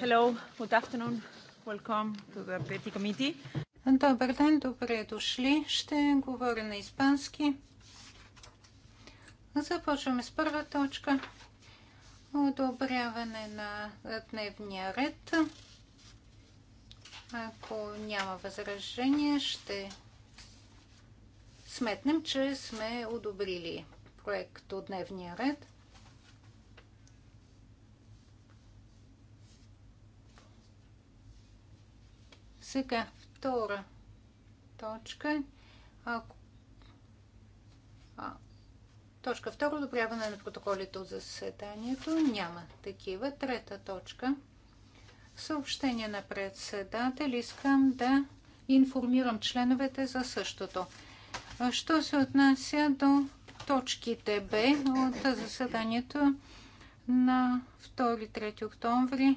Hello, good afternoon. Welcome to the Petty Committee. Добър ден, добре дошли. Ще говоря на испански. Започваме с първа точка. Одобряване на дневния ред. Ако няма възражение, ще сметнем, че сме одобрили проект от дневния ред. Сега втора точка. Ако... А, точка второ, одобряване на протоколите от заседанието. Няма такива. Трета точка. Съобщение на председател. Искам да информирам членовете за същото. Що се отнася до точките Б от заседанието на 2-3 октомври,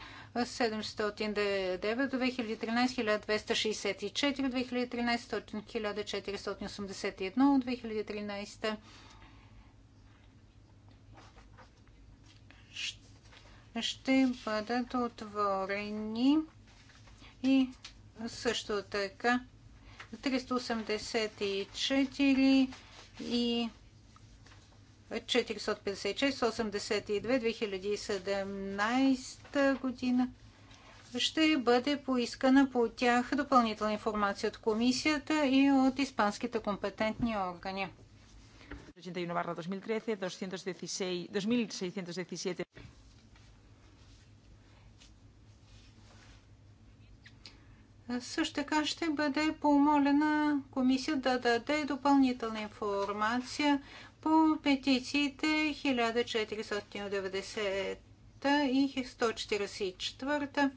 709 до 2013 1264, 2013 1481, 2013 ще бъдат отворени и също така 384 и 456, 82, 2017 2009 година ще бъде поискана по тях допълнителна информация от комисията и от испанските компетентни органи. Също така ще бъде помолена комисия да даде допълнителна информация по петициите 1490 и 144.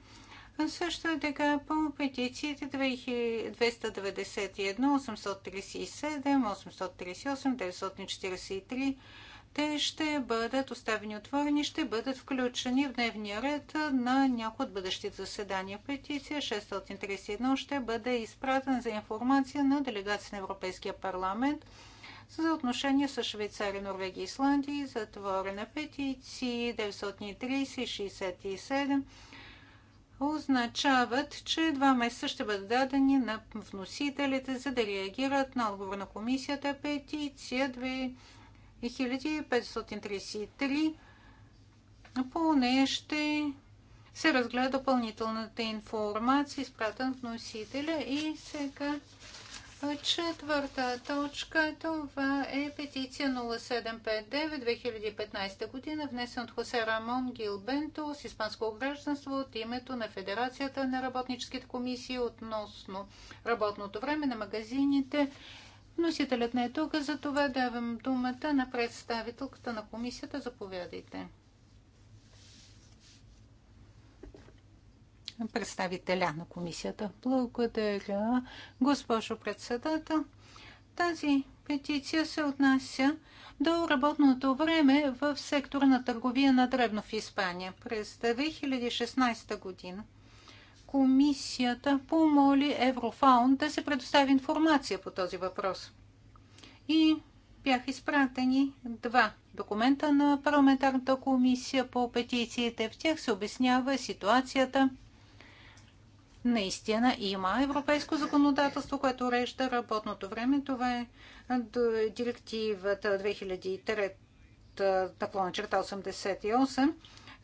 Също така по петициите 291, 837, 838, 943 те ще бъдат оставени отворени, ще бъдат включени в дневния ред на някои от бъдещите заседания. Петиция 631 ще бъде изпратена за информация на делегация на Европейския парламент – за отношения с Швейцария, Норвегия, и Исландия, затворена петиции 930-67 означават, че два месеца ще бъдат дадени на вносителите, за да реагират на отговор на комисията. Петиция 2533 поне ще се разгледа допълнителната информация, изпратена в носителя и сега Четвърта точка, това е петиция 0759-2015 година, внесен от Хосе Рамон Гилбенто с испанско гражданство от името на Федерацията на работническите комисии относно работното време на магазините. Носителят не е тук, затова давам думата на представителката на комисията. Заповядайте. представителя на комисията. Благодаря, госпожо председател. Тази петиция се отнася до работното време в сектора на търговия на древно в Испания. През 2016 година комисията помоли Еврофаун да се предостави информация по този въпрос. И бяха изпратени два документа на парламентарната комисия по петициите. В тях се обяснява ситуацията – наистина има европейско законодателство, което урежда работното време. Това е директивата 2003 наклона черта 88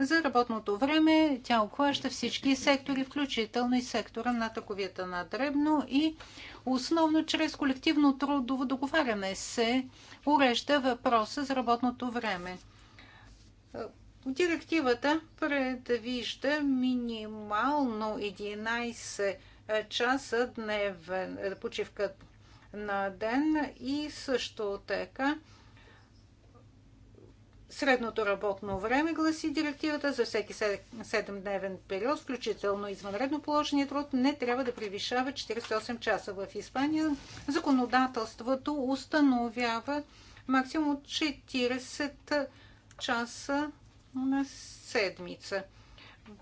за работното време. Тя обхваща всички сектори, включително и сектора на търговията на дребно и основно чрез колективно трудово договаряне се урежда въпроса за работното време. Директивата предвижда минимално 11 часа дневен е, почивка на ден и също така Средното работно време гласи директивата за всеки 7-дневен период, включително извънредно положения труд, не трябва да превишава 48 часа. В Испания законодателството установява максимум 40 часа на седмица.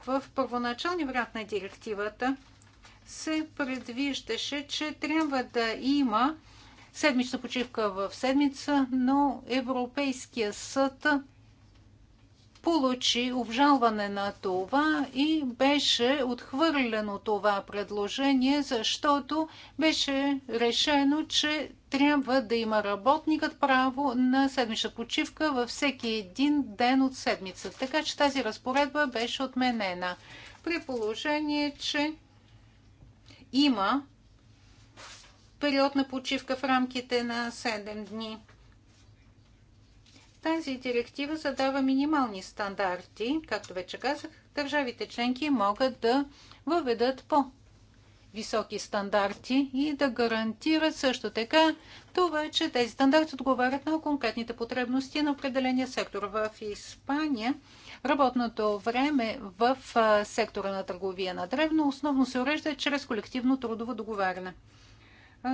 В първоначалния вариант на директивата се предвиждаше, че трябва да има седмична почивка в седмица, но Европейския съд получи обжалване на това и беше отхвърлено това предложение, защото беше решено, че трябва да има работникът право на седмична почивка във всеки един ден от седмица. Така че тази разпоредба беше отменена. При положение, че има период на почивка в рамките на 7 дни. Тази директива задава минимални стандарти, както вече казах, държавите членки могат да въведат по високи стандарти и да гарантират също така това, че тези стандарти отговарят на конкретните потребности на определения сектор. В Испания работното време в сектора на търговия на древно основно се урежда чрез колективно трудово договаряне.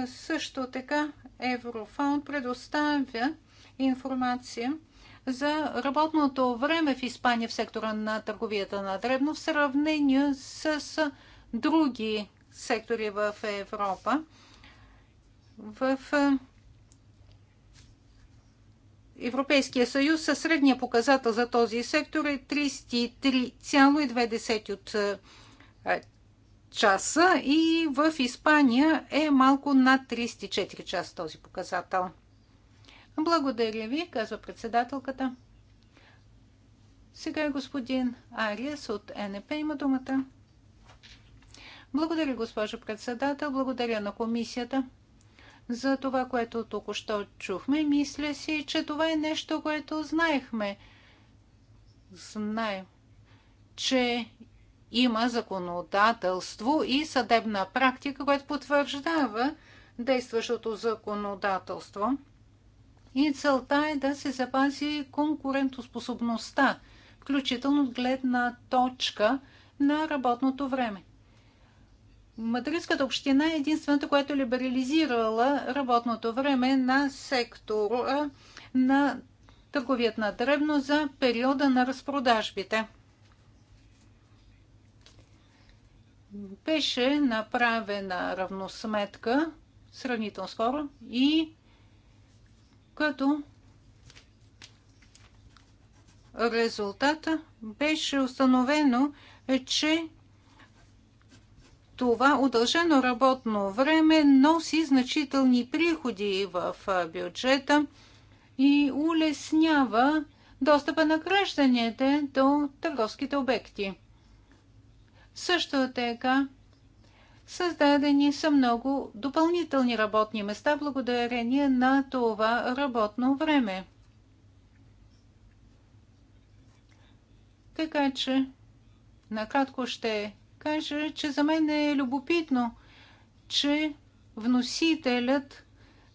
Също така Еврофаунд предоставя информация за работното време в Испания в сектора на търговията на дребно в сравнение с други сектори в Европа. В е, Европейския съюз със средния показател за този сектор е 33,2 от е, часа и в Испания е малко над 34 часа този показател. Благодаря ви, казва председателката. Сега е господин Ариес от НП има думата. Благодаря, госпожо председател. Благодаря на комисията за това, което току-що чухме. Мисля си, че това е нещо, което знаехме. Знаем, че има законодателство и съдебна практика, която потвърждава действащото законодателство. И целта е да се запази конкурентоспособността, включително от гледна точка на работното време. Мадридската община е единствената, която е либерализирала работното време на сектора на търговият на дребно за периода на разпродажбите. Беше направена равносметка сравнително скоро и като резултата беше установено, че това удължено работно време носи значителни приходи в бюджета и улеснява достъпа на гражданите до търговските обекти. Също така Създадени са много допълнителни работни места благодарение на това работно време. Така че, накратко ще кажа, че за мен е любопитно, че вносителят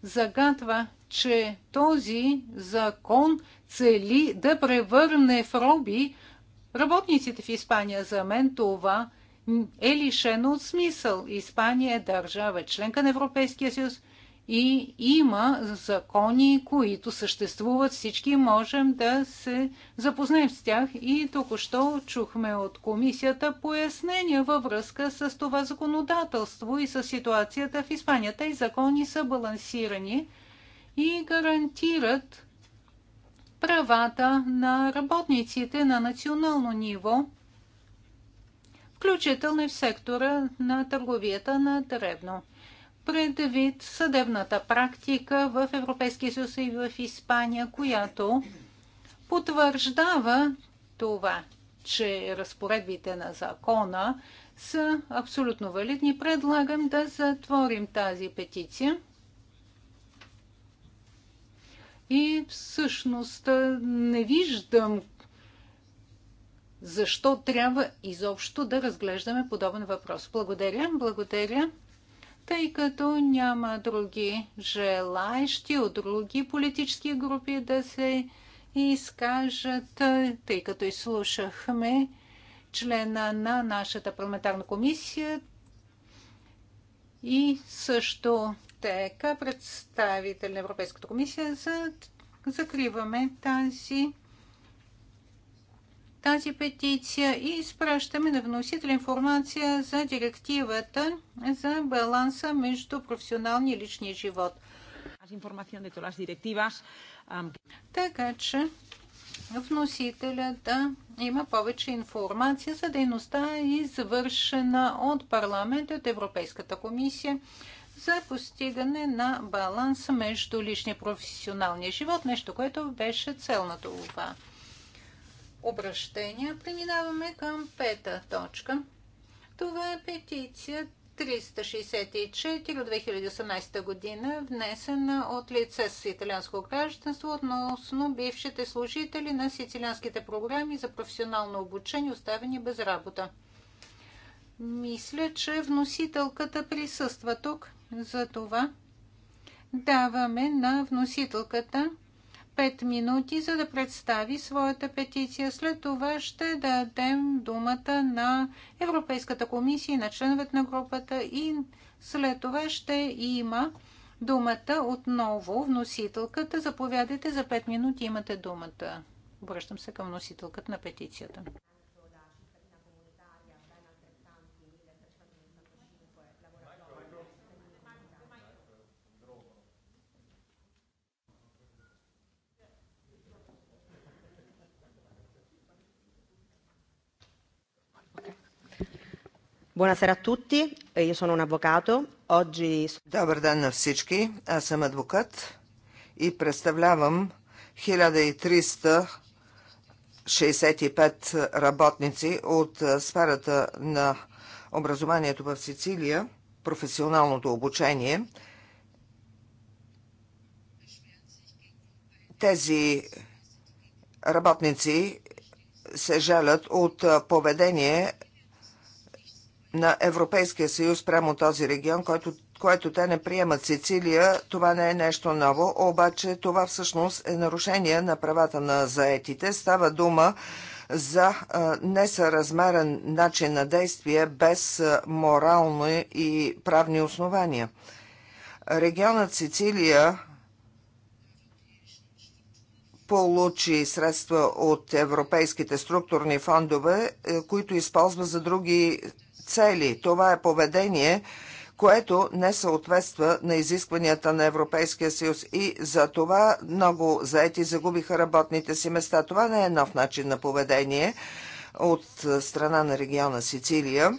загатва, че този закон цели да превърне в роби работниците в Испания. За мен това е лишено от смисъл. Испания е държава членка на Европейския съюз и има закони, които съществуват. Всички можем да се запознаем с тях и току-що чухме от комисията пояснения във връзка с това законодателство и с ситуацията в Испания. Тези закони са балансирани и гарантират правата на работниците на национално ниво – включително и в сектора на търговията на дребно. Предвид съдебната практика в Европейския съюз и в Испания, която потвърждава това, че разпоредбите на закона са абсолютно валидни. Предлагам да затворим тази петиция. И всъщност не виждам защо трябва изобщо да разглеждаме подобен въпрос. Благодаря, благодаря. Тъй като няма други желаещи от други политически групи да се изкажат, тъй като изслушахме члена на нашата парламентарна комисия и също така представител на Европейската комисия за закриваме тази тази петиция и изпращаме на вносителя информация за директивата за баланса между професионалния и личния живот. Така че вносителя да има повече информация за дейността, извършена от парламента, от Европейската комисия за постигане на баланс между личния и професионалния живот, нещо, което беше цел на това обращения. Преминаваме към пета точка. Това е петиция 364 от 2018 година, внесена от лице с италианско гражданство относно бившите служители на сицилианските програми за професионално обучение, оставени без работа. Мисля, че вносителката присъства тук. За това. даваме на вносителката 5 минути, за да представи своята петиция. След това ще дадем думата на Европейската комисия, на членовете на групата и след това ще има думата отново вносителката. Заповядайте за 5 минути, имате думата. Обръщам се към носителката на петицията. Buonasera a tutti, eh, io sono un avvocato. Oggi... Добър ден на всички, аз съм адвокат и представлявам 1365 работници от е, сферата на образованието в Сицилия, професионалното обучение. Тези работници се жалят от е, поведение на Европейския съюз прямо този регион, който, което те не приемат Сицилия, това не е нещо ново, обаче това всъщност е нарушение на правата на заетите. Става дума за несъразмерен начин на действие без морални и правни основания. Регионът Сицилия получи средства от европейските структурни фондове, е, които използва за други цели. Това е поведение, което не съответства на изискванията на Европейския съюз и за това много заети загубиха работните си места. Това не е нов начин на поведение от страна на региона Сицилия.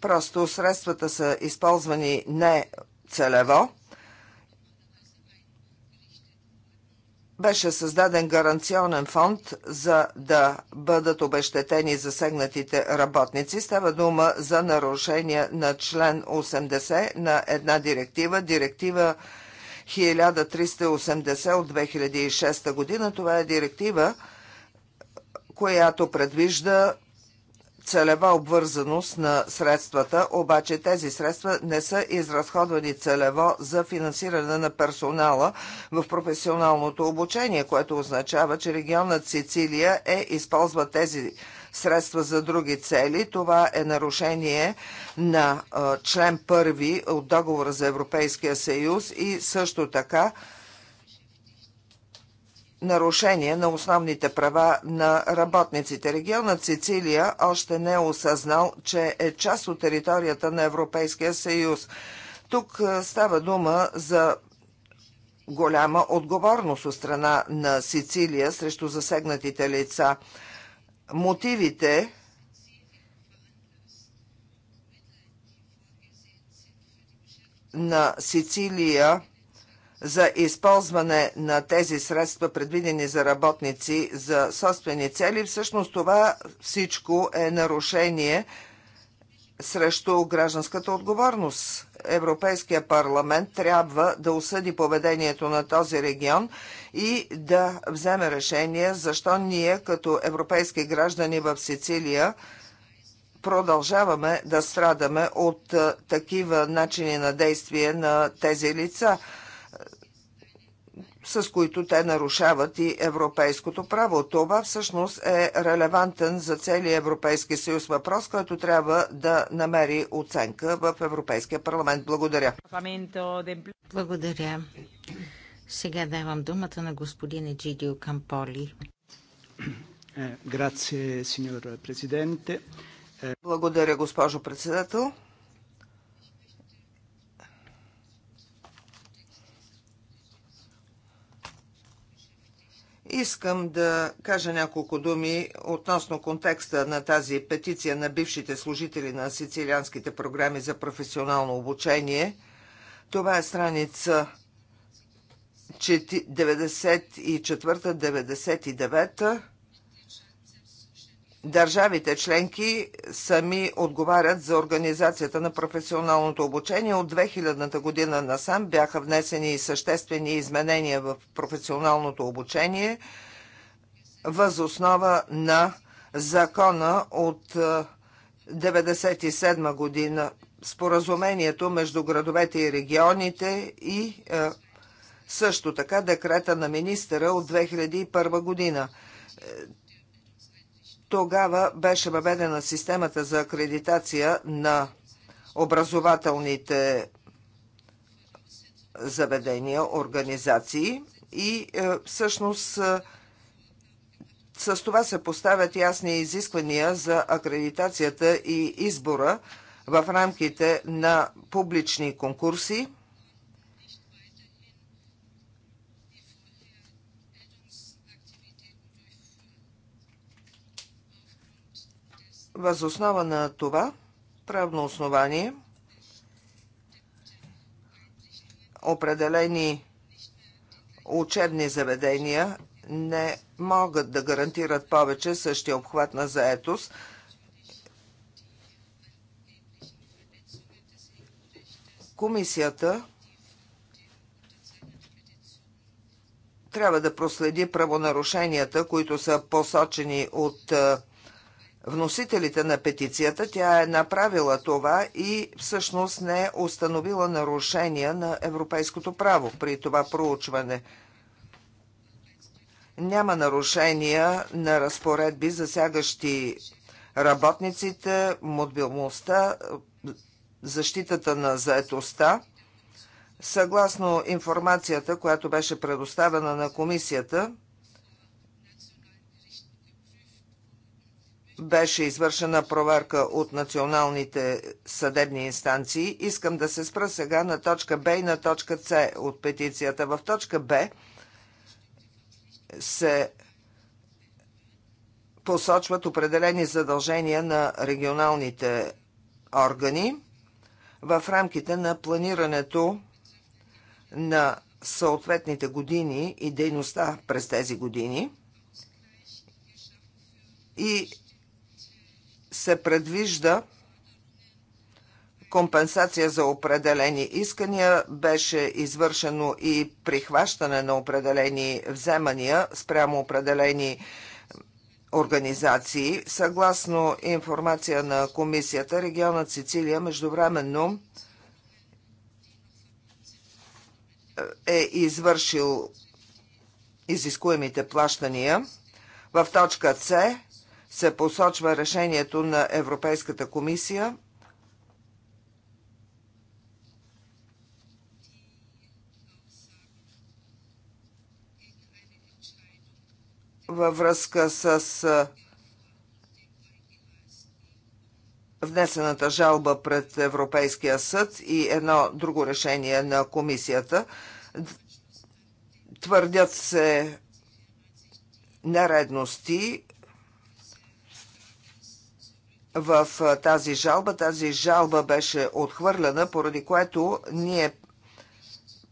Просто средствата са използвани не целево беше създаден гаранционен фонд за да бъдат обещетени засегнатите работници. Става дума за нарушение на член 80 на една директива, директива 1380 от 2006 година. Това е директива, която предвижда целева обвързаност на средствата, обаче тези средства не са изразходвани целево за финансиране на персонала в професионалното обучение, което означава, че регионът Сицилия е използва тези средства за други цели. Това е нарушение на член първи от договора за Европейския съюз и също така нарушение на основните права на работниците. Регионът Сицилия още не е осъзнал, че е част от територията на Европейския съюз. Тук е, става дума за голяма отговорност от страна на Сицилия срещу засегнатите лица. Мотивите на Сицилия – за използване на тези средства, предвидени за работници за собствени цели, всъщност това всичко е нарушение срещу гражданската отговорност. Европейския парламент трябва да осъди поведението на този регион и да вземе решение защо ние като европейски граждани в Сицилия продължаваме да страдаме от такива начини на действие на тези лица с които те нарушават и европейското право. Това всъщност е релевантен за целия Европейски съюз въпрос, който трябва да намери оценка в Европейския парламент. Благодаря. Благодаря. Сега давам думата на господин Еджидио Камполи. Е, е, Благодаря, госпожо председател. Искам да кажа няколко думи относно контекста на тази петиция на бившите служители на сицилианските програми за професионално обучение. Това е страница 94-99 Държавите членки сами отговарят за организацията на професионалното обучение. От 2000-та година насам бяха внесени и съществени изменения в професионалното обучение възоснова на закона от 1997 е, година, споразумението между градовете и регионите и е, също така декрета на министъра от 2001 година е, тогава беше въведена системата за акредитация на образователните заведения, организации и е, всъщност е, с това се поставят ясни изисквания за акредитацията и избора в рамките на публични конкурси Възоснова на това правно основание определени учебни заведения не могат да гарантират повече същия обхват на заетост. Комисията трябва да проследи правонарушенията, които са посочени от комисията е, вносителите на петицията, тя е направила това и всъщност не е установила нарушения на европейското право при това проучване. Няма нарушения на разпоредби, засягащи работниците, мобилността, защитата на заетостта. Съгласно информацията, която беше предоставена на комисията, беше извършена проверка от националните съдебни инстанции. Искам да се спра сега на точка Б и на точка С от петицията. В точка Б се посочват определени задължения на регионалните органи в рамките на планирането на съответните години и дейността през тези години. И се предвижда компенсация за определени искания, беше извършено и прихващане на определени вземания спрямо определени организации. Съгласно информация на комисията, регионът Сицилия междувременно е извършил изискуемите плащания. В точка С се посочва решението на Европейската комисия. във връзка с внесената жалба пред Европейския съд и едно друго решение на комисията. Твърдят се нередности в тази жалба. Тази жалба беше отхвърлена, поради което ние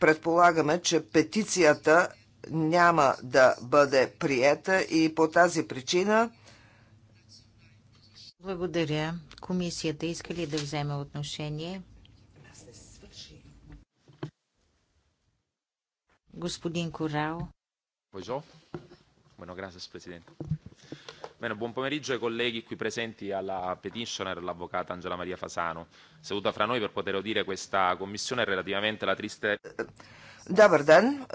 предполагаме, че петицията няма да бъде приета и по тази причина. Благодаря. Комисията иска ли да вземе отношение? Господин Корал. Bonjour. Bueno, gracias, presidente. Bene, buon pomeriggio ai colleghi qui presenti alla petitioner, l'avvocata Angela Maria Fasano, seduta fra noi per poter udire questa commissione relativamente alla triste. Добър ден!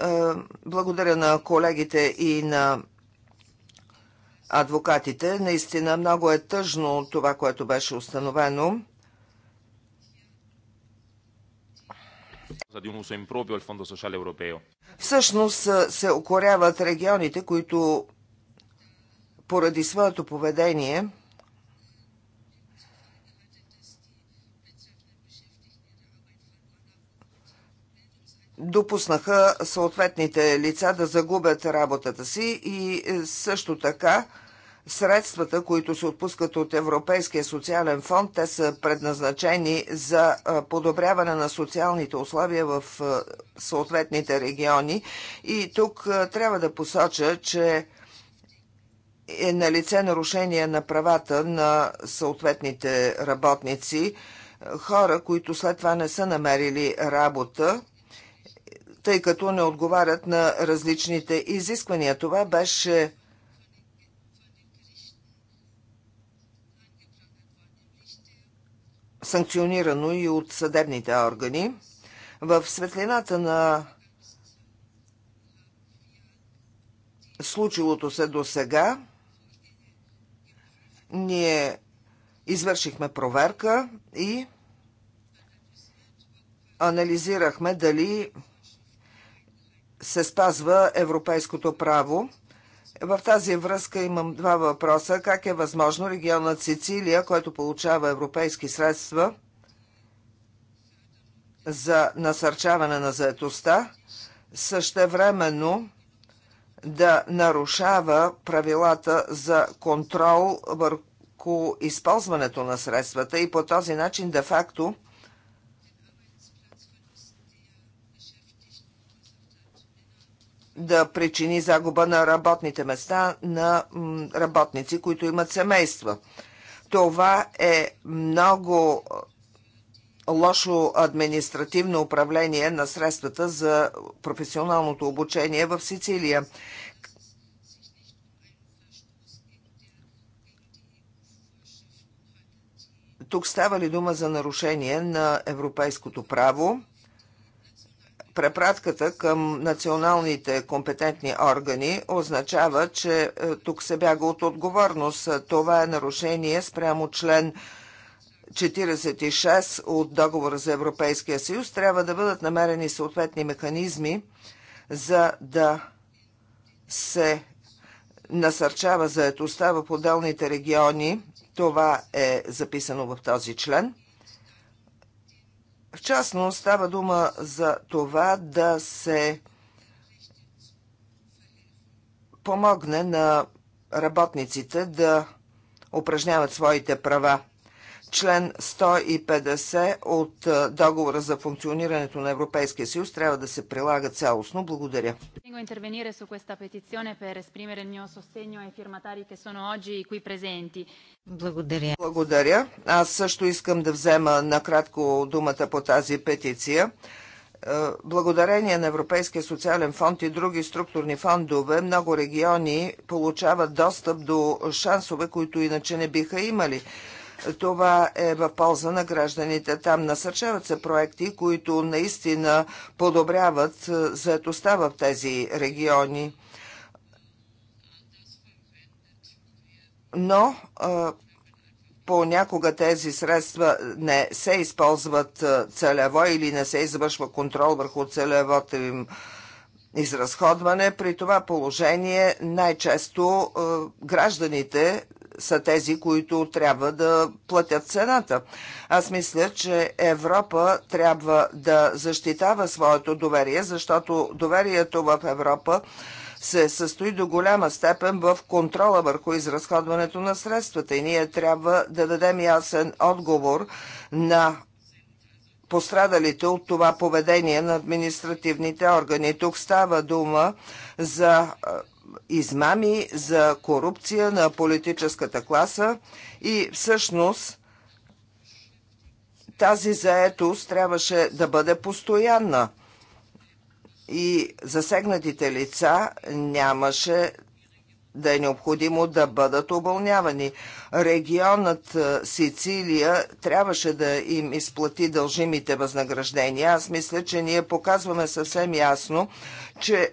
Благодаря на колегите и на адвокатите. Наистина много е тъжно това, което беше установено. Всъщност се окоряват регионите, които поради своето поведение допуснаха съответните лица да загубят работата си и е, също така средствата, които се отпускат от Европейския социален фонд, те са предназначени за е, подобряване на социалните условия в е, съответните региони. И тук трябва да посоча, че е на лице нарушение на правата на съответните работници, хора, които след това не са намерили работа, тъй като не отговарят на различните изисквания. Това беше санкционирано и от съдебните органи. В светлината на случилото се до сега, ние извършихме проверка и анализирахме дали се спазва европейското право. В тази връзка имам два въпроса. Как е възможно регионът Сицилия, който получава европейски средства за насърчаване на заетостта, същевременно да нарушава правилата за контрол върху използването на средствата и по този начин де-факто да причини загуба на работните места на работници, които имат семейства. Това е много лошо административно управление на средствата за професионалното обучение в Сицилия. Тук става ли дума за нарушение на европейското право? препратката към националните компетентни органи означава, че е, тук се бяга от отговорност. Това е нарушение спрямо член 46 от договора за Европейския съюз трябва да бъдат намерени съответни механизми, за да се насърчава заетостта в отделните региони. Това е записано в този член. В частност става дума за това да се помогне на работниците да упражняват своите права член 150 от е, договора за функционирането на Европейския съюз трябва да се прилага цялостно. Благодаря. Благодаря. Благодаря. Аз също искам да взема накратко думата по тази петиция е, благодарение на Европейския социален фонд и други структурни фондове, много региони получават достъп до шансове, които иначе не биха имали. Това е в полза на гражданите. Там насърчават се проекти, които наистина подобряват е, заетостта в тези региони. Но е, понякога тези средства не се използват е, целево или не се извършва контрол върху целевото им изразходване. При това положение най-често гражданите са тези, които трябва да платят цената. Аз мисля, че Европа трябва да защитава своето доверие, защото доверието в Европа се състои до голяма степен в контрола върху изразходването на средствата и ние трябва да дадем ясен отговор на пострадалите от това поведение на административните органи. Тук става дума за измами, за корупция на политическата класа и всъщност тази заетост трябваше да бъде постоянна и засегнатите лица нямаше да е необходимо да бъдат уволнявани. Регионът е, Сицилия трябваше да им изплати дължимите възнаграждения. Аз мисля, че ние показваме съвсем ясно, че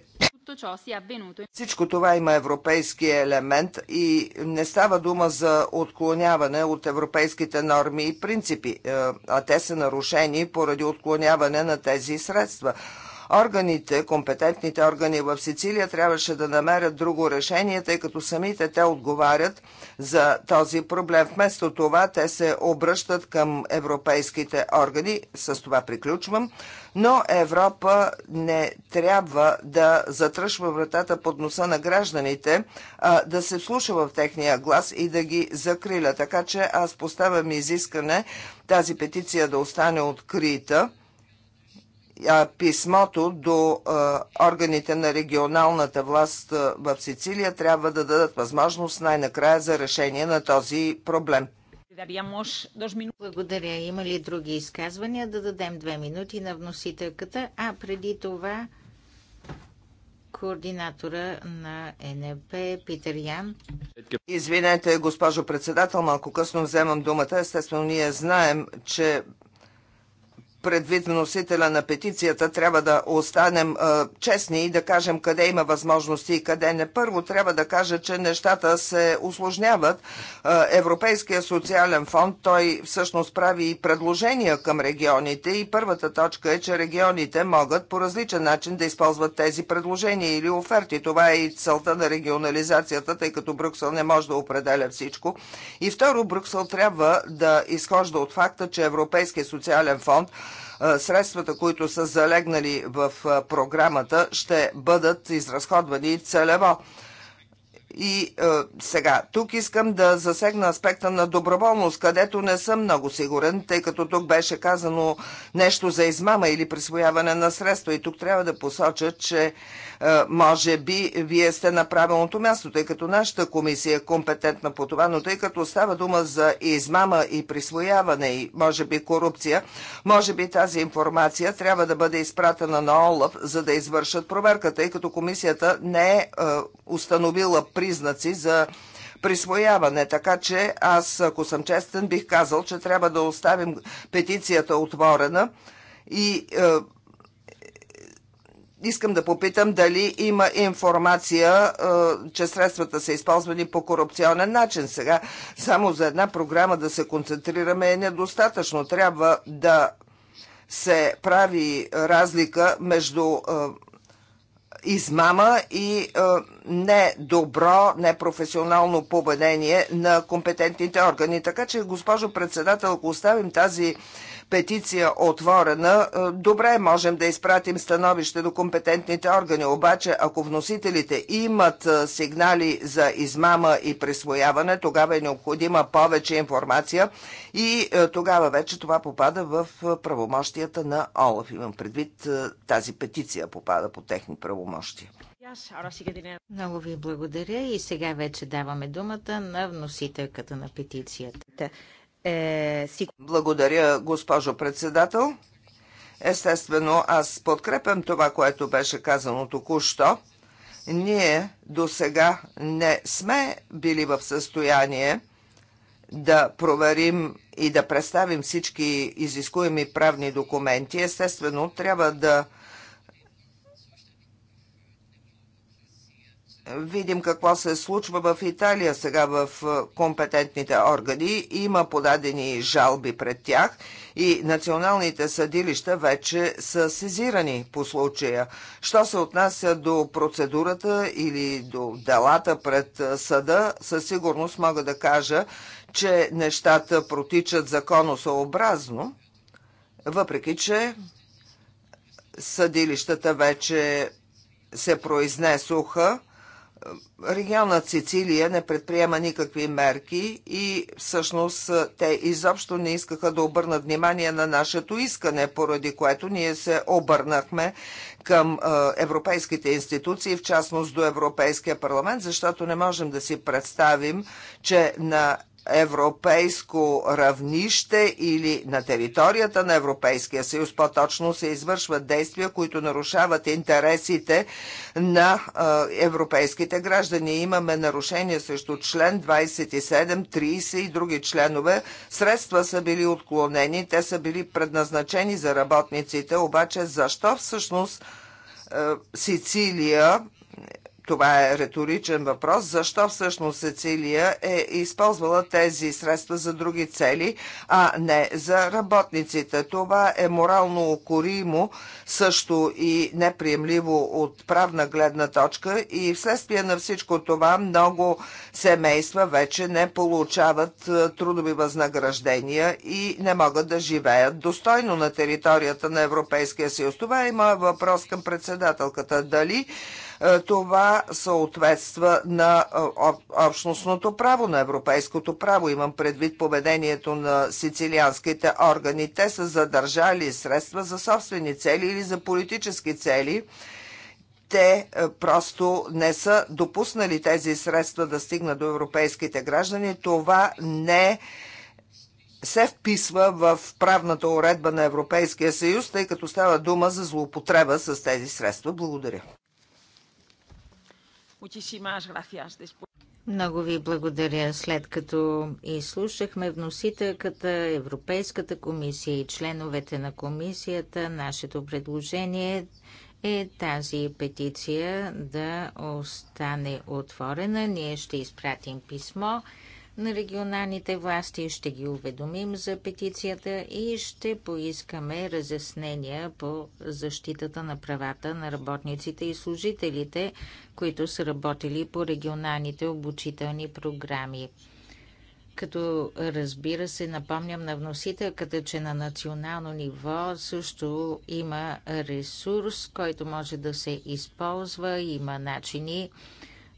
всичко това има европейски елемент и не става дума за отклоняване от европейските норми и принципи, е, а те са нарушени поради отклоняване на тези средства. Органите, компетентните органи в Сицилия трябваше да намерят друго решение, тъй като самите те отговарят за този проблем. Вместо това те се обръщат към европейските органи. С това приключвам. Но Европа не трябва да затръшва вратата под носа на гражданите, а да се слуша в техния глас и да ги закриля. Така че аз поставям изискане тази петиция да остане открита писмото до органите на регионалната власт в Сицилия трябва да дадат възможност най-накрая за решение на този проблем. Благодаря. Има ли други изказвания? Да дадем две минути на вносителката, а преди това координатора на НП Питер Ян. Извинете, госпожо председател, малко късно вземам думата. Естествено, ние знаем, че предвид вносителя на петицията, трябва да останем а, честни и да кажем къде има възможности и къде не. Първо трябва да кажа, че нещата се усложняват. А, Европейския социален фонд, той всъщност прави и предложения към регионите и първата точка е, че регионите могат по различен начин да използват тези предложения или оферти. Това е и целта на регионализацията, тъй като Брюксел не може да определя всичко. И второ, Брюксел трябва да изхожда от факта, че Европейския социален фонд – средствата, които са залегнали в програмата, ще бъдат изразходвани целево. И е, сега, тук искам да засегна аспекта на доброволност, където не съм много сигурен, тъй като тук беше казано нещо за измама или присвояване на средства. И тук трябва да посоча, че е, може би вие сте на правилното място, тъй като нашата комисия е компетентна по това, но тъй като става дума за измама и присвояване и може би корупция, може би тази информация трябва да бъде изпратена на ОЛАФ, за да извършат проверка, тъй като комисията не е, е установила признаци за присвояване. Така че аз, ако съм честен, бих казал, че трябва да оставим петицията отворена и е, Искам да попитам дали има информация, че средствата са използвани по корупционен начин. Сега само за една програма да се концентрираме е недостатъчно. Трябва да се прави разлика между измама и е, недобро, непрофесионално поведение на компетентните органи. Така че, госпожо председател, ако оставим тази петиция отворена, е, добре можем да изпратим становище до компетентните органи, обаче ако вносителите имат е, сигнали за измама и присвояване, тогава е необходима повече информация и е, тогава вече това попада в правомощията на ОЛАФ. Имам предвид тази петиция попада по техни правомощия. Много ви благодаря и сега вече даваме думата на вносителката на петицията е... Благодаря, госпожо председател. Естествено, аз подкрепям това, което беше казано току-що. Ние до сега не сме били в състояние да проверим и да представим всички изискуеми правни документи. Естествено, трябва да видим какво се случва в Италия сега в е, компетентните органи. Има подадени жалби пред тях и националните съдилища вече са сезирани по случая. Що се отнася до процедурата или до делата пред е, съда, със сигурност мога да кажа, че нещата протичат законосъобразно, въпреки че съдилищата вече се произнесоха регионът Сицилия не предприема никакви мерки и всъщност те изобщо не искаха да обърнат внимание на нашето искане, поради което ние се обърнахме към европейските институции, в частност до Европейския парламент, защото не можем да си представим, че на европейско равнище или на територията на Европейския съюз по-точно се извършват действия, които нарушават интересите на европейските граждани. Имаме нарушения срещу член 27, 30 и други членове. Средства са били отклонени, те са били предназначени за работниците, обаче защо всъщност Сицилия това е риторичен въпрос, защо всъщност Сецилия е използвала тези средства за други цели, а не за работниците. Това е морално окоримо, също и неприемливо от правна гледна точка и вследствие на всичко това много семейства вече не получават е, трудови възнаграждения и не могат да живеят достойно на територията на Европейския съюз. Това е моят въпрос към председателката. Дали е, това съответства на е, общностното право, на европейското право. Имам предвид поведението на сицилианските органи. Те са задържали средства за собствени цели или за политически цели те е, просто не са допуснали тези средства да стигнат до европейските граждани. Това не се вписва в правната уредба на Европейския съюз, тъй като става дума за злоупотреба с тези средства. Благодаря. Много ви благодаря. След като изслушахме вносителката, Европейската комисия и членовете на комисията, нашето предложение е тази петиция да остане отворена. Ние ще изпратим писмо на регионалните власти. Ще ги уведомим за петицията и ще поискаме разяснения по защитата на правата на работниците и служителите, които са работили по регионалните обучителни програми като разбира се напомням на вносителката, че на национално ниво също има ресурс, който може да се използва, има начини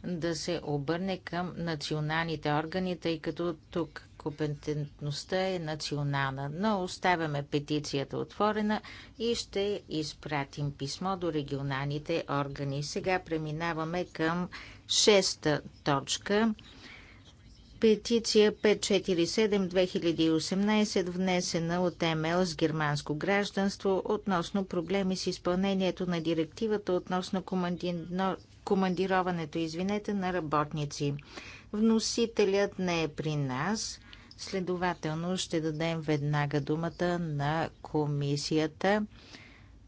да се обърне към националните органи, тъй като тук компетентността е национална. Но оставяме петицията отворена и ще изпратим писмо до регионалните органи. Сега преминаваме към шеста точка. Петиция 547-2018, внесена от МЛ с германско гражданство относно проблеми с изпълнението на директивата относно командино командироването, извинете, на работници. Вносителят не е при нас. Следователно ще дадем веднага думата на комисията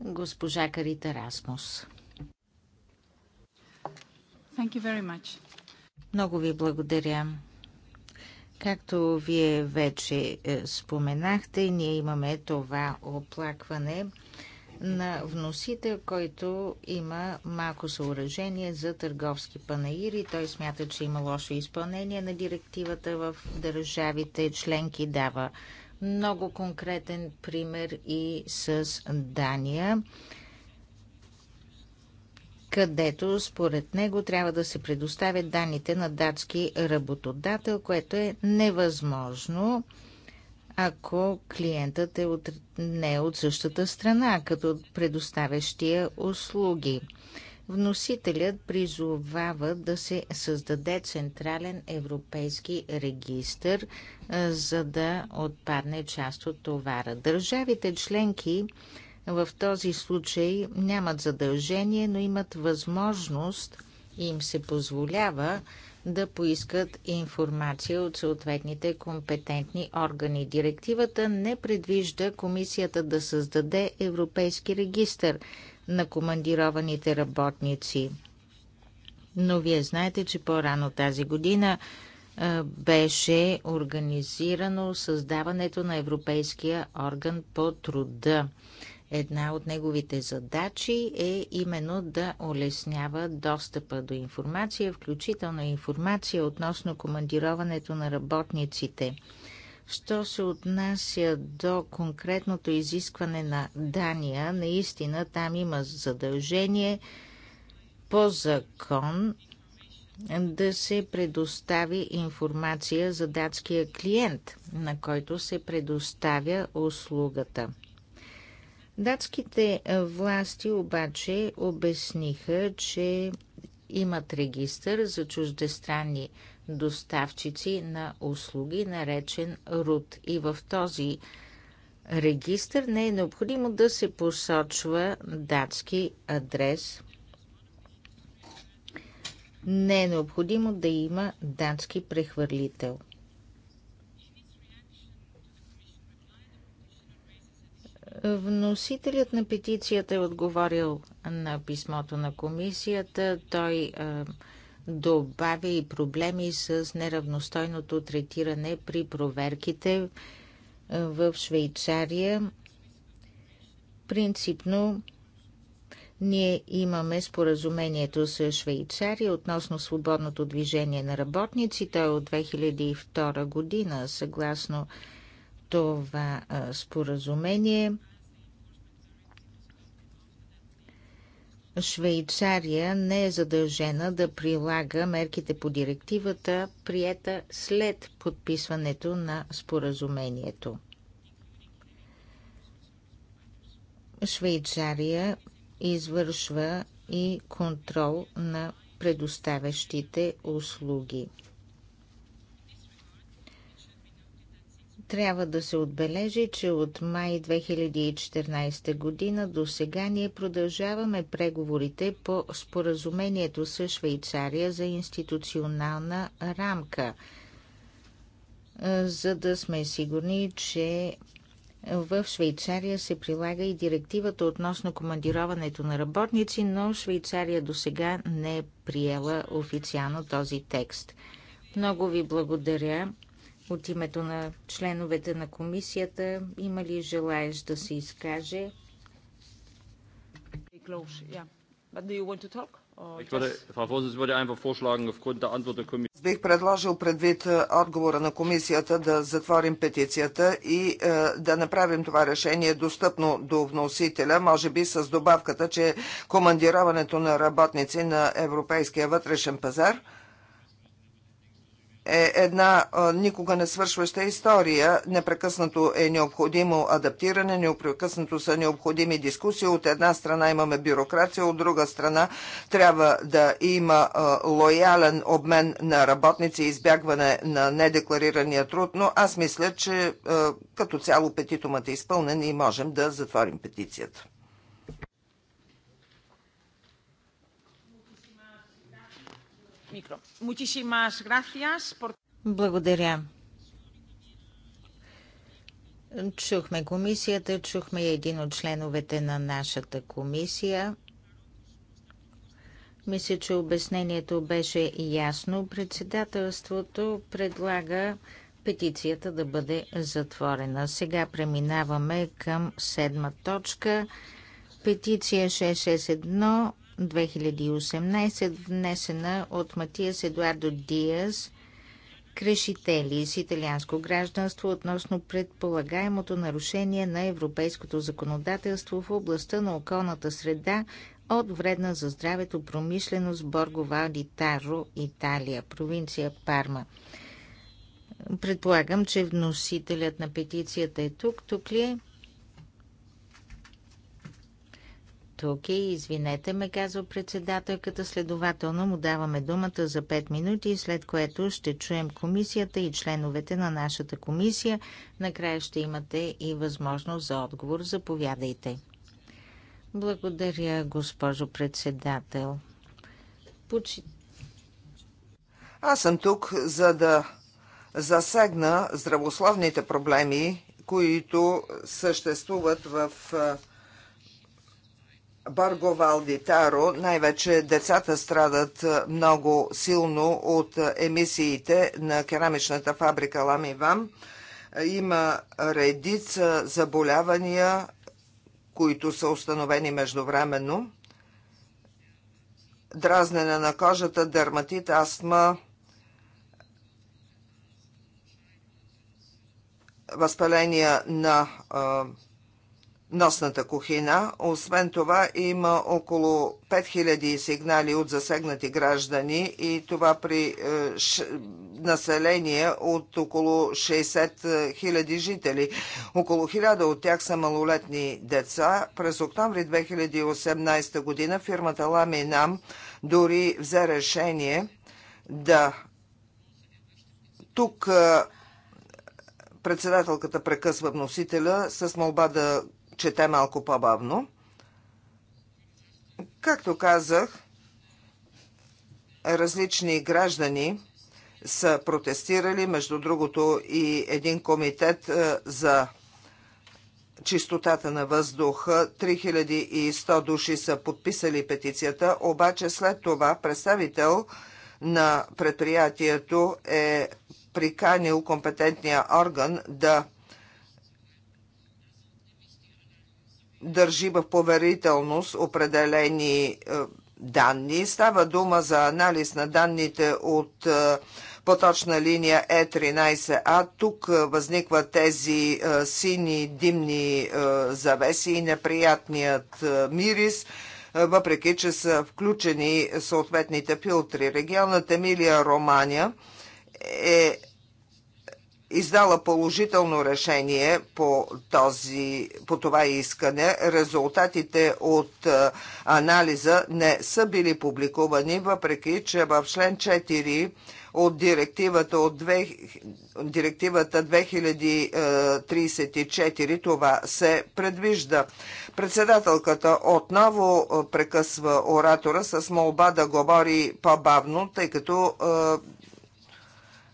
госпожа Карита Расмус. Много ви благодаря. Както вие вече е, споменахте, ние имаме това оплакване – на вносител, който има малко съоръжение за търговски панаири. Той смята, че има лошо изпълнение на директивата в държавите членки. Дава много конкретен пример и с Дания където според него трябва да се предоставят данните на датски работодател, което е невъзможно ако клиентът е от, не е от същата страна, като предоставящия услуги. Вносителят призовава да се създаде централен европейски регистр, за да отпадне част от товара. Държавите членки в този случай нямат задължение, но имат възможност и им се позволява да поискат информация от съответните компетентни органи. Директивата не предвижда комисията да създаде европейски регистр на командированите работници. Но вие знаете, че по-рано тази година беше организирано създаването на Европейския орган по труда. Една от неговите задачи е именно да улеснява достъпа до информация, включително информация относно командироването на работниците. Що се отнася до конкретното изискване на Дания, наистина там има задължение по закон да се предостави информация за датския клиент, на който се предоставя услугата. Датските власти обаче обясниха, че имат регистър за чуждестранни доставчици на услуги, наречен РУД. И в този регистър не е необходимо да се посочва датски адрес. Не е необходимо да има датски прехвърлител. Вносителят на петицията е отговорил на писмото на комисията. Той е, добавя и проблеми с неравностойното третиране при проверките в Швейцария. Принципно ние имаме споразумението с Швейцария относно свободното движение на работници. Той е от 2002 година, съгласно това споразумение. Швейцария не е задължена да прилага мерките по директивата, приета след подписването на споразумението. Швейцария извършва и контрол на предоставящите услуги. Трябва да се отбележи, че от май 2014 година до сега ние продължаваме преговорите по споразумението с Швейцария за институционална рамка, за да сме сигурни, че в Швейцария се прилага и директивата относно командироването на работници, но Швейцария до сега не е приела официално този текст. Много ви благодаря от името на членовете на комисията. Има ли желаещ да се изкаже? Бих предложил предвид е, отговора на комисията да затворим петицията и е, да направим това решение достъпно до вносителя, може би с добавката, че командироването на работници на европейския вътрешен пазар – е една никога не свършваща история. Непрекъснато е необходимо адаптиране, непрекъснато са необходими дискусии. От една страна имаме бюрокрация, от друга страна трябва да има лоялен обмен на работници и избягване на недекларирания труд, но аз мисля, че като цяло петитумът е изпълнен и можем да затворим петицията. Микро. Благодаря. Чухме комисията, чухме един от членовете на нашата комисия. Мисля, че обяснението беше ясно. Председателството предлага петицията да бъде затворена. Сега преминаваме към седма точка. Петиция 661 2018, внесена от Матиас Едуардо Диас Крешители с италианско гражданство относно предполагаемото нарушение на европейското законодателство в областта на околната среда от вредна за здравето промишленост Боргова Литаро, Италия, провинция Парма. Предполагам, че вносителят на петицията е тук. Тук ли е? тук е, извинете ме, казва председателката, следователно му даваме думата за 5 минути, след което ще чуем комисията и членовете на нашата комисия. Накрая ще имате и възможност за отговор. Заповядайте. Благодаря, госпожо председател. Почи... Аз съм тук, за да засегна здравословните проблеми, които съществуват в Барго Валдитаро, най-вече децата страдат много силно от емисиите на керамичната фабрика Вам. Има редица заболявания, които са установени междувременно. Дразнене на кожата, дерматит, астма, възпаления на а, носната кухина. Освен това има около 5000 сигнали от засегнати граждани и това при е, население от около 60 000 жители. Около 1000 от тях са малолетни деца. През октомври 2018 година фирмата Ламинам дори взе решение да тук е, председателката прекъсва вносителя с молба да чете малко по-бавно. Както казах, различни граждани са протестирали, между другото и един комитет е, за чистотата на въздуха. 3100 души са подписали петицията, обаче след това представител на предприятието е приканил компетентния орган да държи в поверителност определени е, данни. Става дума за анализ на данните от е, поточна линия Е13А. Тук е, възникват тези сини димни завеси и неприятният мирис въпреки че са включени съответните филтри. Регионът Емилия Романия е издала положително решение по, този, по това искане. Резултатите от анализа не са били публикувани, въпреки че в член 4 от директивата, от две, директивата 2034 е, това се предвижда. Председателката отново е, прекъсва оратора с молба да говори по-бавно, тъй като е,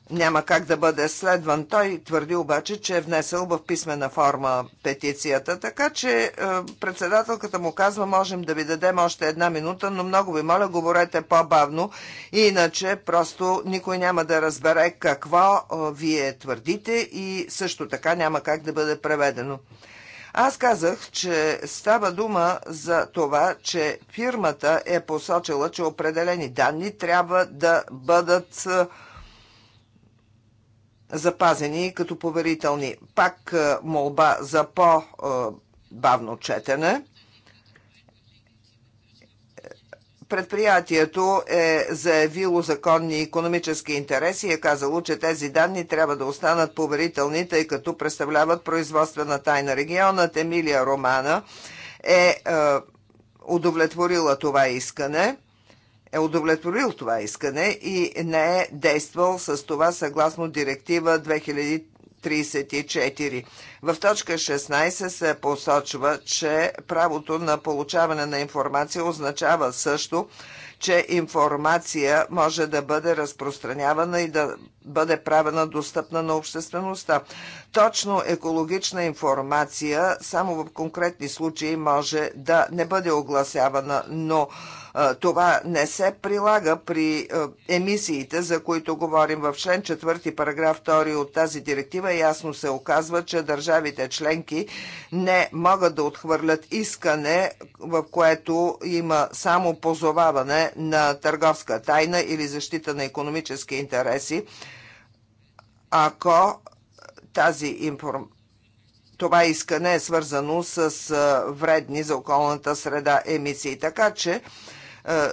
няма как да бъде следван. Той твърди обаче, че е внесъл в писмена форма петицията, така че е, председателката му казва, можем да ви дадем още една минута, но много ви моля, говорете по-бавно, иначе просто никой няма да разбере какво е, вие твърдите и също така няма как да бъде преведено. Аз казах, че става дума за това, че фирмата е посочила, че определени данни трябва да бъдат е, запазени като поверителни. Пак е, молба за по-бавно четене. Предприятието е заявило законни економически интереси и е казало, че тези данни трябва да останат поверителни, тъй като представляват производствена тайна. Регионът Емилия Романа е, е удовлетворила това искане е удовлетворил това искане и не е действал с това съгласно директива 2000 34. В точка 16 се посочва, че правото на получаване на информация означава също, че информация може да бъде разпространявана и да бъде правена достъпна на обществеността. Точно екологична информация само в конкретни случаи може да не бъде огласявана, но това не се прилага при емисиите, за които говорим в член 4, параграф 2 от тази директива. Ясно се оказва, че държавите членки не могат да отхвърлят искане, в което има само позоваване на търговска тайна или защита на економически интереси, ако тази информация това искане е свързано с вредни за околната среда емисии. Така че е,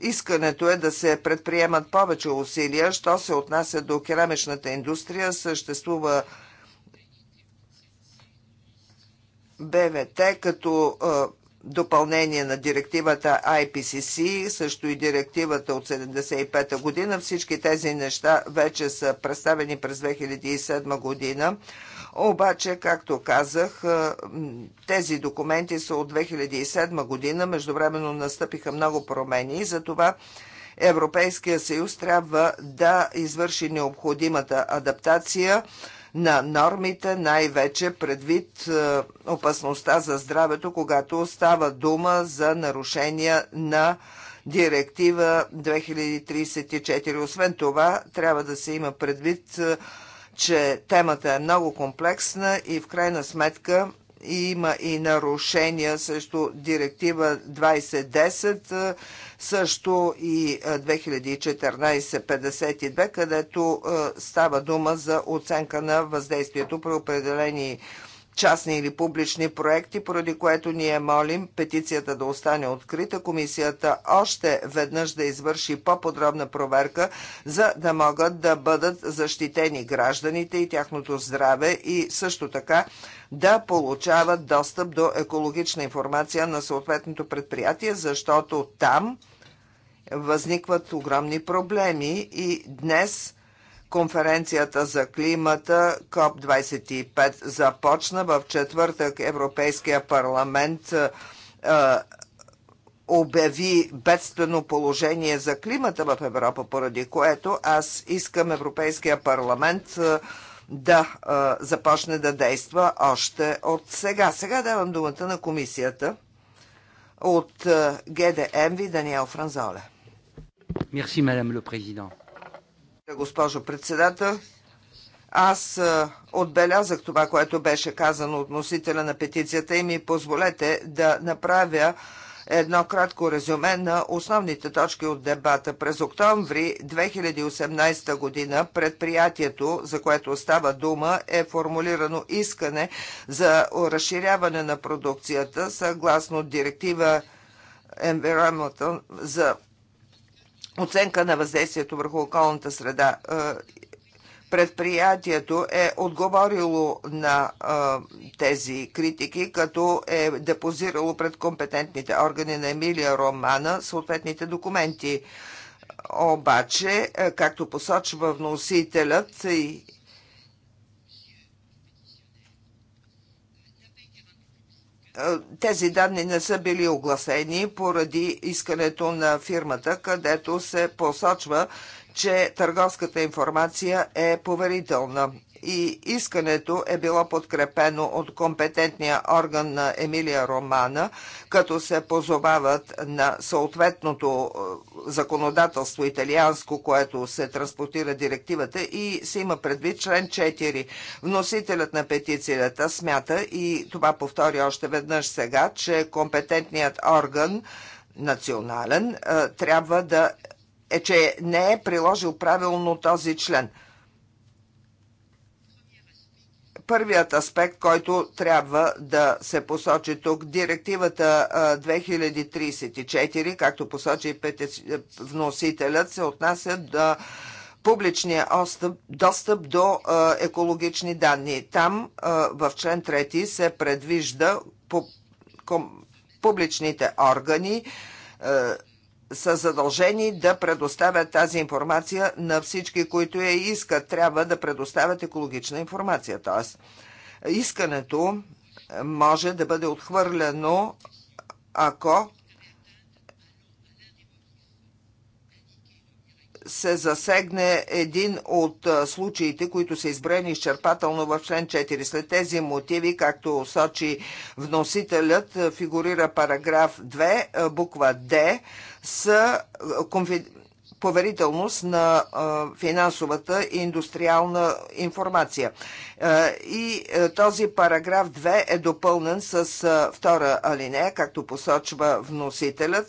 искането е да се предприемат повече усилия. Що се отнася до керамичната индустрия, съществува БВТ като е, допълнение на директивата IPCC, също и директивата от 75-та година. Всички тези неща вече са представени през 2007 година. Обаче, както казах, тези документи са от 2007 година, междувременно настъпиха много промени и затова Европейския съюз трябва да извърши необходимата адаптация на нормите, най-вече предвид опасността за здравето, когато става дума за нарушения на директива 2034. Освен това, трябва да се има предвид че темата е много комплексна и в крайна сметка има и нарушения срещу директива 2010, също и 2014-52, където става дума за оценка на въздействието при определени частни или публични проекти, поради което ние молим петицията да остане открита. Комисията още веднъж да извърши по-подробна проверка, за да могат да бъдат защитени гражданите и тяхното здраве и също така да получават достъп до екологична информация на съответното предприятие, защото там възникват огромни проблеми и днес – Конференцията за климата КОП-25 започна в четвъртък Европейския парламент е, обяви бедствено положение за климата в Европа, поради което аз искам Европейския парламент е, да е, започне да действа още от сега. Сега давам думата на комисията от ГДМВ Даниел Франзоле. Мерси, мадам ле президент госпожо председател. Аз отбелязах това, което беше казано от носителя на петицията и ми позволете да направя едно кратко резюме на основните точки от дебата. През октомври 2018 година предприятието, за което става дума, е формулирано искане за разширяване на продукцията съгласно директива Environmental за оценка на въздействието върху околната среда. Е, предприятието е отговорило на а, е, тези критики, като е депозирало пред компетентните органи на Емилия Романа съответните документи. Обаче, е, както посочва вносителят и Е, тези данни не са били огласени поради искането на фирмата, където се посочва, че търговската информация е поверителна и искането е било подкрепено от компетентния орган на Емилия Романа, като се позовават на съответното е, законодателство италианско, което се транспортира директивата и се има предвид член 4. Вносителят на петицията смята и това повтори още веднъж сега, че компетентният орган национален е, трябва да е, че не е приложил правилно този член – първият аспект, който трябва да се посочи тук. Директивата 2034, както посочи вносителят, се отнася до публичния остъп, достъп до екологични данни. Там в член 3 се предвижда публичните органи са задължени да предоставят тази информация на всички, които я искат. Трябва да предоставят екологична информация. Тоест, искането може да бъде отхвърлено, ако се засегне един от случаите, които са избрани изчерпателно в член 4. След тези мотиви, както сочи вносителят, фигурира параграф 2, буква Д, с конфиденциалността поверителност на финансовата и индустриална информация. И този параграф 2 е допълнен с втора алинея, както посочва вносителят,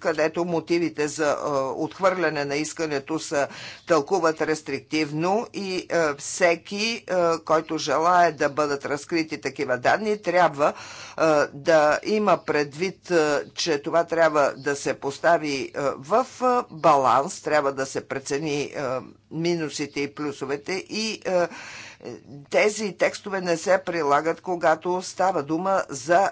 където мотивите за отхвърляне на искането са тълкуват рестриктивно и всеки, който желая да бъдат разкрити такива данни, трябва да има предвид, че това трябва да се постави в баланс баланс, трябва да се прецени е, минусите и плюсовете и е, тези текстове не се прилагат, когато става дума за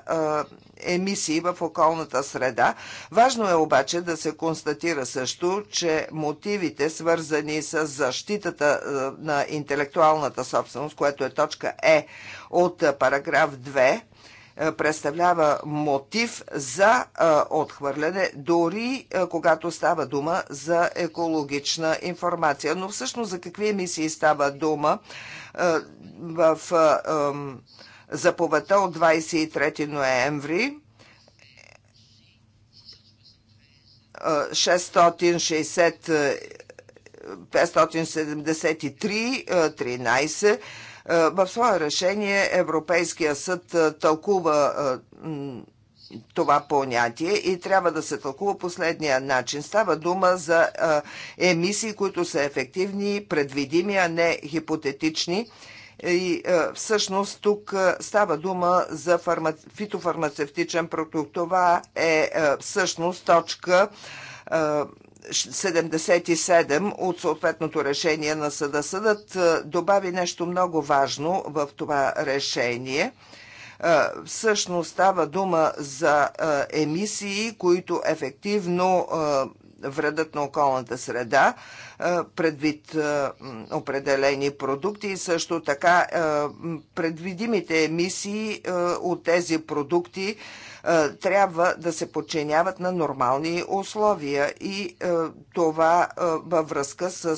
е, емисии в околната среда. Важно е обаче да се констатира също, че мотивите, свързани с защитата на интелектуалната собственост, което е точка Е от параграф 2, е, представлява мотив за е, отхвърляне, дори е, когато става дума за екологична информация. Но всъщност за какви емисии става дума в заповедта от 23 ноември? 660 573 13 е, в свое решение Европейския съд е, тълкува е, това понятие и трябва да се тълкува последния начин. Става дума за емисии, които са ефективни, предвидими, а не хипотетични. И всъщност тук става дума за фарма... фитофармацевтичен продукт. Това е всъщност точка 77 от съответното решение на съда. Съдът е, добави нещо много важно в това решение е, – всъщност става дума за е, емисии, които ефективно вредят на околната среда, предвид определени продукти и също така предвидимите емисии от тези продукти е, трябва да се подчиняват на нормални условия и е, това е, във връзка с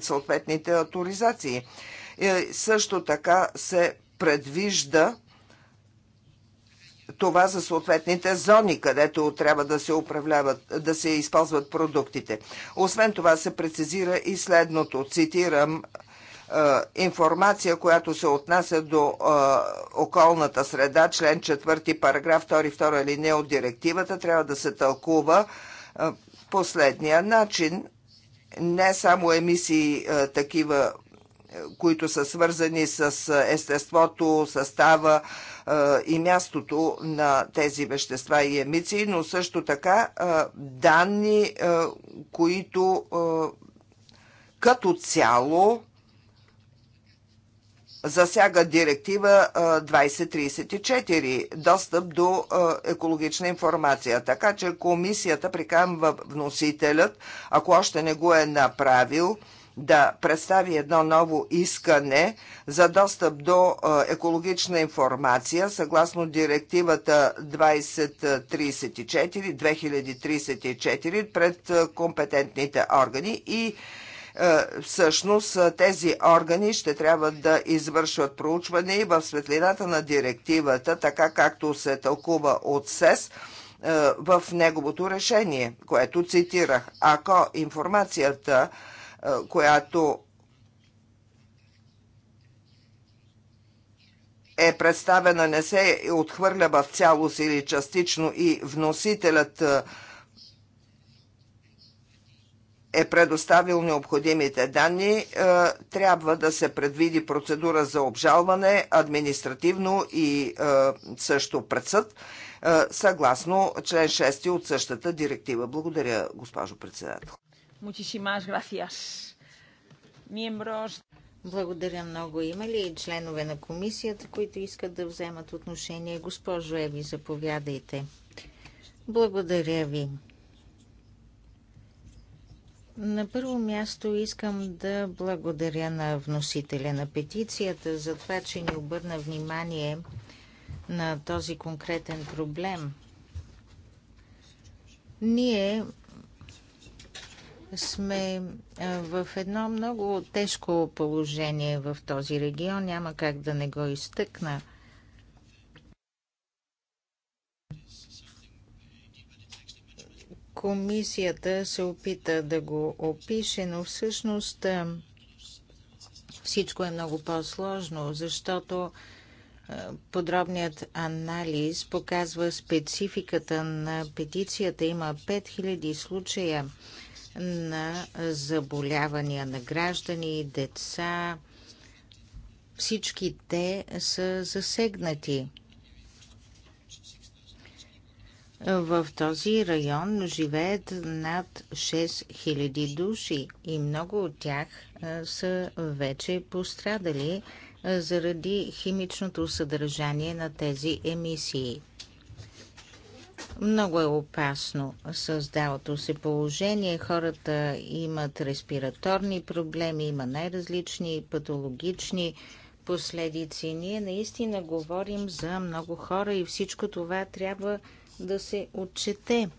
съответните авторизации. Също така се предвижда това за съответните зони, където трябва да се управляват, да се използват продуктите. Освен това се прецизира и следното, цитирам е, информация, която се отнася до а, е, околната среда, член 4, параграф 2, 2 линия от директивата, трябва да се тълкува а, е, последния начин. Не само емисии а, такива, които са свързани с естеството, състава и мястото на тези вещества и емисии, но също така данни, които като цяло засяга директива 2034 достъп до екологична информация. Така че комисията приканва вносителят, ако още не го е направил, да представи едно ново искане за достъп до екологична информация съгласно директивата 2034-2034 пред компетентните органи и е, всъщност е, тези органи ще трябва да извършват проучване и в светлината на директивата, така както се тълкува от СЕС, е, в неговото решение, което цитирах. Ако информацията, която е представена, не се отхвърля в цялост или частично и вносителят е предоставил необходимите данни, е, трябва да се предвиди процедура за обжалване административно и е, също пред съд, е, съгласно член 6 от същата директива. Благодаря, госпожо председател. Благодаря много. Има ли и членове на комисията, които искат да вземат отношение? Госпожо Еви, заповядайте. Благодаря ви. На първо място искам да благодаря на вносителя на петицията за това, че ни обърна внимание на този конкретен проблем. Ние сме е, в едно много тежко положение в този регион, няма как да не го изтъкна – Комисията се опита да го опише, но всъщност всичко е много по-сложно, защото подробният анализ показва спецификата на петицията. Има 5000 случая на заболявания на граждани, деца. Всички те са засегнати. В този район живеят над 6000 души и много от тях са вече пострадали заради химичното съдържание на тези емисии. Много е опасно създалото се положение. Хората имат респираторни проблеми, има най-различни патологични последици. Ние наистина говорим за много хора и всичко това трябва да да се отчете.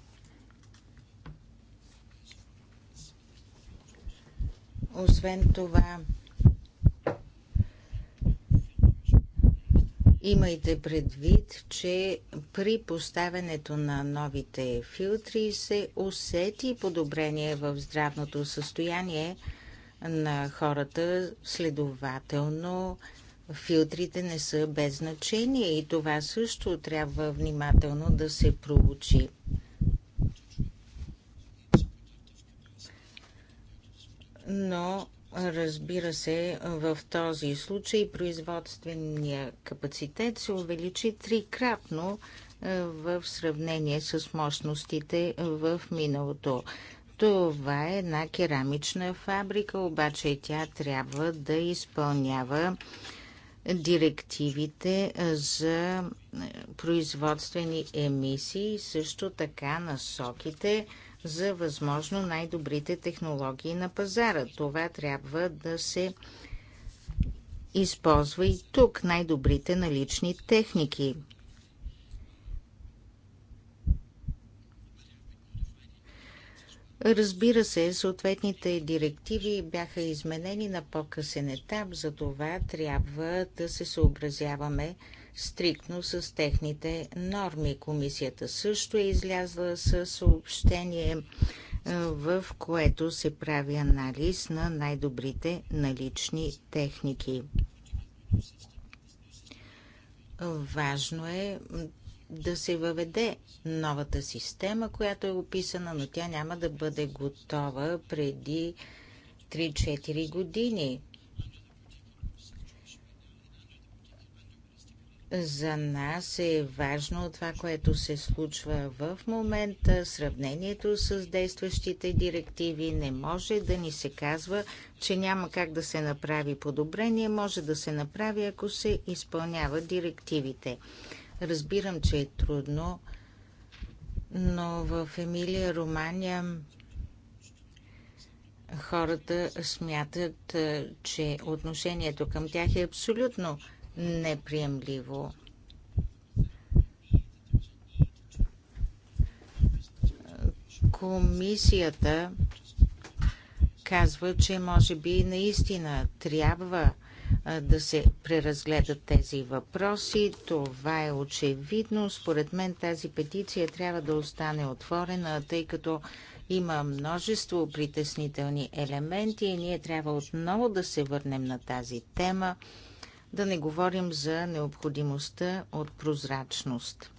Освен това, Имайте предвид, че при поставянето на новите филтри се усети подобрение в здравното състояние на хората, следователно филтрите не са без значение и това също трябва внимателно да се проучи. Но, разбира се, в този случай производствения капацитет се увеличи трикратно е, в сравнение с мощностите в миналото. Това е една керамична фабрика, обаче тя трябва да изпълнява директивите за производствени емисии, също така насоките за възможно най-добрите технологии на пазара. Това трябва да се използва и тук най-добрите налични техники. Разбира се, съответните директиви бяха изменени на по-късен етап, за това трябва да се съобразяваме стриктно с техните норми. Комисията също е излязла с съобщение, е, в което се прави анализ на най-добрите налични техники. Важно е да се въведе новата система, която е описана, но тя няма да бъде готова преди 3-4 години. За нас е важно това, което се случва в момента, сравнението с действащите директиви. Не може да ни се казва, че няма как да се направи подобрение, може да се направи, ако се изпълняват директивите. Разбирам, че е трудно, но в Емилия, Романия хората смятат, е, че отношението към тях е абсолютно неприемливо. Комисията казва, че може би наистина трябва да се преразгледат тези въпроси. Това е очевидно. Според мен тази петиция трябва да остане отворена, тъй като има множество притеснителни елементи и ние трябва отново да се върнем на тази тема. Да не говорим за необходимостта от прозрачност.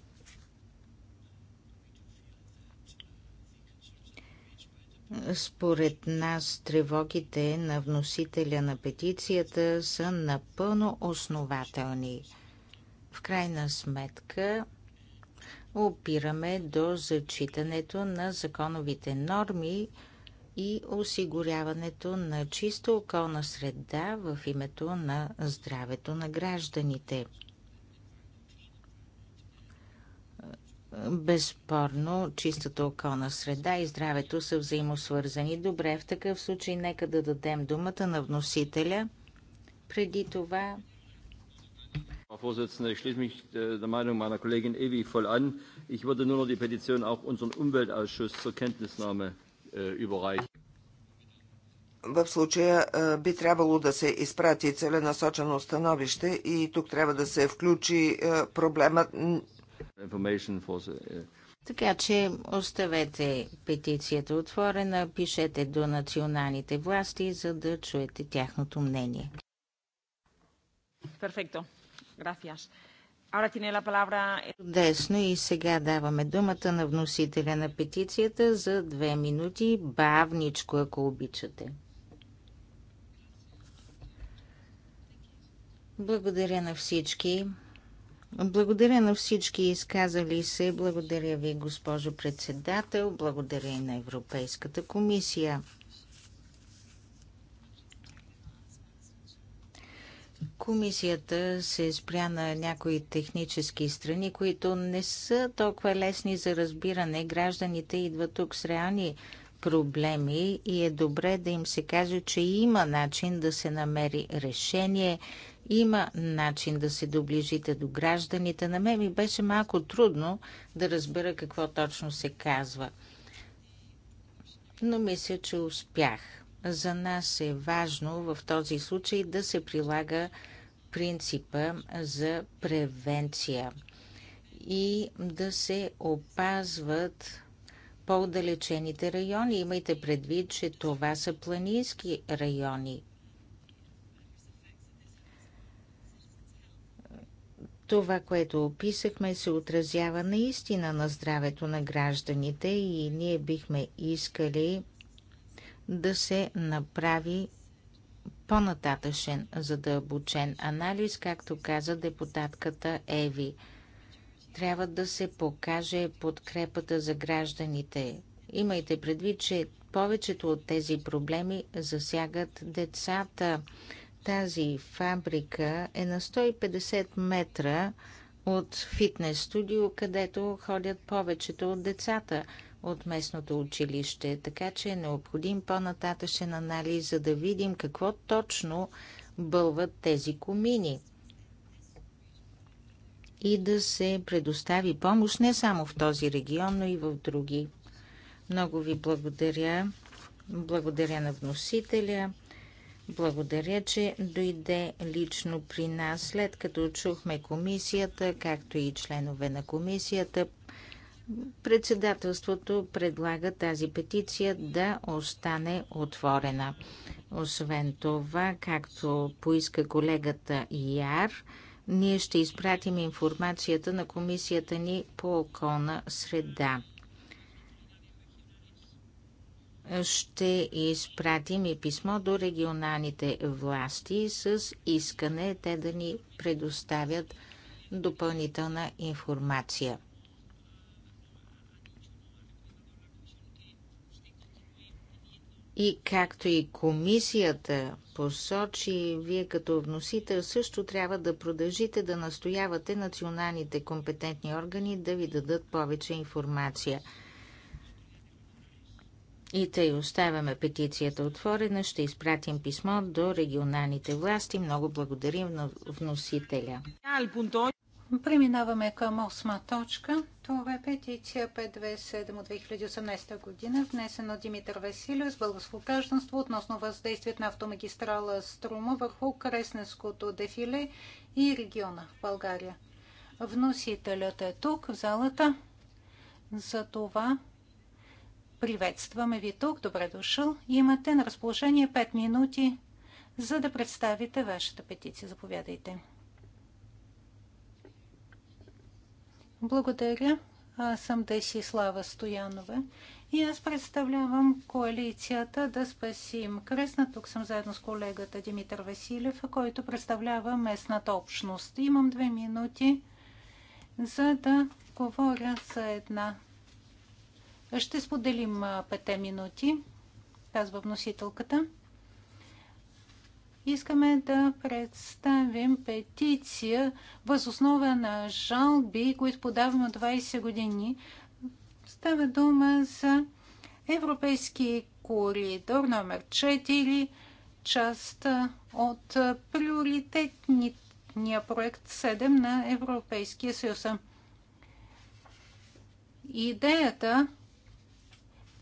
Според нас тревогите на вносителя на петицията са напълно основателни. В крайна сметка опираме до зачитането на законовите норми и осигуряването на чиста околна среда в името на здравето на гражданите. Безспорно, чистата околна среда и здравето са взаимосвързани. Добре, в такъв случай нека да дадем думата на вносителя. Преди това... ich schließe mich äh, der Meinung meiner Kollegin Evi voll an. Ich würde nur noch die Petition auch unserem Umweltausschuss zur Kenntnisnahme äh, überreichen. В случая äh, би трябвало да се изпрати целенасочено становище и тук трябва да се включи проблемът Uh, така че оставете петицията отворена, пишете до националните власти, за да чуете тяхното мнение. Перфекто. palabra... Е- Десно и сега даваме думата на вносителя на петицията за две минути. Бавничко, ако обичате. Благодаря на всички. Благодаря на всички изказали се. Благодаря ви, госпожо председател. Благодаря и на Европейската комисия. Комисията се спря на някои технически страни, които не са толкова лесни за разбиране. Гражданите идват тук с реални проблеми и е добре да им се каже, че има начин да се намери решение, има начин да се доближите до гражданите. На мен ми беше малко трудно да разбера какво точно се казва. Но мисля, че успях. За нас е важно в този случай да се прилага принципа за превенция и да се опазват по-отдалечените райони. Имайте предвид, че това са планински райони. Това, което описахме, се отразява наистина на здравето на гражданите и ние бихме искали да се направи по-нататъшен задълбочен анализ, както каза депутатката Еви. Трябва да се покаже подкрепата за гражданите. Имайте предвид, че повечето от тези проблеми засягат децата. Тази фабрика е на 150 метра от фитнес студио, където ходят повечето от децата от местното училище, така че е необходим по-нататъчен анализ, за да видим какво точно бълват тези комини и да се предостави помощ не само в този регион, но и в други. Много ви благодаря. Благодаря на вносителя. Благодаря, че дойде лично при нас, след като чухме комисията, както и членове на комисията. Председателството предлага тази петиция да остане отворена. Освен това, както поиска колегата Яр, ние ще изпратим информацията на комисията ни по околна среда ще изпратим и писмо до регионалните власти с искане те да ни предоставят допълнителна информация. И както и комисията посочи, вие като вносител също трябва да продължите да настоявате националните компетентни органи да ви дадат повече информация – и тъй оставяме петицията отворена. Ще изпратим писмо до регионалните власти. Много благодарим на вносителя. Преминаваме към осма точка. Това е петиция 527 от 2018 година, внесена от Димитър Василев с българско гражданство относно въздействието на автомагистрала Струма върху Кресненското дефиле и региона в България. Вносителят е тук, в залата. За това Приветстваме ви тук, добре дошъл. Имате на разположение 5 минути, за да представите вашата петиция. Заповядайте. Благодаря. Аз съм Слава Стоянова и аз представлявам коалицията Да спасим Кресна. Тук съм заедно с колегата Димитър Василев, който представлява местната общност. Имам две минути, за да говоря за една ще споделим пете минути, казва вносителката. Искаме да представим петиция възоснова на жалби, които подаваме от 20 години. Става дума за Европейски коридор номер 4, част от приоритетния проект 7 на Европейския съюз. Идеята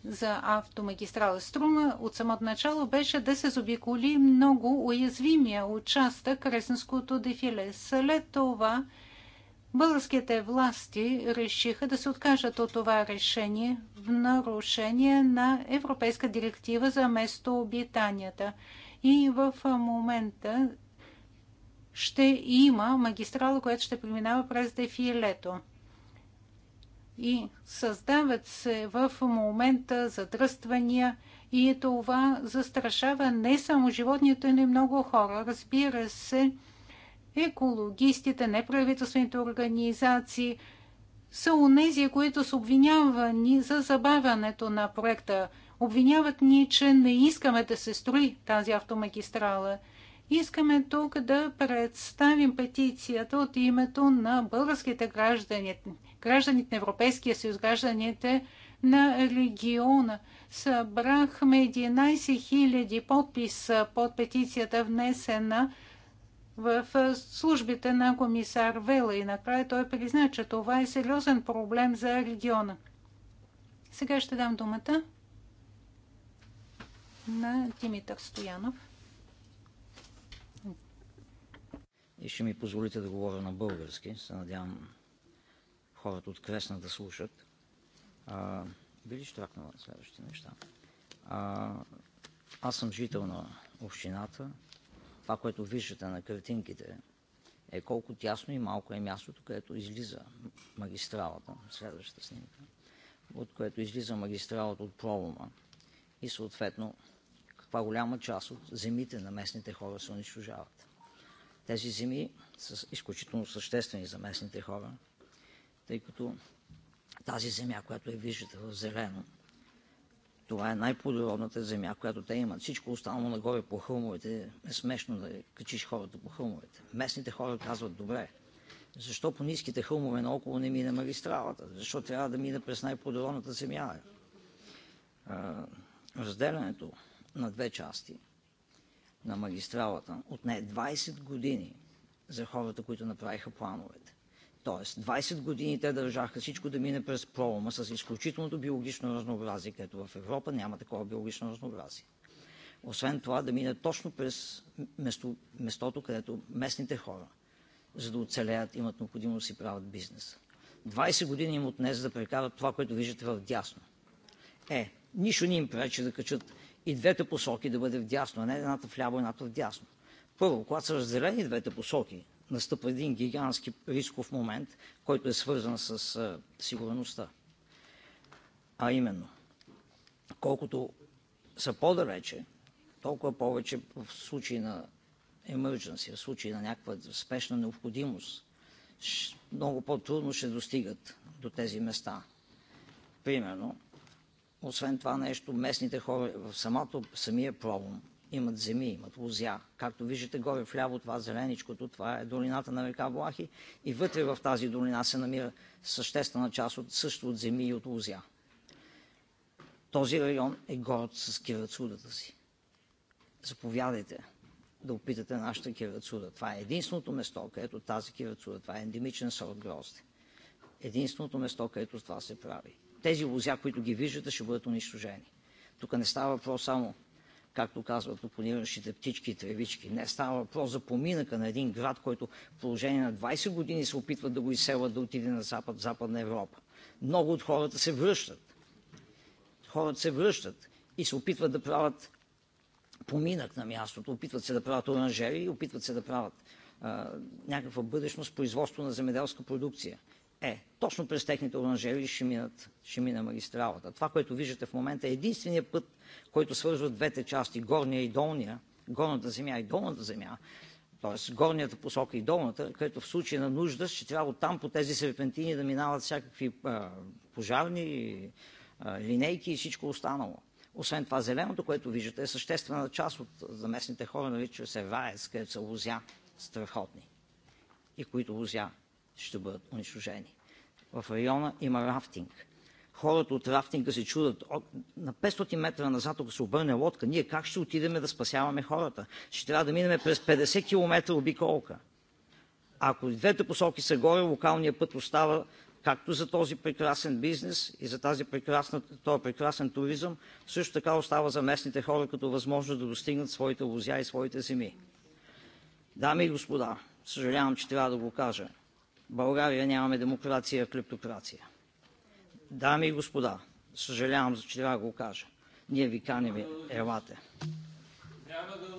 за автомагистрала Струма от самото начало беше да се заобиколи много уязвимия участък Кресенското дефиле. След това българските власти решиха да се откажат от това решение в нарушение на Европейска директива за местообитанията. И в момента ще има магистрала, която ще преминава през дефилето и създават се в момента задръствания и това застрашава не само животните, но и много хора. Разбира се, екологистите, неправителствените организации са унези, които са обвинявани за забавянето на проекта. Обвиняват ни, че не искаме да се строи тази автомагистрала. Искаме тук да представим петицията от името на българските граждани гражданите на Европейския съюз, гражданите на региона. Събрахме 11 000 подписа под петицията внесена в службите на комисар Вела и накрая той призна, че това е сериозен проблем за региона. Сега ще дам думата на Димитър Стоянов. И ще ми позволите да говоря на български. Се надявам хората откресна да слушат. А, би ли штракнала следващите неща? А, аз съм жител на общината. Това, което виждате на картинките, е колко тясно и малко е мястото, където излиза магистралата, следващата снимка, от което излиза магистралата от пролома и съответно каква голяма част от земите на местните хора се унищожават. Тези земи са изключително съществени за местните хора, тъй като тази земя, която я виждате в зелено, това е най-плодородната земя, която те имат. Всичко останало нагоре по хълмовете е смешно да качиш хората по хълмовете. Местните хора казват, добре, защо по ниските хълмове наоколо не мине магистралата? Защо трябва да мине през най-плодородната земя? А, разделянето на две части на магистралата отне 20 години за хората, които направиха плановете. Тоест, 20 години те държаха всичко да мине през пролома с изключителното биологично разнообразие, където в Европа няма такова биологично разнообразие. Освен това да мине точно през место, местото, където местните хора, за да оцелеят, имат необходимо да си правят бизнес. 20 години им отнес да прекарат това, което виждате в дясно. Е, нищо не им пречи да качат и двете посоки да бъде в дясно, а не едната ляво, едната в дясно. Първо, когато са разделени двете посоки, настъпва един гигантски рисков момент, който е свързан с а, сигурността. А именно, колкото са по-далече, толкова повече в случай на emergency, в случай на някаква спешна необходимост, много по-трудно ще достигат до тези места. Примерно, освен това нещо, местните хора в самото, самия пробум имат земи, имат лузя. Както виждате, горе в ляво това зеленичкото, това е долината на река Влахи и вътре в тази долина се намира съществена част от, също от земи и от лузя. Този район е город с кирацудата си. Заповядайте да опитате нашата кирацуда. Това е единственото место, където тази кирацуда, това е ендемичен сорт грозде. Единственото место, където това се прави. Тези лузя, които ги виждате, ще бъдат унищожени. Тук не става въпрос само както казват опониращите птички и тревички. Не става въпрос за поминъка на един град, който в положение на 20 години се опитват да го изселват да отиде на запад, Западна Европа. Много от хората се връщат. Хората се връщат и се опитват да правят поминък на мястото, опитват се да правят оранжери, опитват се да правят а, някаква бъдещност производство на земеделска продукция. Е, точно през техните оранжери ще, минат, ще мина магистралата. Това, което виждате в момента, е единствения път, който свързва двете части, горния и долния, горната земя и долната земя, т.е. горнията посока и долната, където в случай на нужда ще трябва там, по тези серпентини да минават всякакви а, пожарни, а, линейки и всичко останало. Освен това, зеленото, което виждате, е съществена част от заместните хора, нарича се Раец, където са лузя, страхотни и които лузя ще бъдат унищожени. В района има рафтинг. Хората от рафтинга се чудат. От, на 500 метра назад, ако се обърне лодка, ние как ще отидем да спасяваме хората? Ще трябва да минем през 50 км обиколка. Ако и двете посоки са горе, локалният път остава както за този прекрасен бизнес и за тази прекрасна, този прекрасен туризъм, също така остава за местните хора като възможност да достигнат своите лузя и своите земи. Дами и господа, съжалявам, че трябва да го кажа, България нямаме демокрация, а клептокрация. Дами и господа, съжалявам, че трябва да го кажа. Ние ви каним, елате. Няма да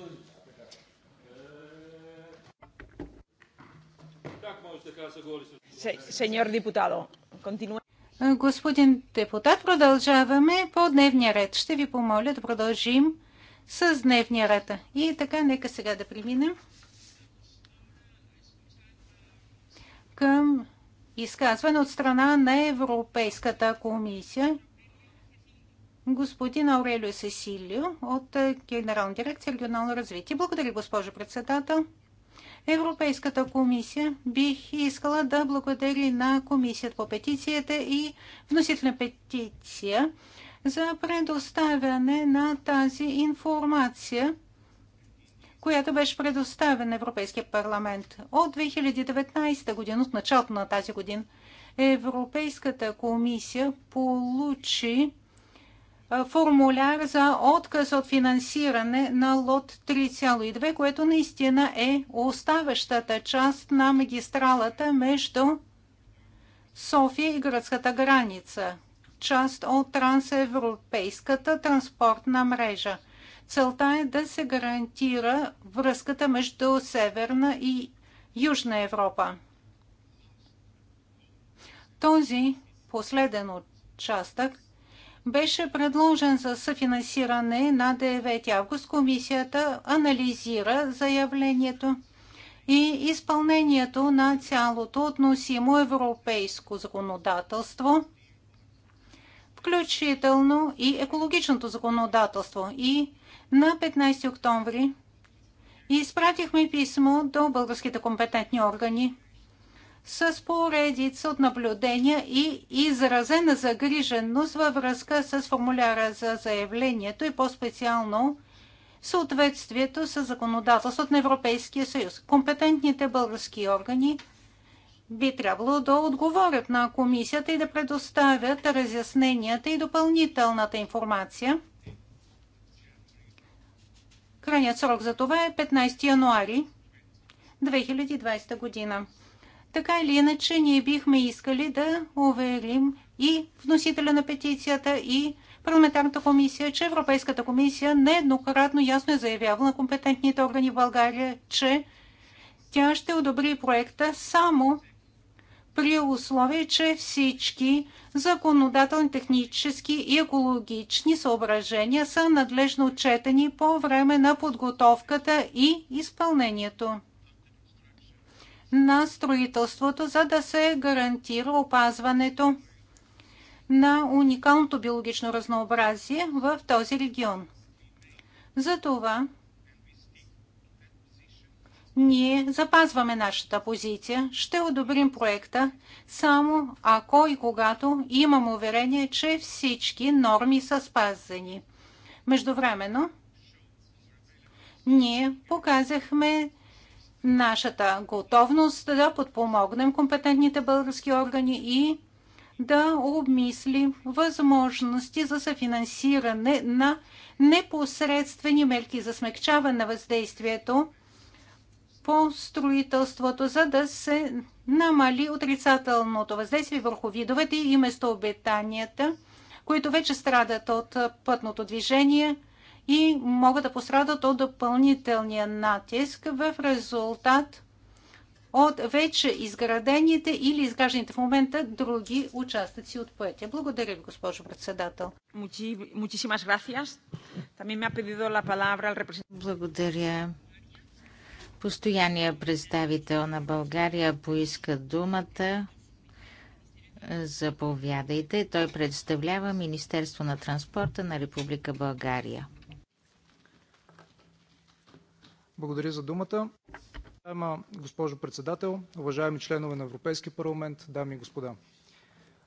Сеньор депутадо, континуе. Господин депутат, продължаваме по дневния ред. Ще ви помоля да продължим с дневния ред. И така, нека сега да преминем към изказване от страна на Европейската комисия. Господин Аурелио Сесилио от е, Генерална дирекция регионално развитие. Благодаря, госпожо председател. Европейската комисия бих искала да благодари на Комисията по петицията и вносител петиция за предоставяне на тази информация която беше предоставена на Европейския парламент. От 2019 година, от началото на тази година, Европейската комисия получи формуляр за отказ от финансиране на лот 3,2, което наистина е оставащата част на магистралата между София и гръцката граница, част от трансевропейската транспортна мрежа. Целта е да се гарантира връзката между Северна и Южна Европа. Този последен участък беше предложен за съфинансиране на 9 август. Комисията анализира заявлението и изпълнението на цялото относимо европейско законодателство, включително и екологичното законодателство и на 15 октомври изпратихме писмо до българските компетентни органи с поредица от наблюдения и изразена загриженост във връзка с формуляра за заявлението и по-специално съответствието с законодателството на Европейския съюз. Компетентните български органи би трябвало да отговорят на комисията и да предоставят разясненията и допълнителната информация – Крайният срок за това е 15 януари 2020 година. Така или иначе, ние бихме искали да уверим и вносителя на петицията, и парламентарната комисия, че Европейската комисия нееднократно ясно е заявявала на компетентните органи в България, че тя ще одобри проекта само при условие, че всички законодателни, технически и екологични съображения са надлежно отчетени по време на подготовката и изпълнението на строителството, за да се гарантира опазването на уникалното биологично разнообразие в този регион. Затова ние запазваме нашата позиция, ще одобрим проекта, само ако и когато имам уверение, че всички норми са спазени. Междувременно, ние показахме нашата готовност да подпомогнем компетентните български органи и да обмисли възможности за съфинансиране на непосредствени мерки за смягчаване на въздействието по строителството, за да се намали отрицателното въздействие върху видовете и местообитанията, които вече страдат от пътното движение и могат да пострадат от допълнителния натиск в резултат от вече изградените или изгражданите в момента други участъци от пътя. Благодаря ви, госпожо председател. Благодаря. Постоянният представител на България поиска думата. Заповядайте. Той представлява Министерство на транспорта на Република България. Благодаря за думата. Уважаема госпожо председател, уважаеми членове на Европейски парламент, дами и господа.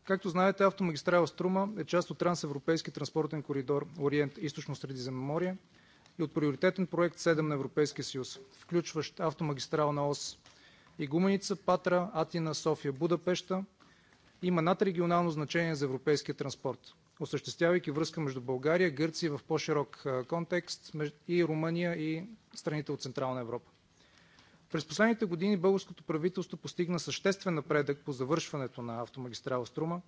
Както знаете, автомагистрала Струма е част от трансевропейски транспортен коридор Ориент – Източно Средиземноморие, и от приоритетен проект 7 на Европейския съюз, включващ автомагистрална ос Игуменица, Патра, Атина, София, Будапеща, има надрегионално значение за европейския транспорт, осъществявайки връзка между България, Гърция в по-широк контекст и Румъния и страните от Централна Европа. През последните години българското правителство постигна съществен напредък по завършването на автомагистрала Струма,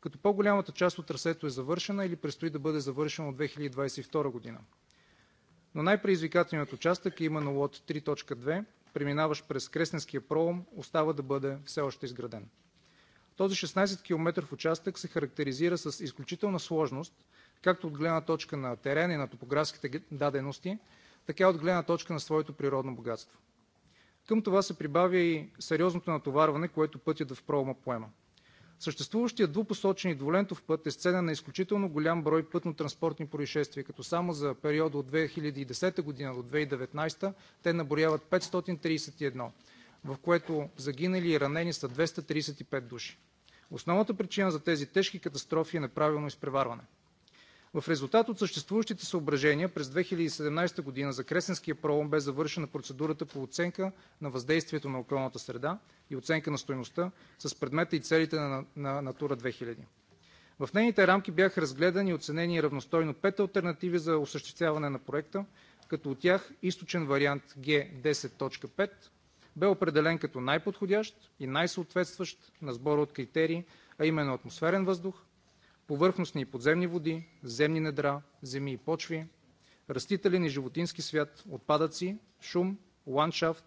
като по-голямата част от трасето е завършена или предстои да бъде завършена от 2022 година. Но най-предизвикателният участък, е именно лот 3.2, преминаващ през Кресненския пролом, остава да бъде все още изграден. Този 16 км участък се характеризира с изключителна сложност както от гледна точка на терена и на топографските дадености, така и от гледна точка на своето природно богатство. Към това се прибавя и сериозното натоварване, което пътят в пролома поема. Съществуващият двупосочен и двулентов път е сцена на изключително голям брой пътнотранспортни произшествия, като само за периода от 2010 г. до 2019 г. те наброяват 531, в което загинали и ранени са 235 души. Основната причина за тези тежки катастрофи е неправилно изпреварване. В резултат от съществуващите съображения през 2017 г. за Кресненския пролом бе завършена процедурата по оценка на въздействието на околната среда и оценка на стойността с предмета и целите на „Натура 2000”. В нейните рамки бяха разгледани и оценени равностойно пет алтернативи за осъществяване на проекта, като от тях източен вариант Г10.5 бе определен като най-подходящ и най-съответстващ на сбора от критерии, а именно атмосферен въздух, повърхностни и подземни води, земни недра, земи и почви, растителен и животински свят, отпадъци, шум, ландшафт,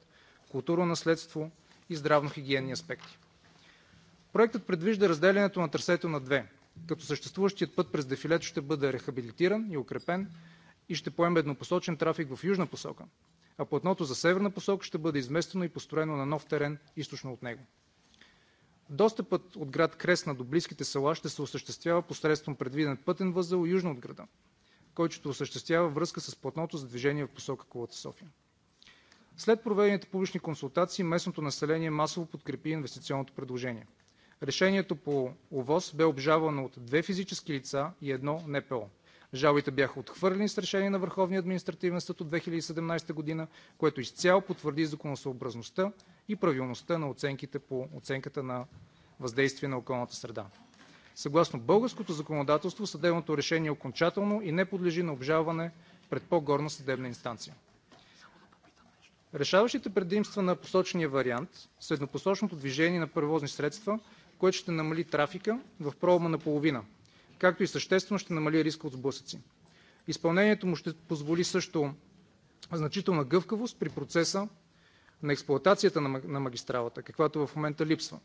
културно наследство и здравно-хигиенни аспекти. Проектът предвижда разделянето на трасето на две, като съществуващият път през дефилето ще бъде рехабилитиран и укрепен и ще поеме еднопосочен трафик в южна посока, а платното за северна посока ще бъде изместено и построено на нов терен източно от него. Достъпът от град Кресна до близките села ще се осъществява посредством предвиден пътен възел южно от града, който ще осъществява връзка с платното за движение в посока Кулата – София. След проведените публични консултации местното население масово подкрепи инвестиционното предложение. Решението по ОВОС бе обжавано от две физически лица и едно НПО. Жалбите бяха отхвърлени с решение на Върховния административен съд от 2017 година, което изцяло потвърди законосъобразността и правилността на оценките по оценката на въздействие на околната среда. Съгласно българското законодателство съдебното решение е окончателно и не подлежи на обжалване пред по-горна съдебна инстанция. Решаващите предимства на посочения вариант са еднопосочното движение на превозни средства, което ще намали трафика в на половина, както и съществено ще намали риска от сблъсъци. Изпълнението му ще позволи също значителна гъвкавост при процеса на експлоатацията на магистралата, каквато в момента липсва,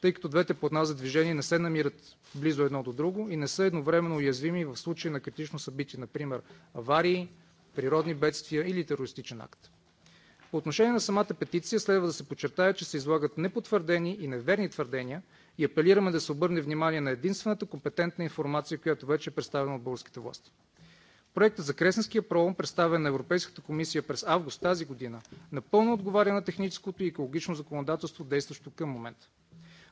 тъй като двете платна за движение не се намират близо едно до друго и не са едновременно уязвими в случай на критично събитие, например аварии, природни бедствия или терористичен акт. По отношение на самата петиция следва да се подчертая, че се излагат непотвърдени и неверни твърдения и апелираме да се обърне внимание на единствената компетентна информация, която вече е представена от българските власти. Проектът за Кресненския пролом, представен на Европейската комисия през август тази година, напълно отговаря на техническото и екологично законодателство, действащо към момента.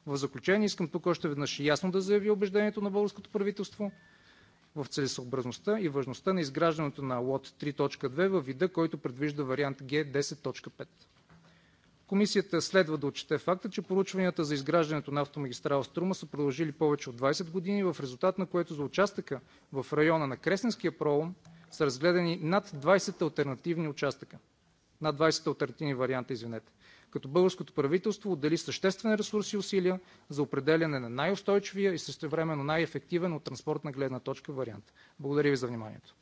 В заключение искам тук още веднъж ясно да заявя убеждението на българското правителство в целесъобразността и важността на изграждането на лот 3.2 във вида, който предвижда вариант Г10.5. Комисията следва да отчете факта, че проучванията за изграждането на автомагистрала „Струма” са продължили повече от 20 години, в резултат на което за участъка в района на Кресненския пролом са разгледани над 20 алтернативни варианта, като българското правителство отдели съществен ресурс и усилия за определяне на най-устойчивия и същевременно най-ефективен от транспортна гледна точка вариант. Благодаря Ви за вниманието.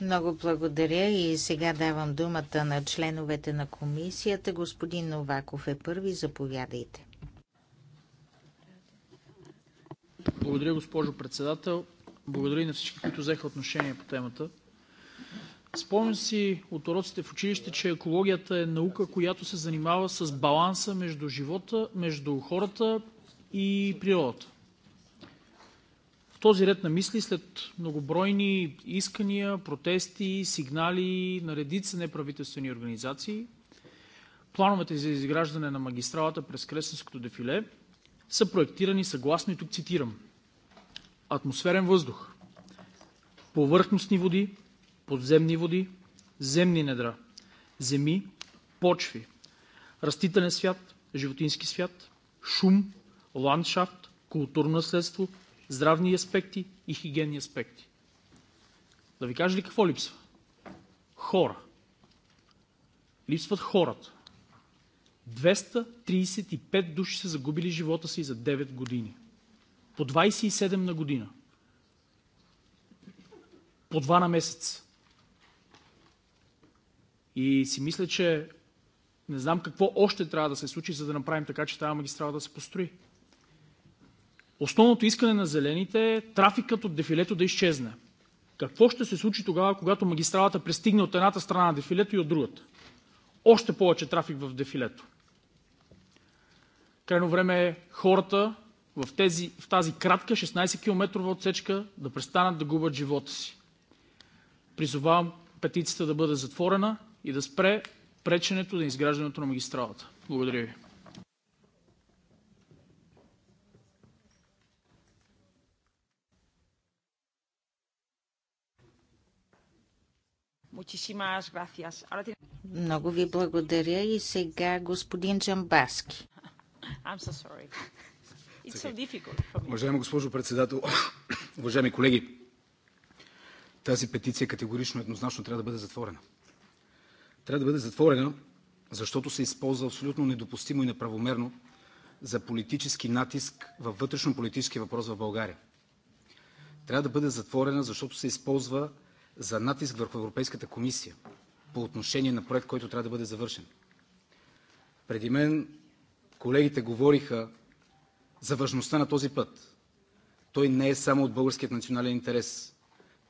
Много благодаря и сега давам думата на членовете на комисията. Господин Новаков е първи. Заповядайте. Благодаря, госпожо председател. Благодаря и на всички, които взеха отношение по темата. Спомням си от уроците в училище, че екологията е наука, която се занимава с баланса между живота, между хората и природата. В този ред на мисли, след многобройни искания, протести, сигнали на редица неправителствени организации, плановете за изграждане на магистралата през Кресенското дефиле са проектирани съгласно, и тук цитирам, атмосферен въздух, повърхностни води, подземни води, земни недра, земи, почви, растителен свят, животински свят, шум, ландшафт, културно наследство, здравни аспекти и хигиенни аспекти. Да ви кажа ли какво липсва? Хора. Липсват хората. 235 души са загубили живота си за 9 години. По 27 на година. По 2 на месец. И си мисля, че не знам какво още трябва да се случи, за да направим така, че тази магистрала да се построи. Основното искане на зелените е трафикът от дефилето да изчезне. Какво ще се случи тогава, когато магистралата пристигне от едната страна на дефилето и от другата? Още повече трафик в дефилето. Крайно време е хората в, тези, в тази кратка 16-километрова отсечка да престанат да губят живота си. Призовавам петицията да бъде затворена и да спре преченето на изграждането на магистралата. Благодаря ви. Много ви благодаря и сега господин Джамбаски. Уважаема госпожо председател, уважаеми колеги, тази петиция категорично еднозначно трябва да бъде затворена. Трябва да бъде затворена, защото се използва абсолютно недопустимо и неправомерно за политически натиск във вътрешно-политически въпрос в България. Трябва да бъде затворена, защото се използва за натиск върху Европейската комисия по отношение на проект, който трябва да бъде завършен. Преди мен колегите говориха за важността на този път. Той не е само от българският национален интерес.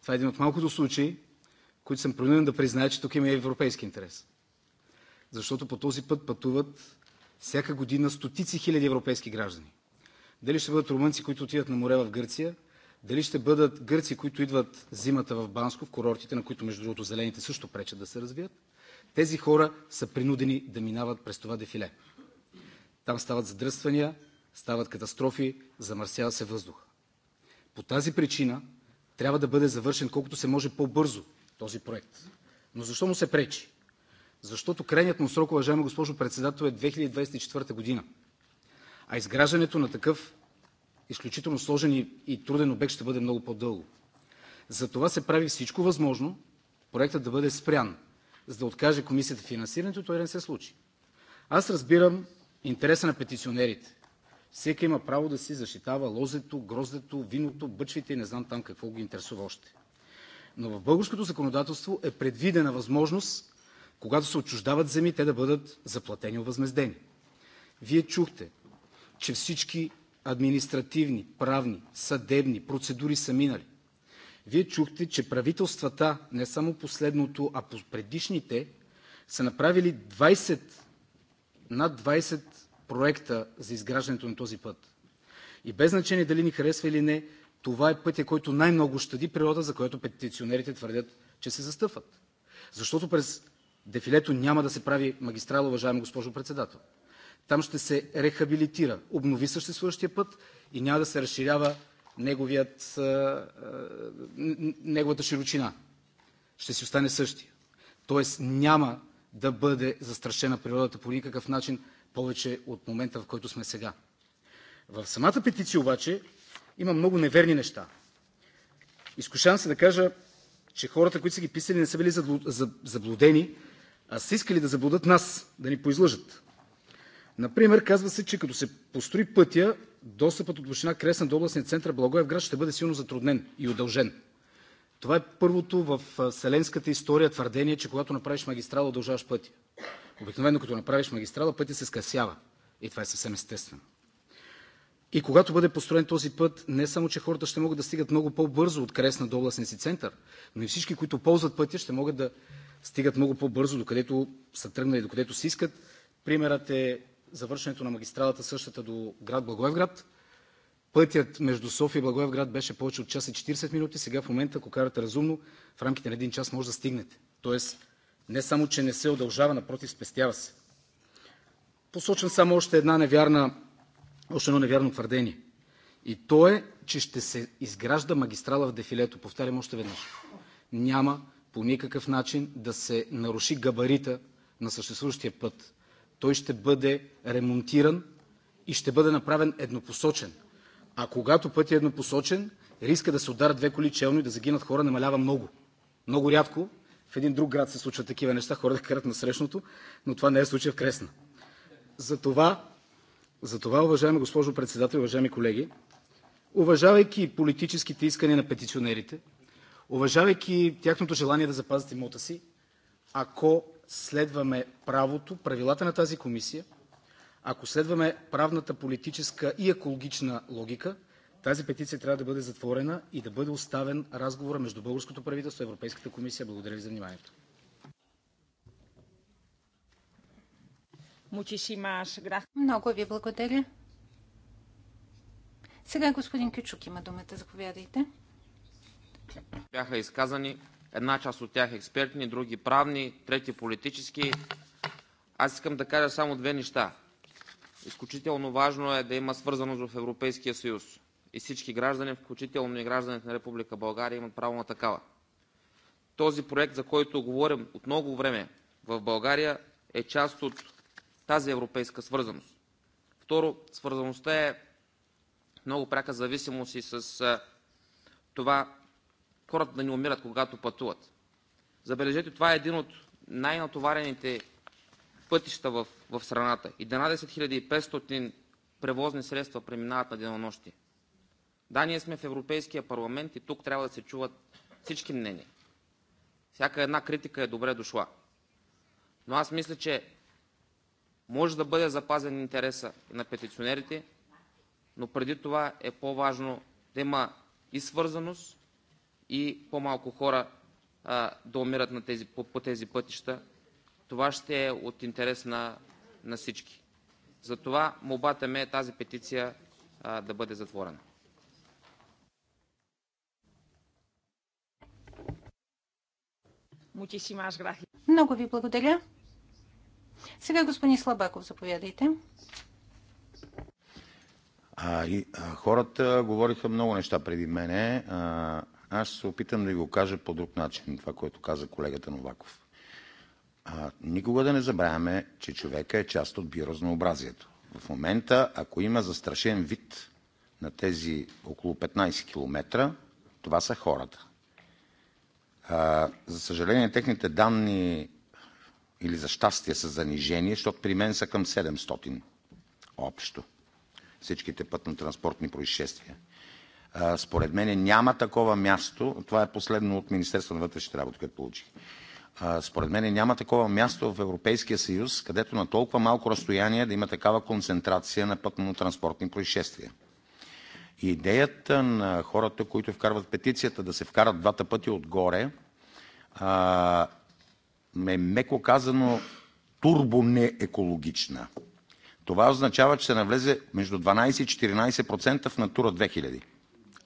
Това е един от малкото случаи, които съм принуден да призная, че тук има и европейски интерес. Защото по този път пътуват всяка година стотици хиляди европейски граждани. Дали ще бъдат румънци, които отиват на море в Гърция, дали ще бъдат гърци, които идват зимата в Банско, в курортите, на които между другото зелените също пречат да се развият, тези хора са принудени да минават през това дефиле. Там стават задръствания, стават катастрофи, замърсява се въздух. По тази причина трябва да бъде завършен колкото се може по-бързо този проект. Но защо му се пречи? Защото крайният му срок, уважаема госпожо Председател, е 2024 година. А изграждането на такъв изключително сложен и, и труден обект ще бъде много по-дълго. Затова се прави всичко възможно проектът да бъде спрян, за да откаже комисията финансирането, той да не се случи. Аз разбирам интереса на петиционерите. Всеки има право да си защитава лозето, гроздето, виното, бъчвите и не знам там какво го интересува още. Но в българското законодателство е предвидена възможност, когато се отчуждават земи, те да бъдат заплатени, възмездени. Вие чухте, че всички административни, правни, съдебни процедури са минали. Вие чухте, че правителствата, не само последното, а по предишните, са направили 20, над 20 проекта за изграждането на този път. И без значение дали ни харесва или не, това е пътя, който най-много щади природа, за което петиционерите твърдят, че се застъпват. Защото през дефилето няма да се прави магистрала, уважаема госпожо Председател. Там ще се рехабилитира, обнови съществуващия път и няма да се разширява неговият, неговата широчина. Ще си остане същия. Тоест няма да бъде застрашена природата по никакъв начин повече от момента, в който сме сега. В самата петиция обаче има много неверни неща. Изкушавам се да кажа, че хората, които са ги писали, не са били заблудени, а са искали да заблудат нас, да ни поизлъжат. Например, казва се, че като се построи пътя, достъпът от община Кресна до областния център Благоевград ще бъде силно затруднен и удължен. Това е първото в вселенската история твърдение, че когато направиш магистрала, удължаваш пътя. Обикновено като направиш магистрала, пътя се скъсява. И това е съвсем естествено. И когато бъде построен този път, не само, че хората ще могат да стигат много по-бързо от Кресна до областния си център, но и всички, които ползват пътя, ще могат да стигат много по-бързо, докъдето са тръгнали, докъдето си искат. Примерът е завършването на магистралата същата до град Благоевград. Пътят между София и Благоевград беше повече от час и 40 минути. Сега в момента, ако карате разумно, в рамките на един час може да стигнете. Тоест не само че не се удължава, напротив, спестява се. Посочвам само още, една невярна, още едно невярно твърдение. И то е, че ще се изгражда магистрала в дефилето. Повтарям още веднъж. Няма по никакъв начин да се наруши габарита на съществуващия път. Той ще бъде ремонтиран и ще бъде направен еднопосочен. А когато пътят е еднопосочен, риска да се ударят две коли челно и да загинат хора намалява много. Много рядко в един друг град се случват такива неща, хора да карат на срещното, но това не е случай в Кресна. Затова, затова, уважаема госпожо председател, уважаеми колеги, уважавайки политическите искания на петиционерите, уважавайки тяхното желание да запазят имота си, ако следваме правото, правилата на тази комисия, ако следваме правната, политическа и екологична логика, тази петиция трябва да бъде затворена и да бъде оставен разговора между българското правителство и Европейската комисия. Благодаря ви за вниманието. Много ви благодаря. Сега господин Кючук има думата. Заповядайте. Бяха изказани една част от тях експертни, други правни, трети политически. Аз искам да кажа само две неща. Изключително важно е да има свързаност в Европейския съюз и всички граждани, включително и гражданите на Република България, имат право на такава. Този проект, за който говорим от много време в България, е част от тази европейска свързаност. Второ, свързаността е много пряка зависимост и с това хората да не умират, когато пътуват. Забележете, това е един от най-натоварените пътища в, в страната. 11 500 превозни средства преминават на денонощи. Да, ние сме в Европейския парламент и тук трябва да се чуват всички мнения. Всяка една критика е добре дошла. Но аз мисля, че може да бъде запазен интереса на петиционерите, но преди това е по-важно да има и свързаност, и по-малко хора а, да умират на тези, по, по тези пътища, това ще е от интерес на, на всички. Затова мобата ме е тази петиция а, да бъде затворена. Много ви благодаря. Сега господин Слабаков, заповядайте. А, и, а, хората говориха много неща преди мене. А, аз ще се опитам да ви го кажа по друг начин, това, което каза колегата Новаков. А, никога да не забравяме, че човека е част от биоразнообразието. В момента, ако има застрашен вид на тези около 15 км, това са хората. А, за съжаление, техните данни или за щастие са занижени, защото при мен са към 700 общо всичките пътно-транспортни происшествия. Според мен няма такова място, това е последно от Министерството на вътрешните работи, което получих, според мен няма такова място в Европейския съюз, където на толкова малко разстояние да има такава концентрация на пътно-транспортни происшествия. И Идеята на хората, които вкарват петицията, да се вкарат двата пъти отгоре, е, меко казано, турбо Това означава, че се навлезе между 12 и 14% в Натура 2000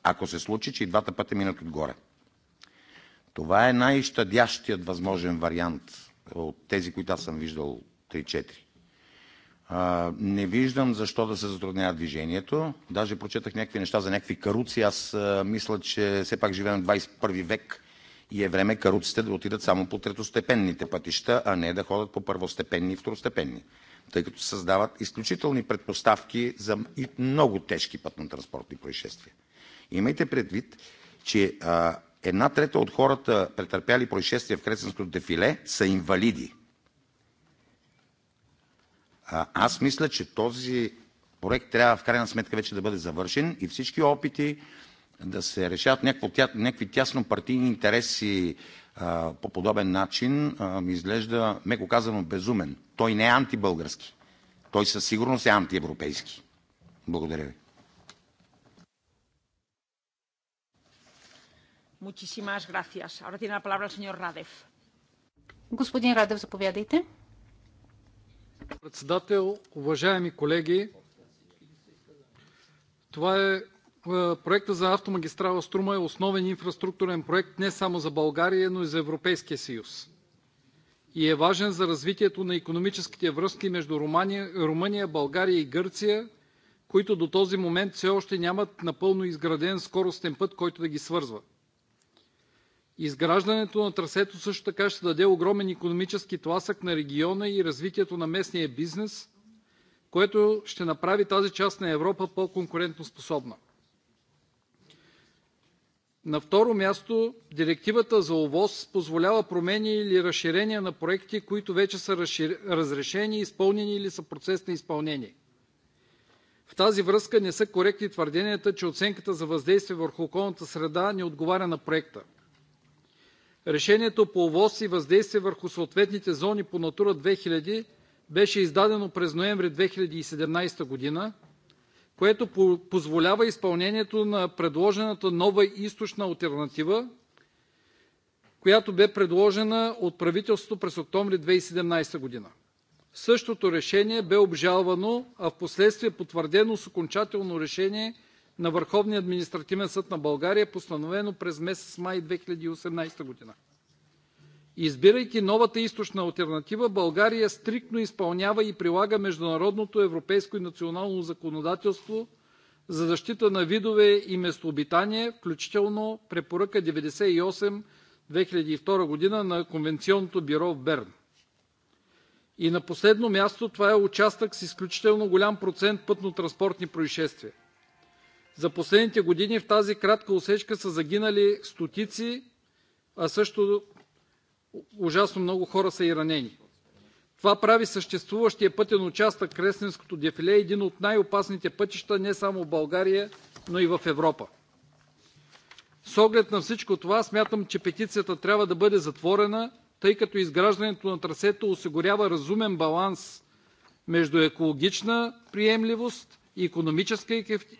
ако се случи, че и двата пъти минат отгоре. Това е най-щадящият възможен вариант от тези, които аз съм виждал 3-4. Не виждам защо да се затруднява движението. Даже прочетах някакви неща за някакви каруци. Аз мисля, че все пак живеем в 21 век и е време каруците да отидат само по третостепенните пътища, а не да ходят по първостепенни и второстепенни, тъй като създават изключителни предпоставки за и много тежки пътно-транспортни происшествия. Имайте предвид, че а, една трета от хората, претърпяли происшествия в Кресенското дефиле, са инвалиди. А, аз мисля, че този проект трябва в крайна сметка вече да бъде завършен и всички опити да се решават някакви тясно партийни интереси а, по подобен начин а, ми изглежда, меко казано, безумен. Той не е антибългарски. Той със сигурност е антиевропейски. Благодаря ви. Muchísimas gracias. Ahora tiene la palabra el señor Radev. Господин Радев, заповядайте. Председател, уважаеми колеги, това е, е проекта за автомагистрала Струма е основен инфраструктурен проект не само за България, но и за Европейския съюз. И е важен за развитието на економическите връзки между Румъния България и Гърция, които до този момент все още нямат напълно изграден скоростен път, който да ги свързва. Изграждането на трасето също така ще даде огромен икономически тласък на региона и развитието на местния бизнес, което ще направи тази част на Европа по-конкурентоспособна. На второ място, Директивата за ОВОС позволява промени или разширения на проекти, които вече са разрешени, изпълнени или са процес на изпълнение. В тази връзка не са коректни твърденията, че оценката за въздействие върху околната среда не отговаря на проекта. Решението по ОВОС и въздействие върху съответните зони по „Натура 2000“ беше издадено през ноември 2017 г., което позволява изпълнението на предложената нова източна алтернатива, която бе предложена от правителството през октомври 2017 г. Същото решение бе обжалвано, а впоследствие потвърдено с окончателно решение на Върховния административен съд на България, постановено през месец май 2018 г. Избирайки новата източна алтернатива, България стриктно изпълнява и прилага международното, европейско и национално законодателство за защита на видове и местообитания, включително Препоръка 98/2002 г. на Конвенционното бюро в Берн. И на последно място, това е участък с изключително голям процент пътно-транспортни произшествия. За последните години в тази кратка усечка са загинали стотици, а също ужасно много хора са и ранени. Това прави съществуващия пътен участък Кресненското дефиле един от най-опасните пътища не само в България, но и в Европа. С оглед на всичко това смятам, че петицията трябва да бъде затворена, тъй като изграждането на трасето осигурява разумен баланс между екологична приемливост икономическа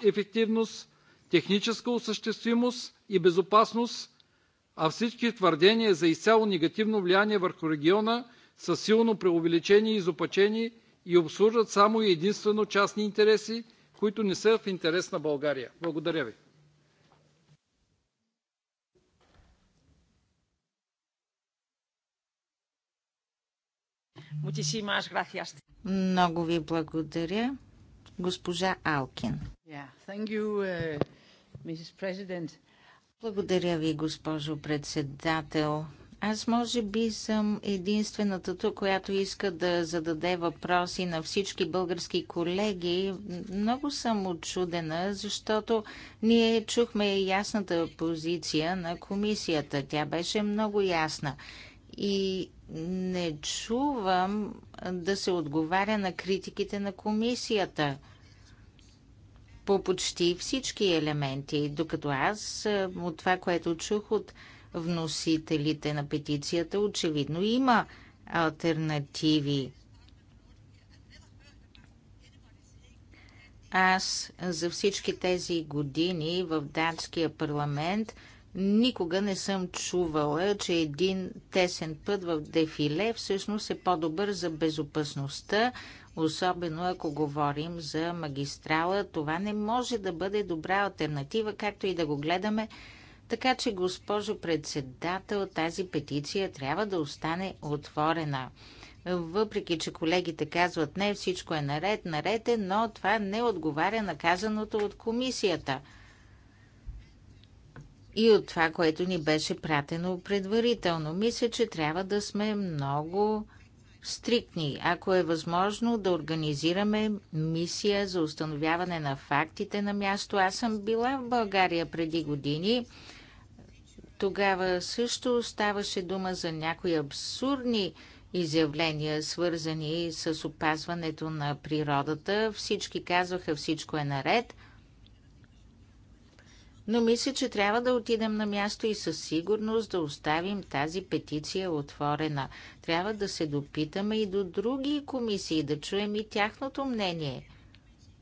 ефективност, техническа осъществимост и безопасност, а всички твърдения за изцяло негативно влияние върху региона са силно преувеличени и изопачени и обслужват само и единствено частни интереси, които не са в интерес на България. Благодаря ви. Много ви благодаря. Госпожа Алкин. Uh, Благодаря ви, госпожо председател. Аз може би съм единствената тук, която иска да зададе въпроси на всички български колеги. Много съм отчудена, защото ние чухме ясната позиция на комисията. Тя беше много ясна и не чувам да се отговаря на критиките на комисията по почти всички елементи, докато аз е, от това, което чух от вносителите на петицията, очевидно има альтернативи. Аз за всички тези години в датския парламент – Никога не съм чувала, че един тесен път в дефиле всъщност е по-добър за безопасността, особено ако говорим за магистрала. Това не може да бъде добра альтернатива, както и да го гледаме. Така че, госпожо председател, тази петиция трябва да остане отворена. Въпреки, че колегите казват не, всичко е наред, наред е, но това не отговаря на казаното от комисията – и от това, което ни беше пратено предварително. Мисля, че трябва да сме много стриктни. Ако е възможно да организираме мисия за установяване на фактите на място. Аз съм била в България преди години. Тогава също ставаше дума за някои абсурдни изявления, свързани с опазването на природата. Всички казваха, всичко е наред, но мисля, че трябва да отидем на място и със сигурност да оставим тази петиция отворена. Трябва да се допитаме и до други комисии, да чуем и тяхното мнение.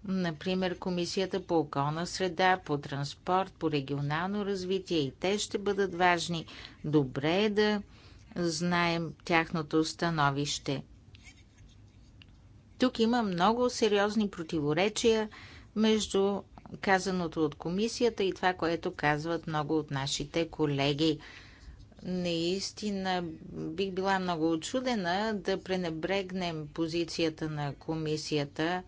Например, Комисията по околна среда, по транспорт, по регионално развитие и те ще бъдат важни. Добре е да знаем тяхното становище. Тук има много сериозни противоречия между казаното от комисията и това, което казват много от нашите колеги. Наистина бих била много очудена да пренебрегнем позицията на комисията,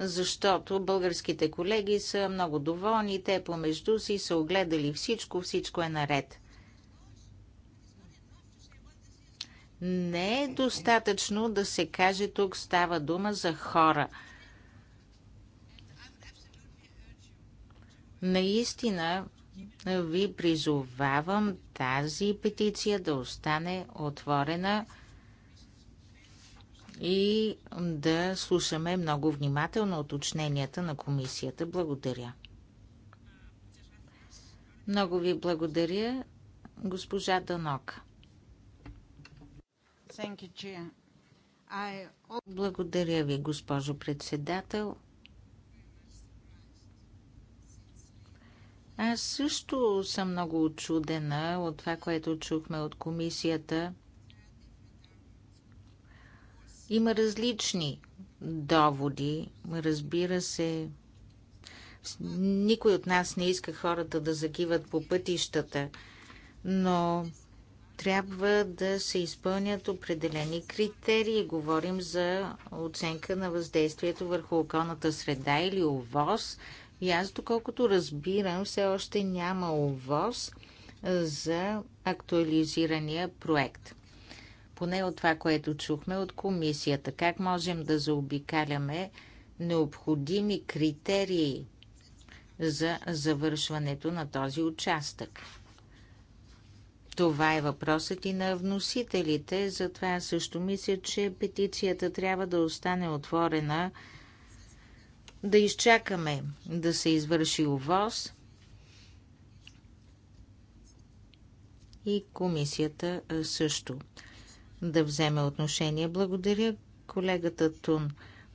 защото българските колеги са много доволни, те помежду си са огледали всичко, всичко е наред. Не е достатъчно да се каже тук става дума за хора – Наистина ви призовавам тази петиция да остане отворена и да слушаме много внимателно уточненията на комисията. Благодаря. Много ви благодаря, госпожа Данок. Благодаря ви, госпожо председател. Аз също съм много очудена от това, което чухме от комисията. Има различни доводи, разбира се. Никой от нас не иска хората да загиват по пътищата, но трябва да се изпълнят определени критерии. Говорим за оценка на въздействието върху околната среда или ОВОз – и аз, доколкото разбирам, все още няма ОВОз за актуализирания проект. Поне от това, което чухме от комисията. Как можем да заобикаляме необходими критерии за завършването на този участък? Това е въпросът и на вносителите, затова също мисля, че петицията трябва да остане отворена да изчакаме да се извърши овоз и комисията също да вземе отношение. Благодаря колегата Тун.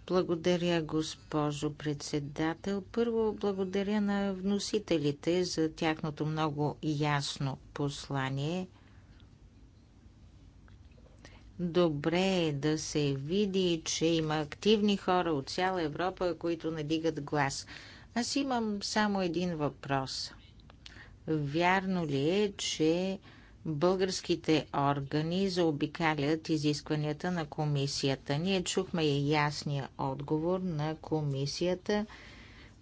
Благодаря, госпожо председател. Първо, благодаря на вносителите за тяхното много ясно послание – Добре е да се види, че има активни хора от цяла Европа, които надигат глас. Аз имам само един въпрос. Вярно ли е, че българските органи заобикалят изискванията на комисията? Ние чухме и ясния отговор на комисията,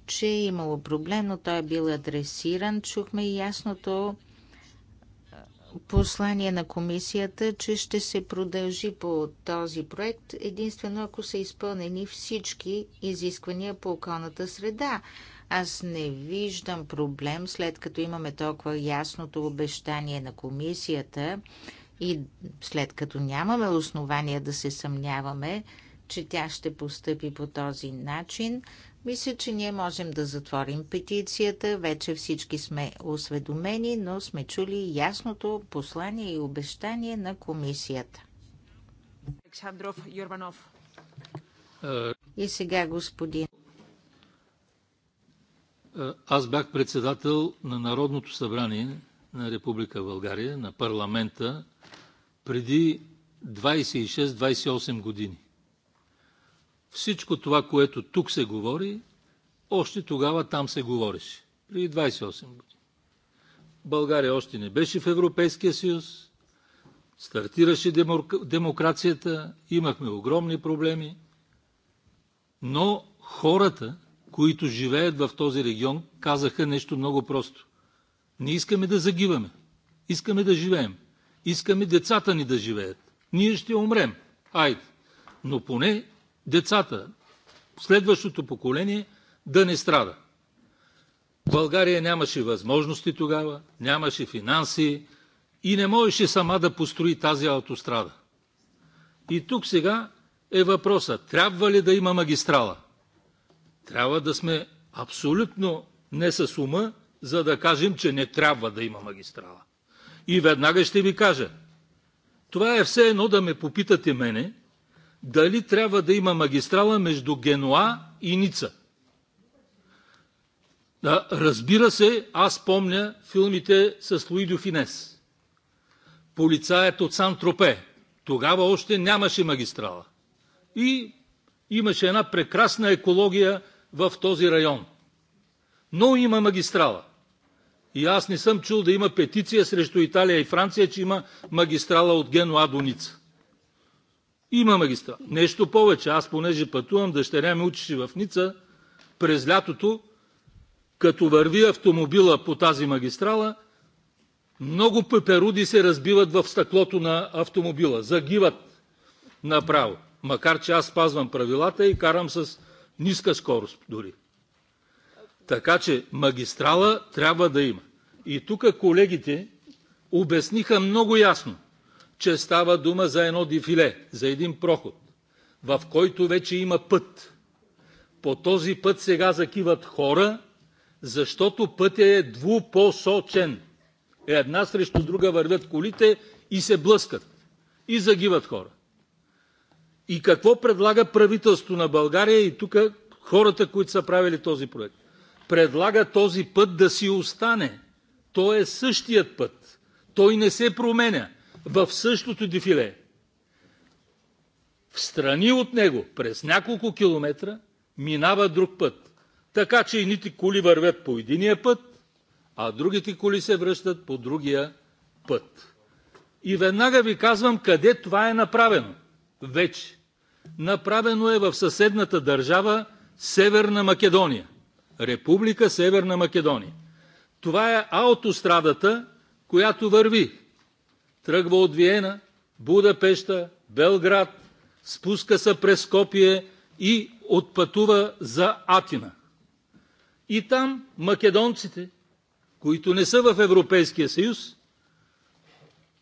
че е имало проблем, но той е бил адресиран. Чухме и ясното послание на комисията, че ще се продължи по този проект единствено ако са изпълнени всички изисквания по околната среда. Аз не виждам проблем, след като имаме толкова ясното обещание на комисията и след като нямаме основания да се съмняваме, че тя ще постъпи по този начин, мисля, че ние можем да затворим петицията. Вече всички сме осведомени, но сме чули ясното послание и обещание на комисията. Александров Йорбанов. Е, и сега господин. Е, аз бях председател на Народното събрание на Република България, на парламента, преди 26-28 години. Всичко това, което тук се говори, още тогава там се говореше. Преди 28 години. България още не беше в Европейския съюз. Стартираше демокрацията. Имахме огромни проблеми. Но хората, които живеят в този регион, казаха нещо много просто. Не искаме да загиваме. Искаме да живеем. Искаме децата ни да живеят. Ние ще умрем. Айде. Но поне децата, следващото поколение да не страда. България нямаше възможности тогава, нямаше финанси и не можеше сама да построи тази автострада. И тук сега е въпроса, трябва ли да има магистрала? Трябва да сме абсолютно не с ума, за да кажем, че не трябва да има магистрала. И веднага ще ви кажа, това е все едно да ме попитате мене, дали трябва да има магистрала между Генуа и Ница. Да, разбира се, аз помня филмите с Луи Финес. Полицаят от Сан-Тропе. Тогава още нямаше магистрала. И имаше една прекрасна екология в този район. Но има магистрала. И аз не съм чул да има петиция срещу Италия и Франция, че има магистрала от Генуа до Ница. Има магистрала. Нещо повече. Аз, понеже пътувам, дъщеря ми учише в Ница през лятото, като върви автомобила по тази магистрала, много пеперуди се разбиват в стъклото на автомобила. Загиват направо. Макар, че аз спазвам правилата и карам с ниска скорост дори. Така че магистрала трябва да има. И тук колегите обясниха много ясно че става дума за едно дефиле, за един проход, в който вече има път. По този път сега закиват хора, защото пътя е двупосочен. Една срещу друга вървят колите и се блъскат. И загиват хора. И какво предлага правителството на България и тук хората, които са правили този проект? Предлага този път да си остане. Той е същият път. Той не се променя в същото дефиле. В страни от него, през няколко километра, минава друг път. Така че едните коли вървят по единия път, а другите коли се връщат по другия път. И веднага ви казвам къде това е направено. Вече. Направено е в съседната държава Северна Македония. Република Северна Македония. Това е аутострадата, която върви Тръгва от Виена, Будапеща, Белград, спуска се през Копие и отпътува за Атина. И там македонците, които не са в Европейския съюз,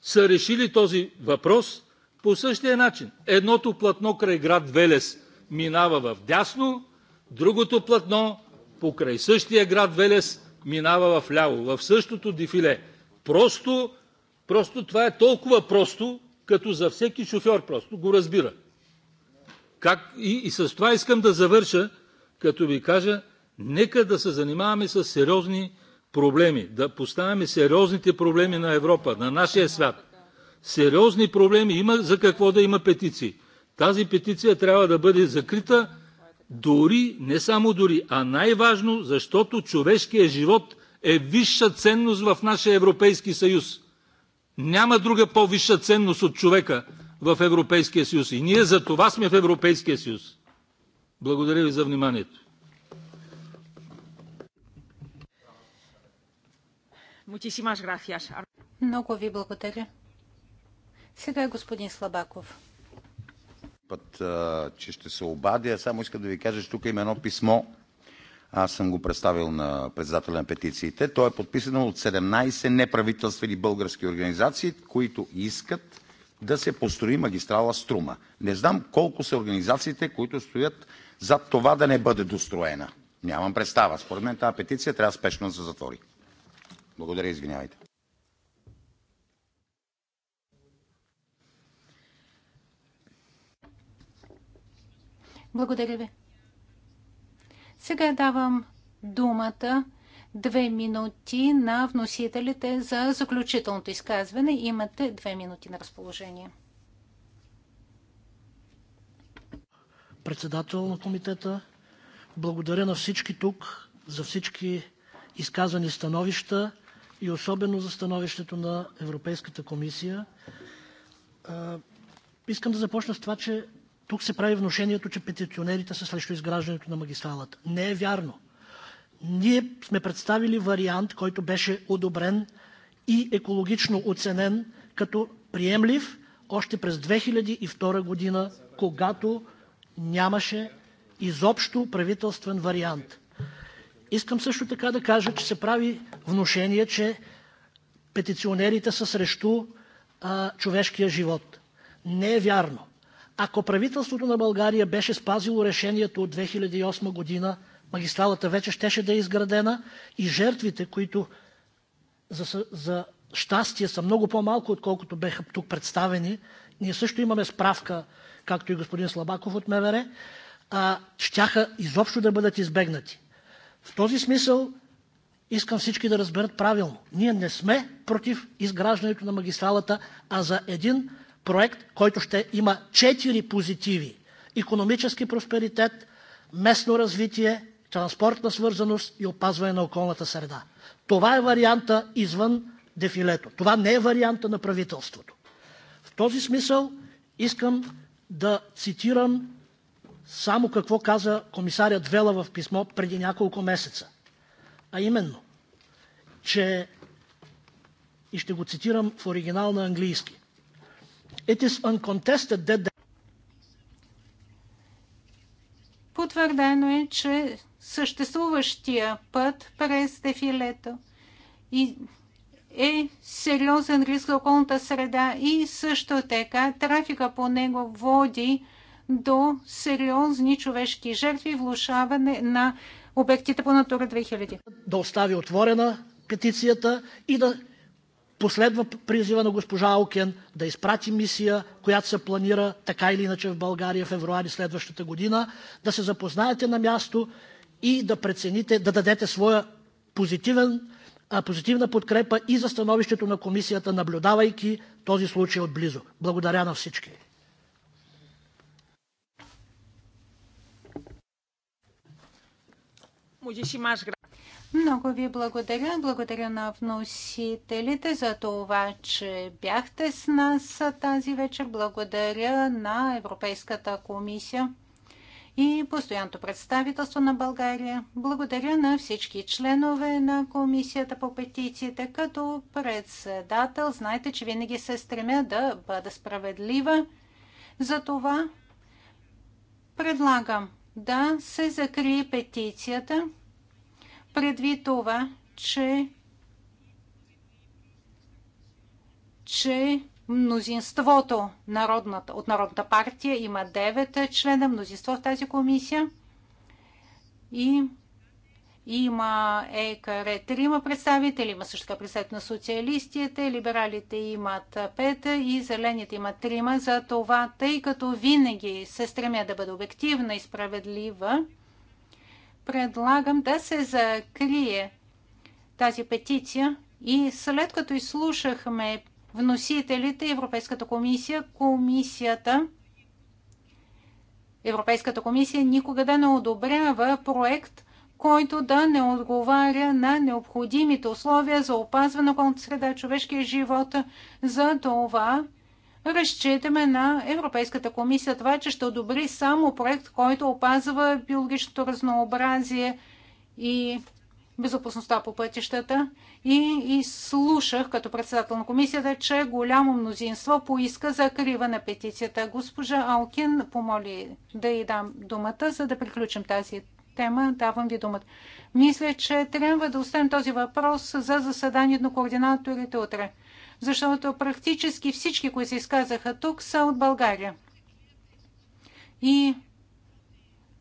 са решили този въпрос по същия начин. Едното платно край град Велес минава в дясно, другото платно покрай същия град Велес минава в ляво, в същото дефиле. Просто Просто това е толкова просто, като за всеки шофьор просто го разбира. Как? И, и с това искам да завърша, като ви кажа, нека да се занимаваме с сериозни проблеми, да поставяме сериозните проблеми на Европа, на нашия свят. Сериозни проблеми има за какво да има петиции. Тази петиция трябва да бъде закрита дори, не само дори, а най-важно, защото човешкият живот е висша ценност в нашия Европейски съюз. Няма друга по-висша ценност от човека в Европейския съюз. И ние за това сме в Европейския съюз. Благодаря ви за вниманието. Много ви благодаря. Сега е господин Слабаков. Път, че ще се обадя, само искам да ви кажа, че тук има едно писмо аз съм го представил на председателя на петициите. Той е подписан от 17 неправителствени български организации, които искат да се построи магистрала Струма. Не знам колко са организациите, които стоят за това да не бъде достроена. Нямам представа. Според мен тази петиция трябва спешно да се затвори. Благодаря, извинявайте. Благодаря ви. Сега давам думата две минути на вносителите за заключителното изказване. Имате две минути на разположение. Председател на комитета, благодаря на всички тук за всички изказани становища и особено за становището на Европейската комисия. Искам да започна с това, че тук се прави вношението, че петиционерите са срещу изграждането на магистралата. Не е вярно. Ние сме представили вариант, който беше одобрен и екологично оценен като приемлив още през 2002 година, когато нямаше изобщо правителствен вариант. Искам също така да кажа, че се прави вношение, че петиционерите са срещу а, човешкия живот. Не е вярно. Ако правителството на България беше спазило решението от 2008 година, магистралата вече щеше да е изградена и жертвите, които за, за щастие са много по-малко, отколкото беха тук представени, ние също имаме справка, както и господин Слабаков от МВР, а, щяха изобщо да бъдат избегнати. В този смисъл искам всички да разберат правилно. Ние не сме против изграждането на магистралата, а за един проект, който ще има четири позитиви – економически просперитет, местно развитие, транспортна свързаност и опазване на околната среда. Това е варианта извън дефилето. Това не е варианта на правителството. В този смисъл искам да цитирам само какво каза комисарят Вела в писмо преди няколко месеца. А именно, че, и ще го цитирам в оригинал на английски, It is uncontested that the... Потвърдено е, че съществуващия път през дефилето и е сериозен риск за околната среда и също така трафика по него води до сериозни човешки жертви, влушаване на обектите по Натура 2000. Да остави отворена петицията и да Последва призива на госпожа Аукен да изпрати мисия, която се планира така или иначе в България февруари следващата година, да се запознаете на място и да прецените, да дадете своя позитивен, позитивна подкрепа и за становището на комисията, наблюдавайки този случай отблизо. Благодаря на всички. Много ви благодаря. Благодаря на вносителите за това, че бяхте с нас тази вечер. Благодаря на Европейската комисия и постоянното представителство на България. Благодаря на всички членове на Комисията по петициите. Като председател, знаете, че винаги се стремя да бъда справедлива. Затова предлагам да се закрие петицията предвид това, че, че мнозинството народната, от Народната партия има 9 члена, мнозинство в тази комисия и има ЕКР трима представители, има също така на социалистите, либералите имат пет и зелените имат трима, За това, тъй като винаги се стремя да бъда обективна и справедлива, предлагам да се закрие тази петиция и след като изслушахме вносителите, Европейската комисия, комисията, Европейската комисия никога да не одобрява проект, който да не отговаря на необходимите условия за опазване на околната среда, човешкия живот. За това разчитаме на Европейската комисия това, е, че ще одобри само проект, който опазва биологичното разнообразие и безопасността по пътищата и, и слушах като председател на комисията, че голямо мнозинство поиска закрива на петицията. Госпожа Алкин помоли да й дам думата, за да приключим тази тема. Давам ви думата. Мисля, че трябва да оставим този въпрос за заседанието на координаторите утре защото практически всички, които се изказаха тук, са от България. И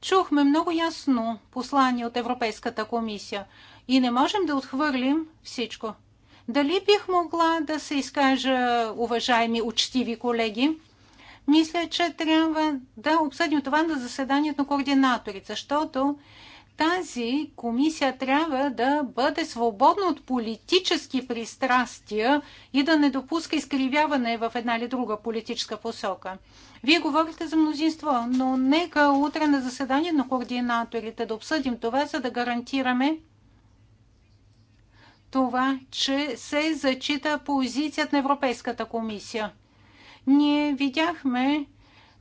чухме много ясно послание от Европейската комисия и не можем да отхвърлим всичко. Дали бих могла да се изкажа, уважаеми учтиви колеги? Мисля, че трябва да обсъдим това на заседанието на координаторите, защото тази комисия трябва да бъде свободна от политически пристрастия и да не допуска изкривяване в една или друга политическа посока. Вие говорите за мнозинство, но нека утре на заседание на координаторите да обсъдим това, за да гарантираме това, че се зачита позицията на Европейската комисия. Ние видяхме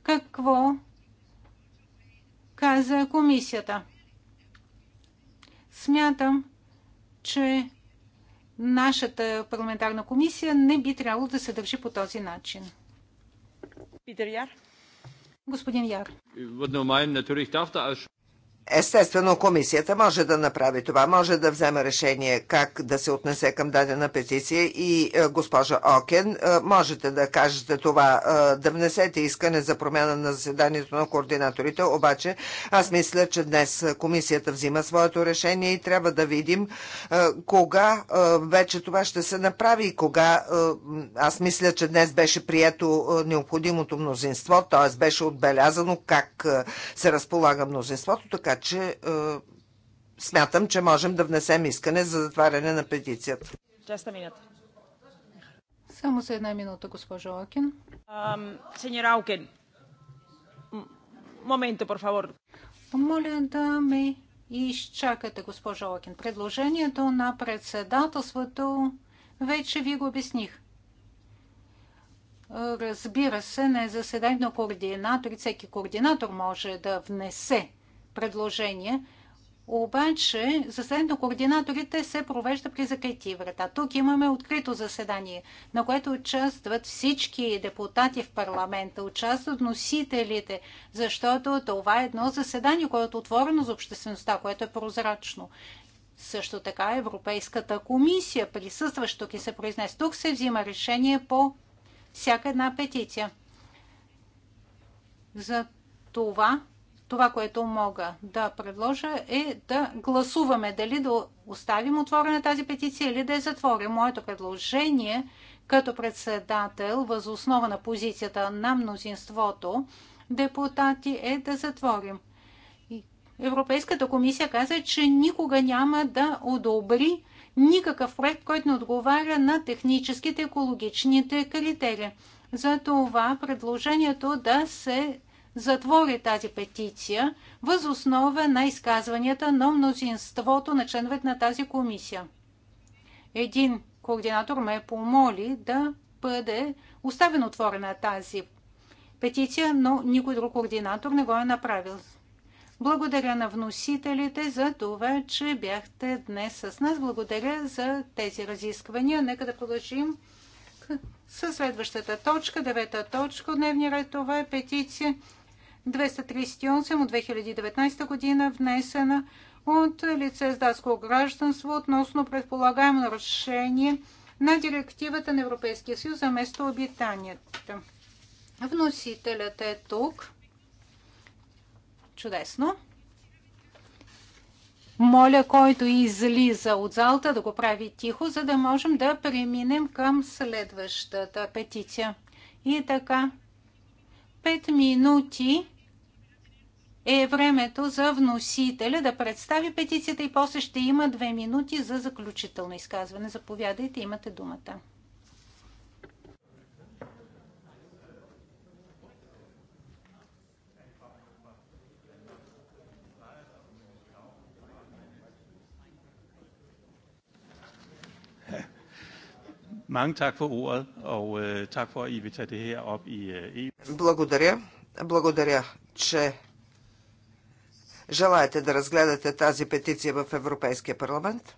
какво каза комисията. Смятам, че нашата парламентарна комисия не би трябвало да се държи по този начин. Питер Яр. Господин Яр. Е, Естествено, комисията може да направи това, може да вземе решение как да се отнесе към дадена петиция и е, госпожа Окен, е, можете да кажете това, е, да внесете искане за промяна на заседанието на координаторите, обаче аз мисля, че днес комисията взима своето решение и трябва да видим кога вече това ще се направи и кога аз мисля, че днес беше прието необходимото мнозинство, т.е. беше отбелязано как се разполага мнозинството, така така че е, смятам, че можем да внесем искане за затваряне на петицията. Само за една минута, госпожо Окен. Сеньор Окин, момента, пор фавор. Моля да ме изчакате, госпожо Окен. Предложението на председателството вече ви го обясних. Разбира се, не е заседание на координатори, всеки координатор може да внесе предложения. Обаче заседанието на координаторите се провежда при закрити врата. Тук имаме открито заседание, на което участват всички депутати в парламента, участват носителите, защото това е едно заседание, което е отворено за обществеността, което е прозрачно. Също така Европейската комисия, присъстващо тук и се произнес. Тук се взима решение по всяка една петиция. За това това, което мога да предложа е да гласуваме дали да оставим отворена тази петиция или да я затворим. Моето предложение като председател, възоснова на позицията на мнозинството депутати, е да затворим. Европейската комисия каза, че никога няма да одобри никакъв проект, който не отговаря на техническите екологичните критерии. За това предложението да се затвори тази петиция въз основа на изказванията на мнозинството на членовете на тази комисия. Един координатор ме помоли да бъде оставен отворена тази петиция, но никой друг координатор не го е направил. Благодаря на вносителите за това, че бяхте днес с нас. Благодаря за тези разисквания. Нека да продължим със следващата точка, девета точка от дневния ред. Това е петиция 238 от 2019 година, внесена от лице с датско гражданство относно предполагаемо нарушение на директивата на Европейския съюз за обитанията. Вносителят е тук. Чудесно. Моля, който излиза от залата, да го прави тихо, за да можем да преминем към следващата петиция. И така, 5 минути е времето за вносителя да представи петицията и после ще има 2 минути за заключително изказване. Заповядайте, имате думата. Mange tak for ordet, og øh, tak for, at I vil tage det her op i øh, EU. Благодаря. Благодаря, че желаете да разгледате тази петиция в Европейския парламент.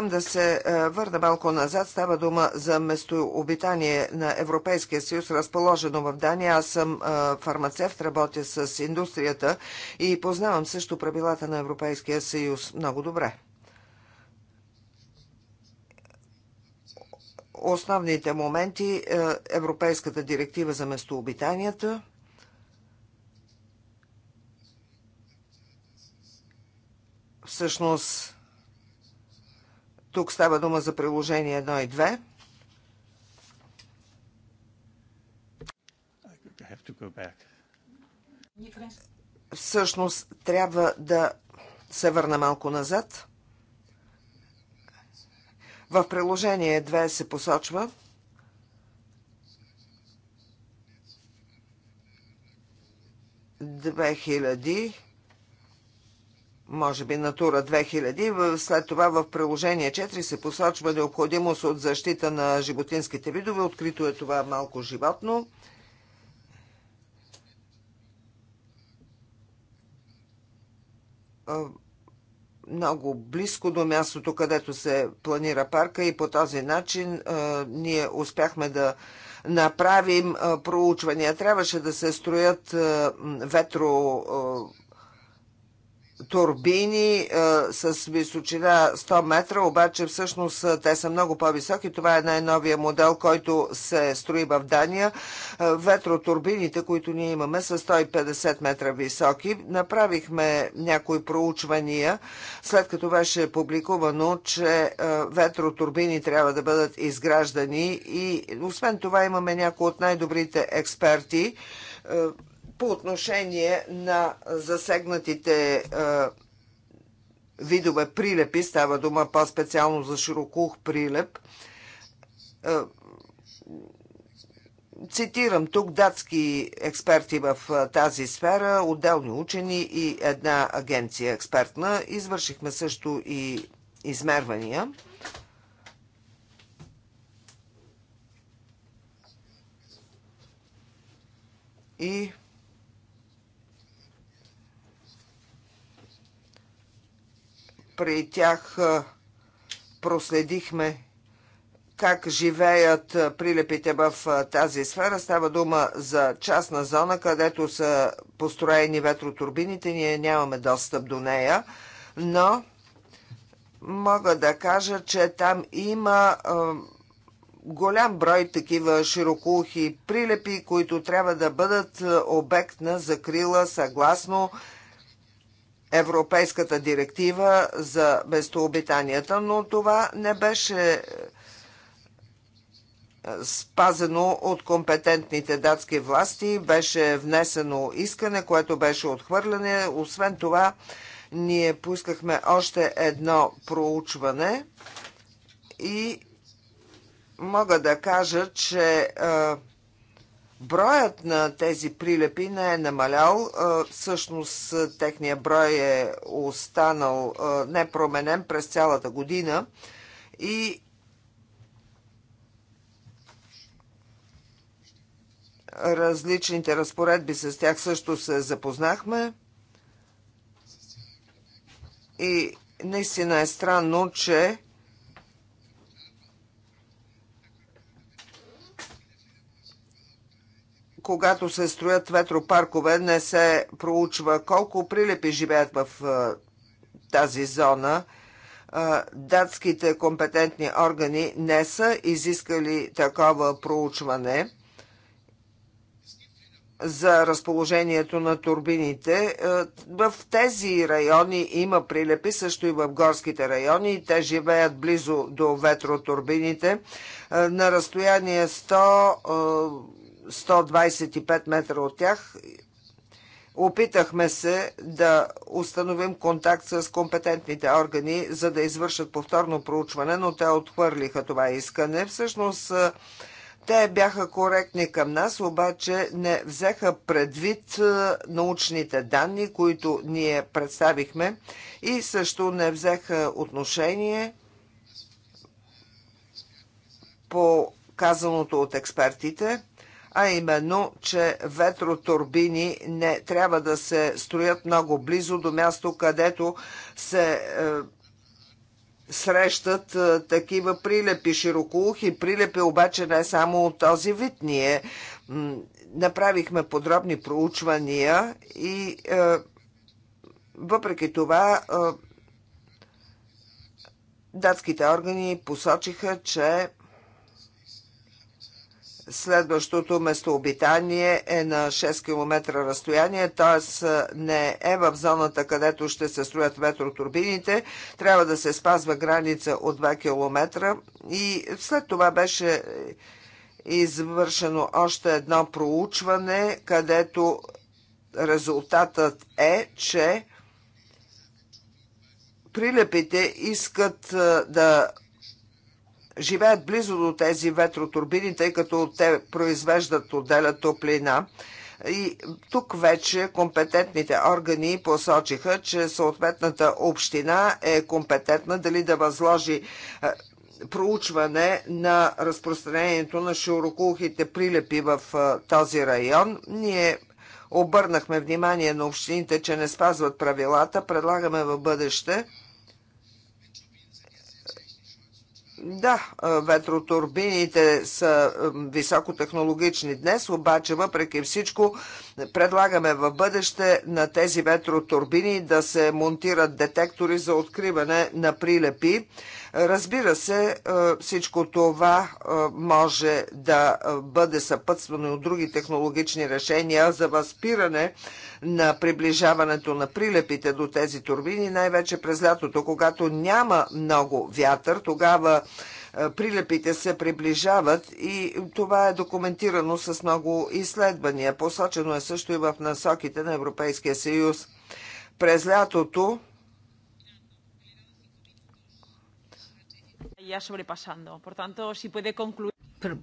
Искам да се е, върна малко назад. Става дума за местообитание на Европейския съюз, разположено в Дания. Аз съм е, фармацевт, работя с индустрията и познавам също правилата на Европейския съюз много добре. Основните моменти е, Европейската директива за местообитанията – всъщност тук става дума за приложение 1 и 2. Всъщност трябва да се върна малко назад. В приложение 2 се посочва, две хиляди може би Натура 2000. След това в приложение 4 се посочва необходимост от защита на животинските видове. Открито е това малко животно. Много близко до мястото, където се планира парка и по този начин ние успяхме да направим проучвания. Трябваше да се строят ветро турбини с височина 100 метра, обаче всъщност те са много по-високи. Това е най-новия модел, който се строи в Дания. ветротурбините, които ние имаме, са 150 метра високи. Направихме някои проучвания, след като беше публикувано, че ветротурбини трябва да бъдат изграждани и освен това имаме някои от най-добрите експерти, по отношение на засегнатите е, видове прилепи, става дума по-специално за широкух прилеп, е, цитирам тук датски експерти в е, тази сфера, отделни учени и една агенция експертна. Извършихме също и измервания. И При тях проследихме как живеят прилепите в тази сфера. Става дума за частна зона, където са построени ветротурбините. Ние нямаме достъп до нея, но мога да кажа, че там има голям брой такива широкоухи прилепи, които трябва да бъдат обект на закрила съгласно Европейската директива за местообитанията, но това не беше е, спазено от компетентните датски власти. Беше внесено искане, което беше отхвърляне. Освен това, ние поискахме още едно проучване и мога да кажа, че а, е, Броят на тези прилепи не е намалял, всъщност техния брой е останал непроменен през цялата година и различните разпоредби с тях също се запознахме и наистина е странно, че когато се строят ветропаркове, не се проучва колко прилепи живеят в тази зона. Датските компетентни органи не са изискали такова проучване за разположението на турбините. В тези райони има прилепи, също и в горските райони. Те живеят близо до ветротурбините на разстояние 100 125 метра от тях. Опитахме се да установим контакт с компетентните органи, за да извършат повторно проучване, но те отхвърлиха това искане. Всъщност, те бяха коректни към нас, обаче не взеха предвид научните данни, които ние представихме и също не взеха отношение по казаното от експертите а именно, че ветротурбини не трябва да се строят много близо до място, където се е, срещат е, такива прилепи, широкоухи прилепи, обаче не само от този вид. Ние направихме подробни проучвания и е, въпреки това датските органи посочиха, че следващото местообитание е на 6 км разстояние, т.е. не е в зоната, където ще се строят ветротурбините. Трябва да се спазва граница от 2 км и след това беше извършено още едно проучване, където резултатът е, че прилепите искат да живеят близо до тези ветротурбини, тъй като те произвеждат отделя топлина. И тук вече компетентните органи посочиха, че съответната община е компетентна дали да възложи е, проучване на разпространението на широкоухите прилепи в е, този район. Ние обърнахме внимание на общините, че не спазват правилата. Предлагаме в бъдеще Да, ветротурбините са високотехнологични днес, обаче въпреки всичко предлагаме в бъдеще на тези ветротурбини да се монтират детектори за откриване на прилепи Разбира се, е, всичко това е, може да е, бъде съпътствано от други технологични решения за възпиране на приближаването на прилепите до тези турбини, най-вече през лятото, когато няма много вятър, тогава прилепите се приближават и това е документирано с много изследвания. Посочено е също и в насоките на Европейския съюз. През лятото ya sobrepasando. Por tanto, si puede concluir.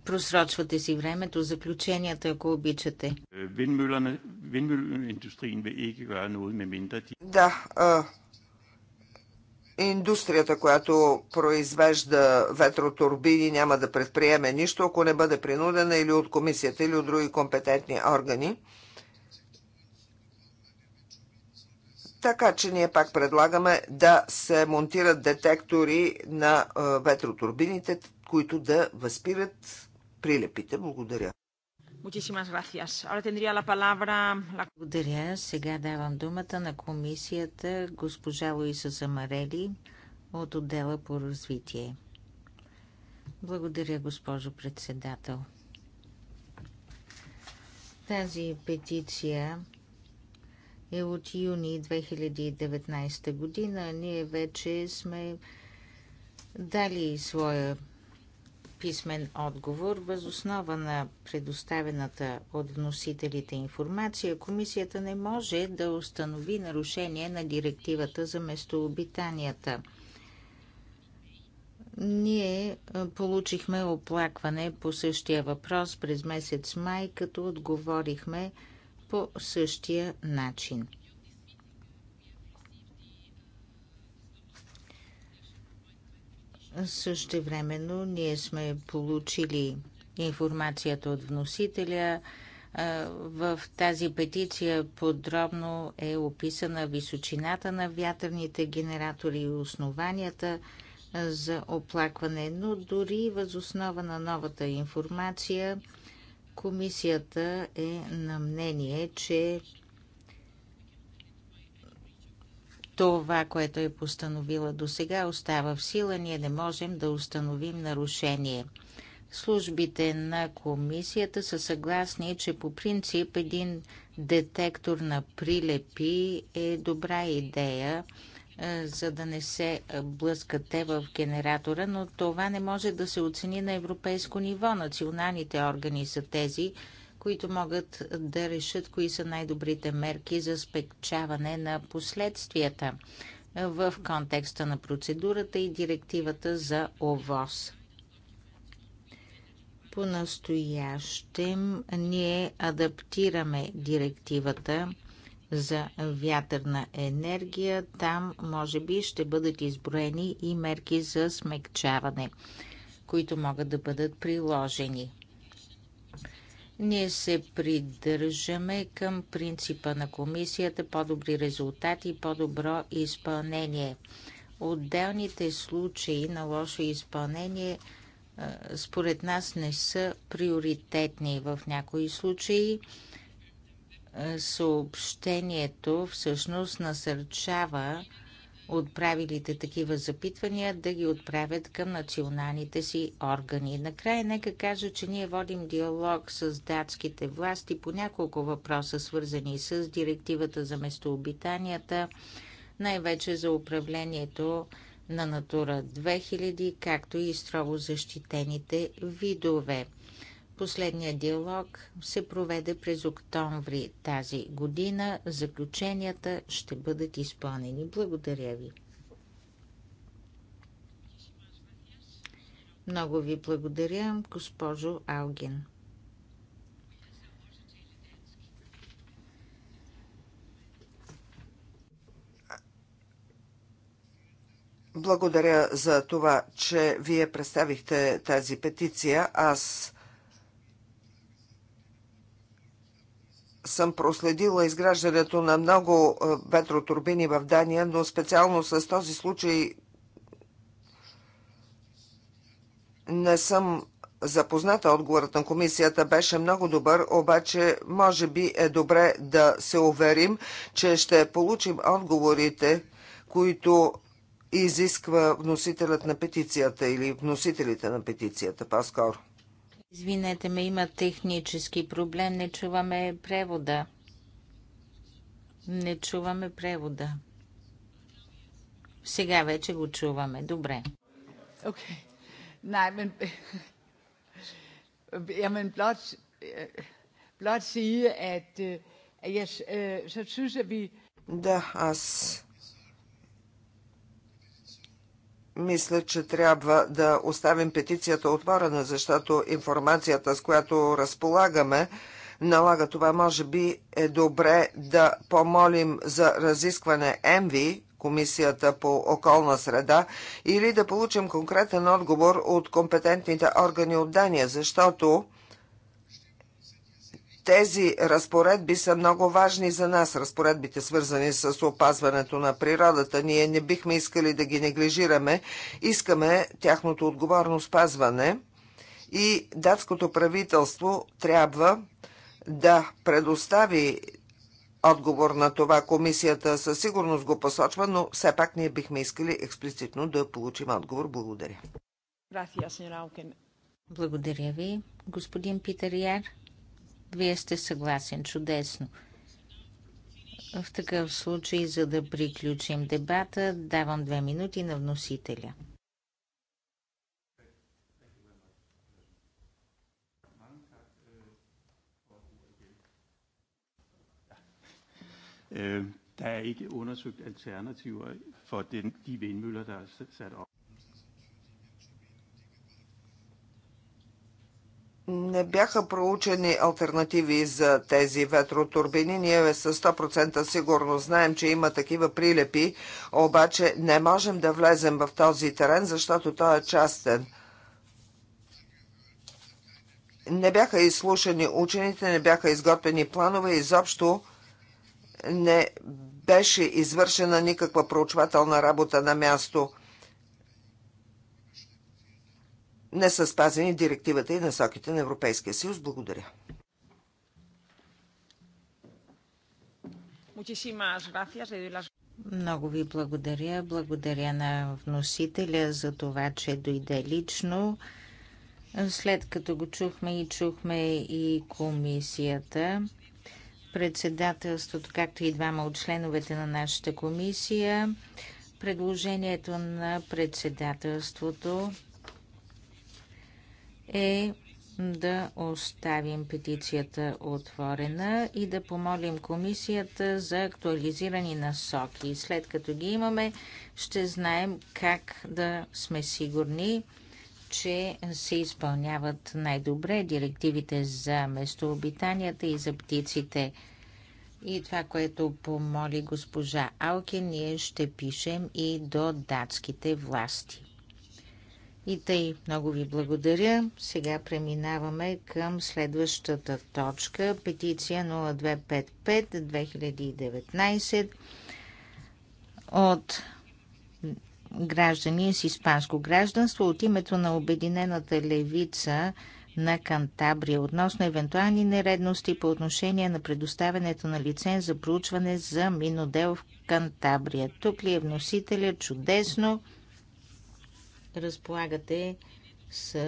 Просрочвате си времето, заключенията, ако обичате. Е, да, а, индустрията, която произвежда ветротурбини, няма да предприеме нищо, ако не бъде принудена или от комисията, или от други компетентни органи. така че ние пак предлагаме да се монтират детектори на е, ветротурбините, които да възпират прилепите. Благодаря. Благодаря. Сега давам думата на комисията госпожа Луиса Замарели от отдела по развитие. Благодаря, госпожо председател. Тази петиция е от юни 2019 година. Ние вече сме дали своя писмен отговор. Въз основа на предоставената от вносителите информация, комисията не може да установи нарушение на директивата за местообитанията. Ние получихме оплакване по същия въпрос през месец май, като отговорихме, по същия начин. Също времено ние сме получили информацията от вносителя. В тази петиция подробно е описана височината на вятърните генератори и основанията за оплакване, но дори възоснова на новата информация Комисията е на мнение, че това, което е постановила до сега, остава в сила. Ние не можем да установим нарушение. Службите на комисията са съгласни, че по принцип един детектор на прилепи е добра идея е, за да не се е, блъскате в генератора, но това не може да се оцени на европейско ниво. Националните органи са тези, които могат да решат кои са най-добрите мерки за спекчаване на последствията в контекста на процедурата и директивата за ОВОС. По-настоящем ние адаптираме директивата за вятърна енергия. Там може би ще бъдат изброени и мерки за смекчаване, които могат да бъдат приложени. Ние се придържаме към принципа на комисията по-добри резултати и по-добро изпълнение. Отделните случаи на лошо изпълнение според нас не са приоритетни. В някои случаи е, съобщението всъщност насърчава отправилите такива запитвания да ги отправят към националните си органи. Накрая нека кажа, че ние водим диалог с датските власти по няколко въпроса, свързани с директивата за местообитанията, най-вече за управлението на Натура 2000, както и строго защитените видове. Последният диалог се проведе през октомври тази година. Заключенията ще бъдат изпълнени. Благодаря ви. Много ви благодаря, госпожо Алгин. Благодаря за това, че вие представихте тази петиция. Аз съм проследила изграждането на много е, ветротурбини в Дания, но специално с този случай не съм запозната. Отговорът на комисията беше много добър, обаче може би е добре да се уверим, че ще получим отговорите, които изисква вносителят на петицията или вносителите на петицията по-скоро. Извинете ме, има технически проблем. Не чуваме превода. Не чуваме превода. Сега вече го чуваме. Добре. Окей. Да, аз мисля, че трябва да оставим петицията отворена, защото информацията, с която разполагаме, налага това. Може би е добре да помолим за разискване ЕМВИ, Комисията по околна среда, или да получим конкретен отговор от компетентните органи от Дания, защото тези разпоредби са много важни за нас, разпоредбите свързани с опазването на природата. Ние не бихме искали да ги неглижираме, искаме тяхното отговорно спазване и датското правителство трябва да предостави отговор на това. Комисията със сигурност го посочва, но все пак ние бихме искали експлицитно да получим отговор. Благодаря. Благодаря ви, господин Питер Яр. Вие сте съгласен. Чудесно. В такъв случай, за да приключим дебата, давам две минути на вносителя. Е, der er ikke undersøgt alternativer for den, de vindmøller, der er sat op. не бяха проучени альтернативи за тези ветротурбини. Ние с 100% сигурно знаем, че има такива прилепи, обаче не можем да влезем в този терен, защото той е частен. Не бяха изслушани учените, не бяха изготвени планове, изобщо не беше извършена никаква проучвателна работа на място – не са спазени директивата и насоките на Европейския съюз. Благодаря. Много ви благодаря. Благодаря на вносителя за това, че дойде лично. След като го чухме и чухме и комисията, председателството, както и двама от членовете на нашата комисия, предложението на председателството е да оставим петицията отворена и да помолим комисията за актуализирани насоки. След като ги имаме, ще знаем как да сме сигурни, че се изпълняват най-добре директивите за местообитанията и за птиците. И това, което помоли госпожа Алке, ние ще пишем и до датските власти. И тъй, много ви благодаря. Сега преминаваме към следващата точка. Петиция 0255-2019 от граждани с испанско гражданство от името на Обединената левица на Кантабрия относно евентуални нередности по отношение на предоставянето на лиценз за проучване за минодел в Кантабрия. Тук ли е вносителя? Чудесно! разполагате с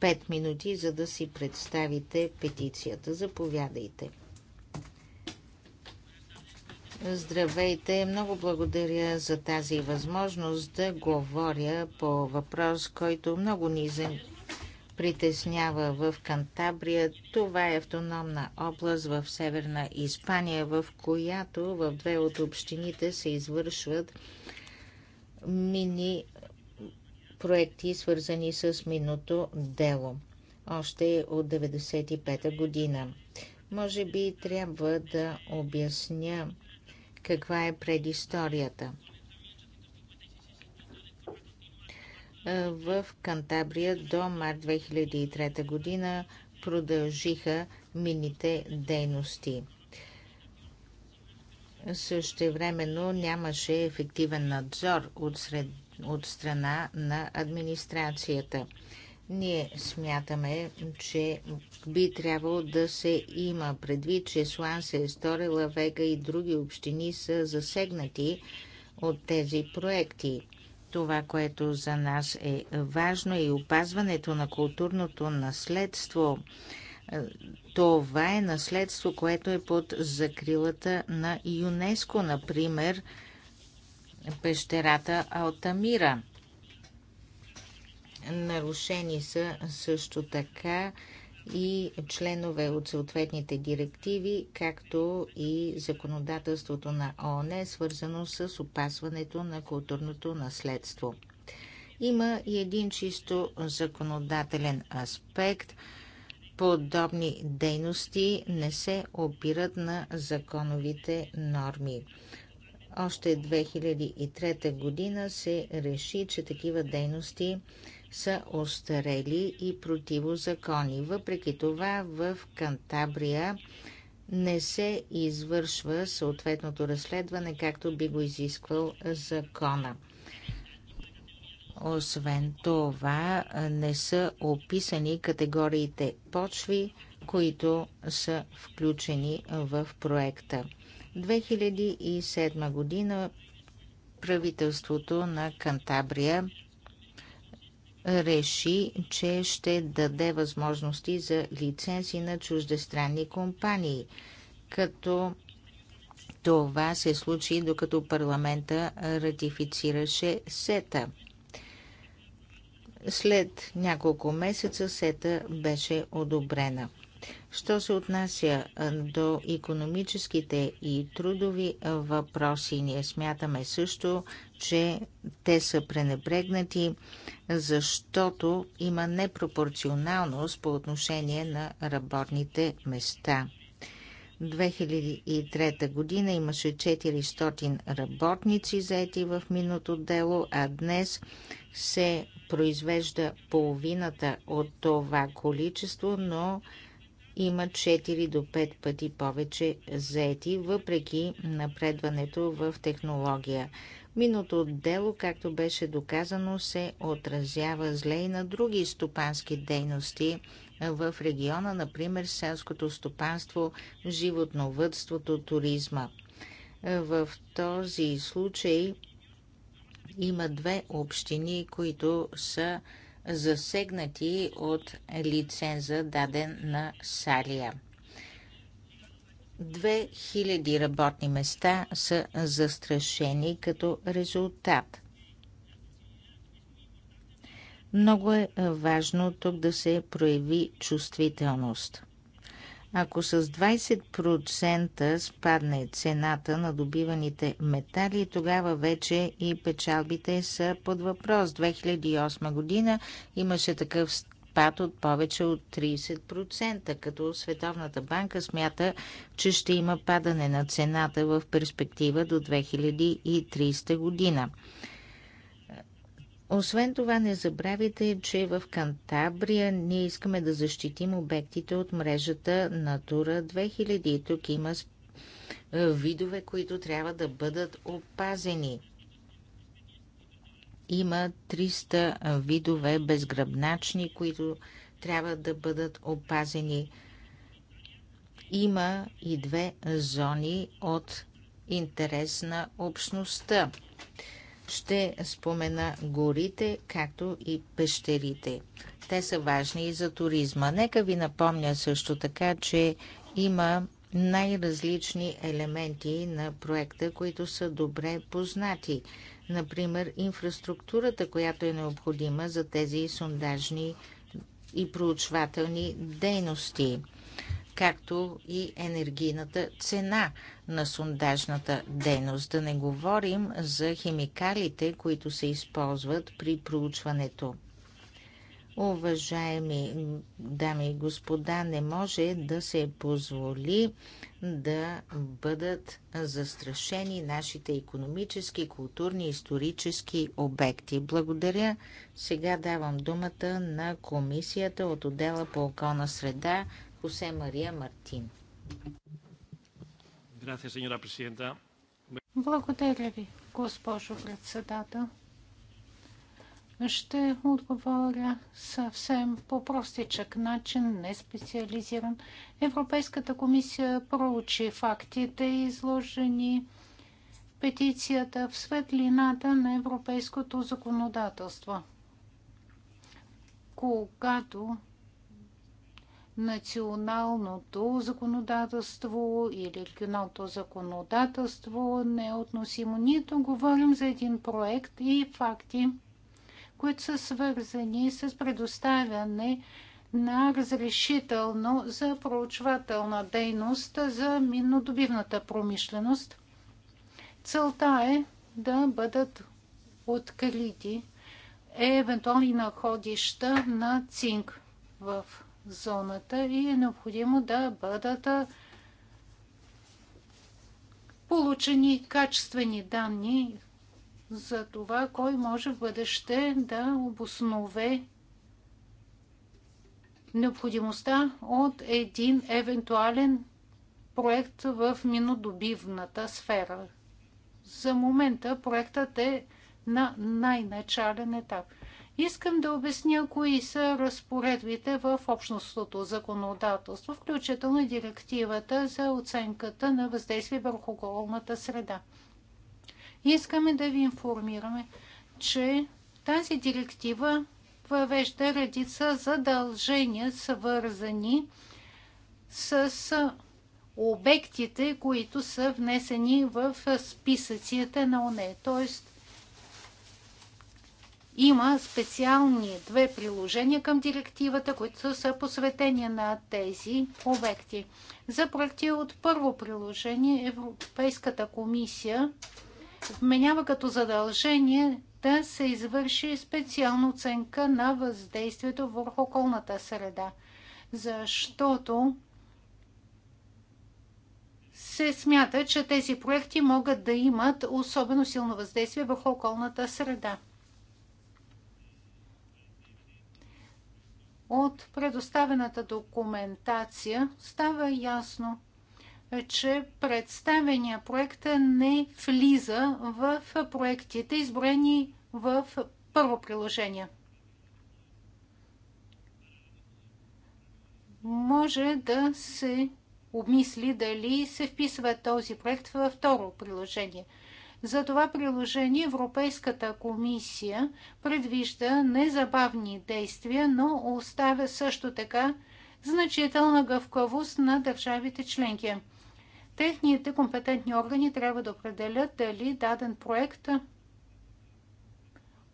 5 минути, за да си представите петицията. Заповядайте. Здравейте! Много благодаря за тази възможност да говоря по въпрос, който много ни притеснява в Кантабрия. Това е автономна област в Северна Испания, в която в две от общините се извършват мини проекти, свързани с миното дело, още от 1995 година. Може би трябва да обясня каква е предисторията. В Кантабрия до март 2003 година продължиха мините дейности. Същевременно нямаше ефективен надзор от среда от страна на администрацията. Ние смятаме, че би трябвало да се има предвид, че Слансе, сторела, Вега и други общини са засегнати от тези проекти. Това, което за нас е важно е опазването на културното наследство. Това е наследство, което е под закрилата на ЮНЕСКО, например – пещерата Алтамира. Нарушени са също така и членове от съответните директиви, както и законодателството на ООН, свързано с опасването на културното наследство. Има и един чисто законодателен аспект. Подобни дейности не се опират на законовите норми. Още 2003 година се реши, че такива дейности са остарели и противозаконни. Въпреки това в Кантабрия не се извършва съответното разследване, както би го изисквал закона. Освен това, не са описани категориите почви, които са включени в проекта. 2007 година правителството на Кантабрия реши, че ще даде възможности за лицензи на чуждестранни компании, като това се случи докато парламента ратифицираше СЕТА. След няколко месеца СЕТА беше одобрена. Що се отнася до економическите и трудови въпроси, ние смятаме също, че те са пренебрегнати, защото има непропорционалност по отношение на работните места. 2003 година имаше 400 работници заети в миното дело, а днес се произвежда половината от това количество, но има 4 до 5 пъти повече заети, въпреки напредването в технология. Миното дело, както беше доказано, се отразява зле и на други стопански дейности в региона, например селското стопанство, животновътството, туризма. В този случай има две общини, които са засегнати от лиценза даден на Салия. 2000 работни места са застрашени като резултат. Много е важно тук да се прояви чувствителност. Ако с 20% спадне цената на добиваните метали, тогава вече и печалбите са под въпрос. 2008 година имаше такъв спад от повече от 30%, като Световната банка смята, че ще има падане на цената в перспектива до 2030 година. Освен това, не забравяйте, че в Кантабрия ние искаме да защитим обектите от мрежата Натура 2000. И тук има е, видове, които трябва да бъдат опазени. Има 300 видове безгръбначни, които трябва да бъдат опазени. Има и две зони от интерес на общността. Ще спомена горите, както и пещерите. Те са важни и за туризма. Нека ви напомня също така, че има най-различни елементи на проекта, които са добре познати. Например, инфраструктурата, която е необходима за тези сондажни и проучвателни дейности както и енергийната цена на сондажната дейност. Да не говорим за химикалите, които се използват при проучването. Уважаеми дами и господа, не може да се позволи да бъдат застрашени нашите економически, културни, исторически обекти. Благодаря. Сега давам думата на комисията от отдела по околна среда Хосе Мария Мартин. Благодаря ви, госпожо председател. Ще отговоря съвсем по простичък начин, не специализиран. Европейската комисия проучи фактите, изложени петицията в светлината на европейското законодателство. Когато националното законодателство или регионалното законодателство не е относимо. Нито говорим за един проект и факти, които са свързани с предоставяне на разрешително за проучвателна дейност за миннодобивната промишленост. Целта е да бъдат открити евентуални находища на цинк в зоната и е необходимо да бъдат получени качествени данни за това, кой може в бъдеще да обоснове необходимостта от един евентуален проект в минодобивната сфера. За момента проектът е на най-начален етап – Искам да обясня кои са разпоредбите в общностното законодателство, включително и директивата за оценката на въздействие върху околната среда. Искаме да ви информираме, че тази директива въвежда редица задължения, свързани с обектите, които са внесени в списъците на ОНЕ. Т.е. Има специални две приложения към директивата, които са посветени на тези обекти. За проекти от първо приложение Европейската комисия вменява като задължение да се извърши специална оценка на въздействието върху околната среда, защото се смята, че тези проекти могат да имат особено силно въздействие върху околната среда. От предоставената документация става ясно, че представения проект не влиза в проектите, изброени в първо приложение. Може да се обмисли дали се вписва този проект във второ приложение – за това приложение Европейската комисия предвижда незабавни действия, но оставя също така значителна гъвкавост на държавите членки. Техните компетентни органи трябва да определят дали даден проект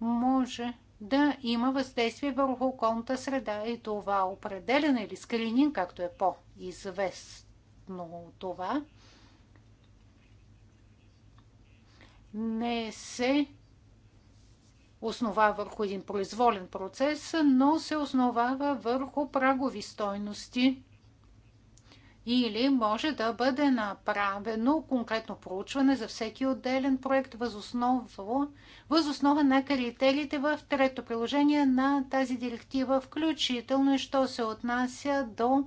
може да има въздействие върху околната среда и това определен или скрининг, както е по-известно това, не се основа върху един произволен процес, но се основава върху прагови стойности или може да бъде направено конкретно проучване за всеки отделен проект въз основа на критериите в трето приложение на тази директива, включително и що се отнася до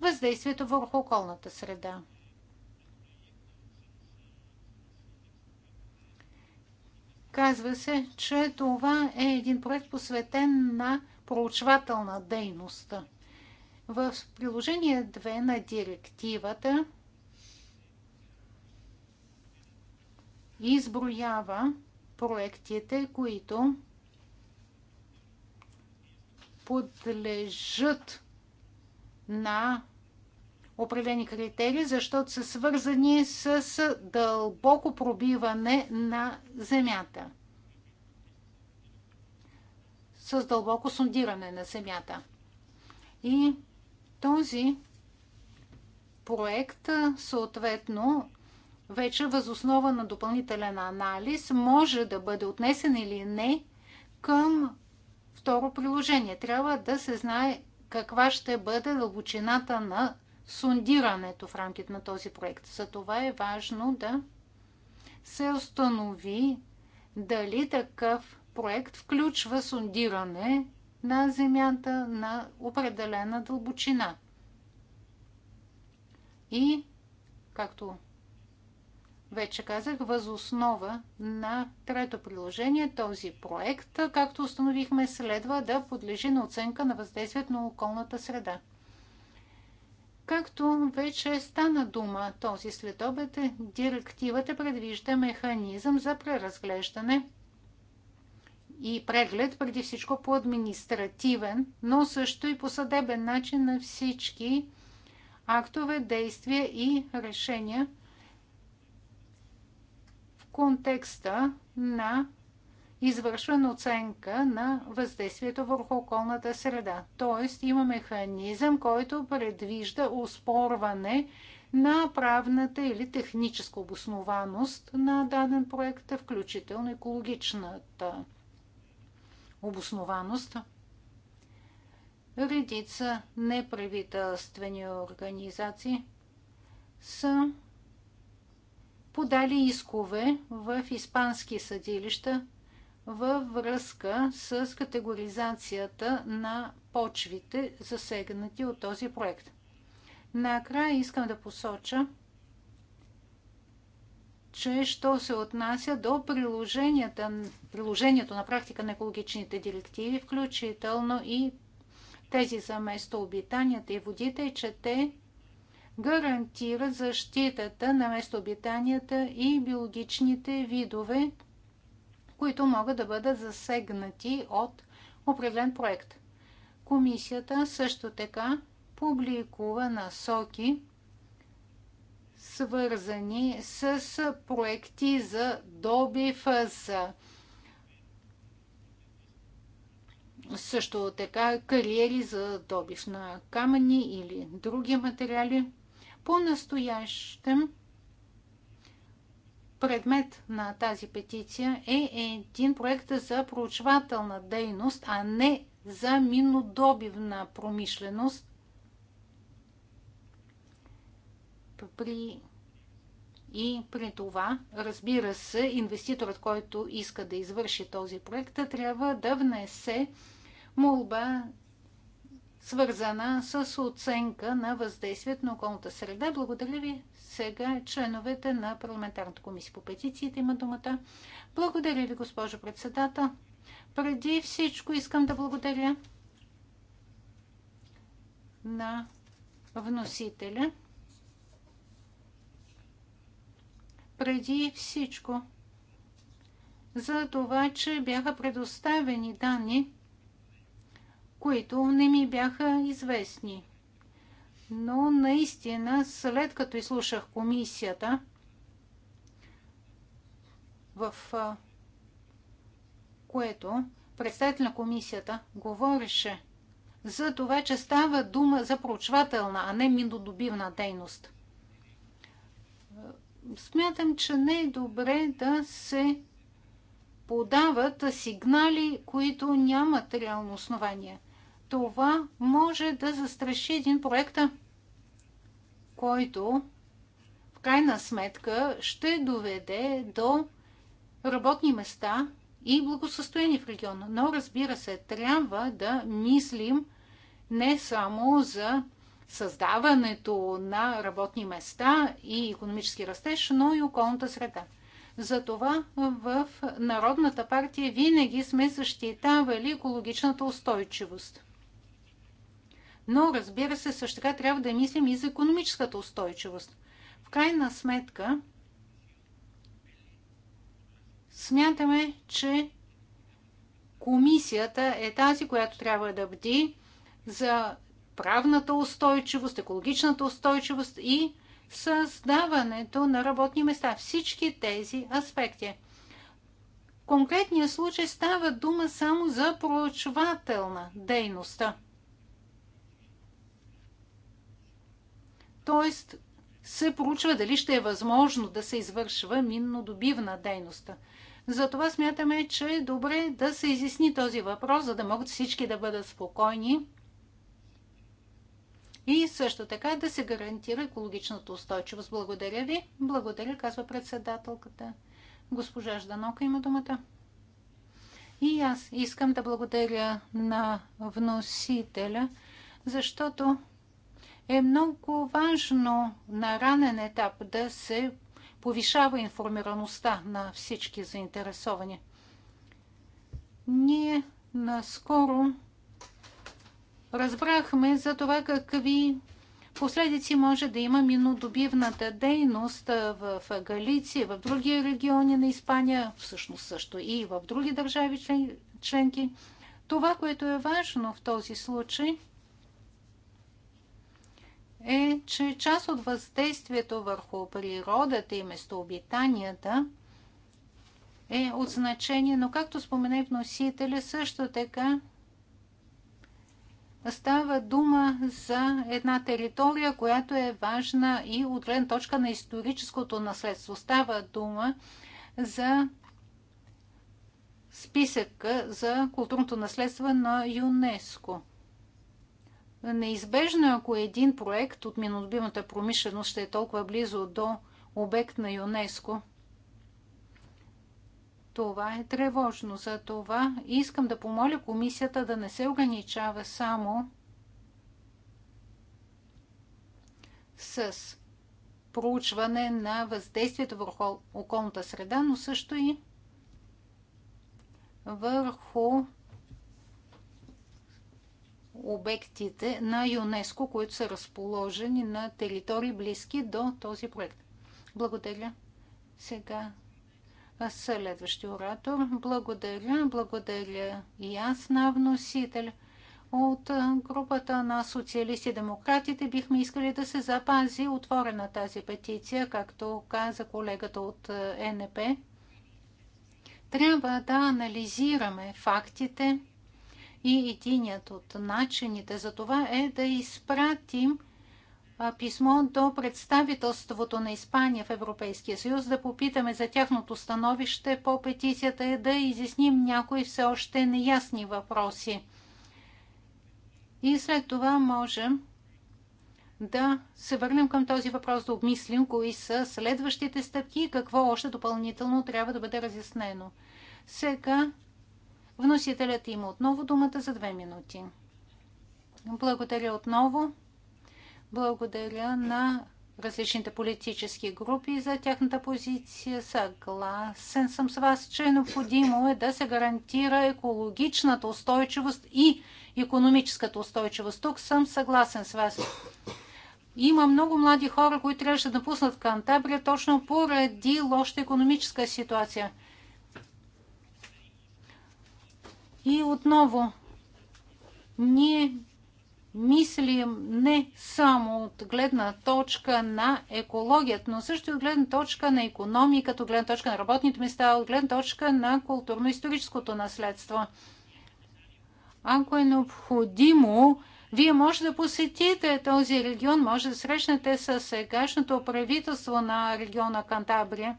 въздействието върху околната среда. Казва се, че това е един проект посветен на проучвателна дейност. В приложение 2 на директивата изброява проектите, които подлежат на определени критерии, защото са свързани с дълбоко пробиване на земята. С дълбоко сондиране на земята. И този проект, съответно, вече възоснова на допълнителен анализ, може да бъде отнесен или не към второ приложение. Трябва да се знае каква ще бъде дълбочината на сундирането в рамките на този проект. За това е важно да се установи дали такъв проект включва сундиране на земята на определена дълбочина. И, както вече казах, възоснова на трето приложение този проект, както установихме, следва да подлежи на оценка на въздействието на околната среда. Както вече стана дума този следобед, директивата предвижда механизъм за преразглеждане и преглед, преди всичко по административен, но също и по съдебен начин на всички актове, действия и решения в контекста на извършвана оценка на въздействието върху околната среда. Тоест има механизъм, който предвижда успорване на правната или техническа обоснованост на даден проект, включително екологичната обоснованост. Редица неправителствени организации са подали искове в испански съдилища във връзка с категоризацията на почвите, засегнати от този проект. Накрая искам да посоча, че що се отнася до приложението на практика на екологичните директиви, включително и тези за местообитанията и водите, че те гарантират защитата на местообитанията и биологичните видове, които могат да бъдат засегнати от определен проект. Комисията също така публикува насоки, свързани с проекти за добив, за също така кариери за добив на камъни или други материали. По-настоящем Предмет на тази петиция е един проект за проучвателна дейност, а не за минодобивна промишленост. При и при това, разбира се, инвеститорът, който иска да извърши този проект, трябва да внесе молба свързана с оценка на въздействието на околната среда. Благодаря ви. Сега членовете на парламентарната комисия по петициите има думата. Благодаря ви, госпожо председател. Преди всичко искам да благодаря на вносителя. Преди всичко за това, че бяха предоставени данни които не ми бяха известни. Но наистина, след като изслушах комисията, в което председател на комисията говореше за това, че става дума за проучвателна, а не минодобивна дейност. Смятам, че не е добре да се подават сигнали, които нямат реално основание – това може да застраши един проект, който в крайна сметка ще доведе до работни места и благосъстояние в региона. Но разбира се, трябва да мислим не само за създаването на работни места и економически растеж, но и околната среда. Затова в Народната партия винаги сме защитавали екологичната устойчивост но разбира се, също така трябва да мислим и за економическата устойчивост. В крайна сметка, смятаме, че комисията е тази, която трябва да бди за правната устойчивост, екологичната устойчивост и създаването на работни места. Всички тези аспекти. В конкретния случай става дума само за проучвателна дейността. Тоест, се проучва дали ще е възможно да се извършва миннодобивна дейност. Затова смятаме, че е добре да се изясни този въпрос, за да могат всички да бъдат спокойни и също така да се гарантира екологичната устойчивост. Благодаря ви. Благодаря, казва председателката. Госпожа Жданока има думата. И аз искам да благодаря на вносителя, защото е много важно на ранен етап да се повишава информираността на всички заинтересовани. Ние наскоро разбрахме за това какви последици може да има минодобивната дейност в Галиция, в други региони на Испания, всъщност също и в други държави член, членки. Това, което е важно в този случай – е, че част от въздействието върху природата и местообитанията е от значение, но както и вносителя, също така става дума за една територия, която е важна и от гледна точка на историческото наследство. Става дума за списък за културното наследство на ЮНЕСКО неизбежно, е, ако един проект от минолюбимата промишленост ще е толкова близо до обект на ЮНЕСКО. Това е тревожно. За това искам да помоля комисията да не се ограничава само с проучване на въздействието върху околната среда, но също и върху обектите на ЮНЕСКО, които са разположени на територии близки до този проект. Благодаря. Сега следващия оратор. Благодаря. Благодаря и аз на вносител. От групата на социалисти и демократите бихме искали да се запази отворена тази петиция, както каза колегата от НП. Трябва да анализираме фактите, и единият от начините за това е да изпратим писмо до представителството на Испания в Европейския съюз, да попитаме за тяхното становище по петицията и да изясним някои все още неясни въпроси. И след това можем да се върнем към този въпрос, да обмислим кои са следващите стъпки и какво още допълнително трябва да бъде разяснено. Сега Вносителят има отново думата за две минути. Благодаря отново. Благодаря на различните политически групи за тяхната позиция. Съгласен съм с вас, че е необходимо е да се гарантира екологичната устойчивост и економическата устойчивост. Тук съм съгласен с вас. Има много млади хора, които трябваше да напуснат Кантабрия точно поради лошата економическа ситуация – И отново, ние мислим не само от гледна точка на екологията, но също и от гледна точка на економиката, от гледна точка на работните места, от гледна точка на културно-историческото наследство. Ако е необходимо, вие може да посетите този регион, може да срещнете с сегашното правителство на региона Кантабрия.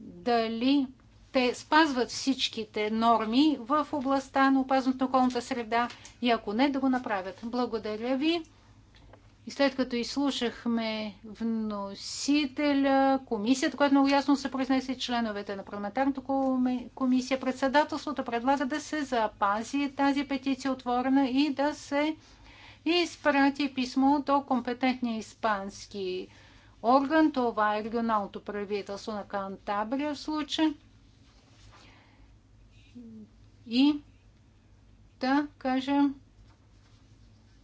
Дали те спазват всичките норми в областта на опазването на околната среда и ако не, да го направят. Благодаря ви. И след като изслушахме вносителя, комисията, която много ясно се произнесе членовете на парламентарната комисия, председателството предлага да се запази тази петиция отворена и да се изпрати писмо до компетентния испански орган. Това е регионалното правителство на Кантабрия в случай и да кажем,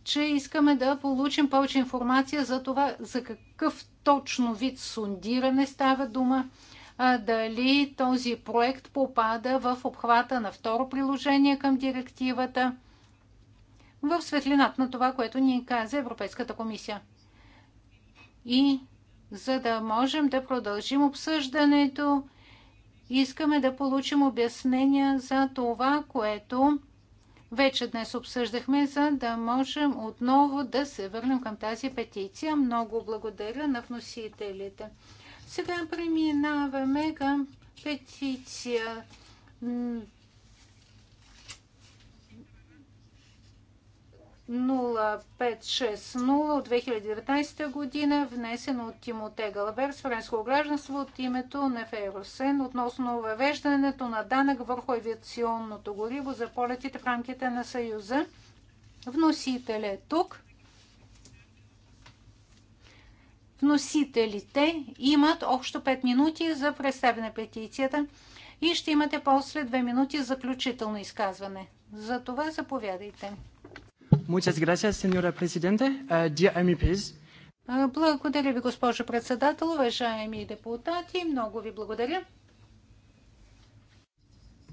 че искаме да получим повече информация за това, за какъв точно вид сундиране става дума, дали този проект попада в обхвата на второ приложение към директивата, в светлината на това, което ни каза Европейската комисия. И за да можем да продължим обсъждането Искаме да получим обяснения за това, което вече днес обсъждахме, за да можем отново да се върнем към тази петиция. Много благодаря на вносителите. Сега преминаваме към петиция 0560 от 2019 година, внесен от Тимоте Галабер с френско гражданство от името на Фейросен относно въвеждането на данък върху авиационното гориво за полетите в рамките на Съюза. Вносител е тук. Вносителите имат общо 5 минути за представяне петицията и ще имате после 2 минути заключително изказване. За това заповядайте. Muchas gracias, señora presidente. Uh, dear MEPs, благодаря ви, госпожо председател, уважаеми депутати. Много ви благодаря.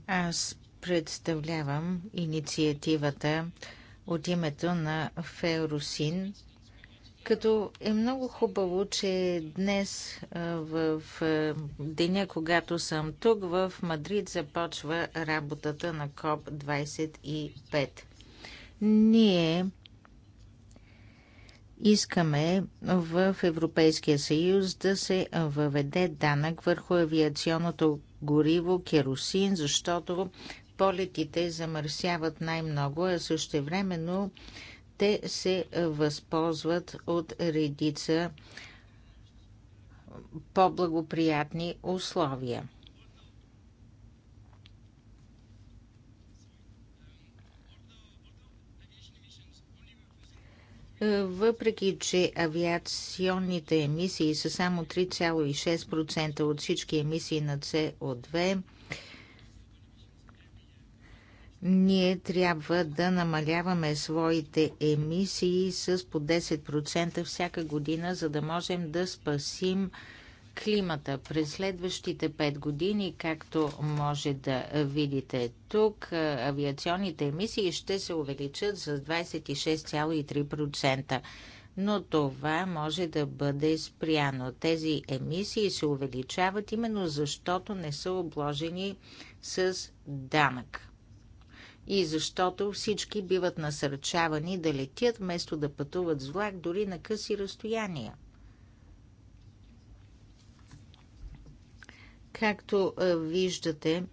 Аз представлявам инициативата от името на Феорусин, като е много хубаво, че днес в деня, когато съм тук, в Мадрид започва работата на КОП 25. Ние искаме в Европейския съюз да се въведе данък върху авиационното гориво керосин, защото полетите замърсяват най-много, а също времено те се възползват от редица по-благоприятни условия. Е, въпреки, че авиационните емисии са само 3,6% от всички емисии на со 2 ние трябва да намаляваме своите емисии с по 10% всяка година, за да можем да спасим климата през следващите 5 години, както може да видите тук, авиационните емисии ще се увеличат с 26,3%. Но това може да бъде спряно. Тези емисии се увеличават именно защото не са обложени с данък. И защото всички биват насърчавани да летят, вместо да пътуват с влак дори на къси разстояния. Както е, виждате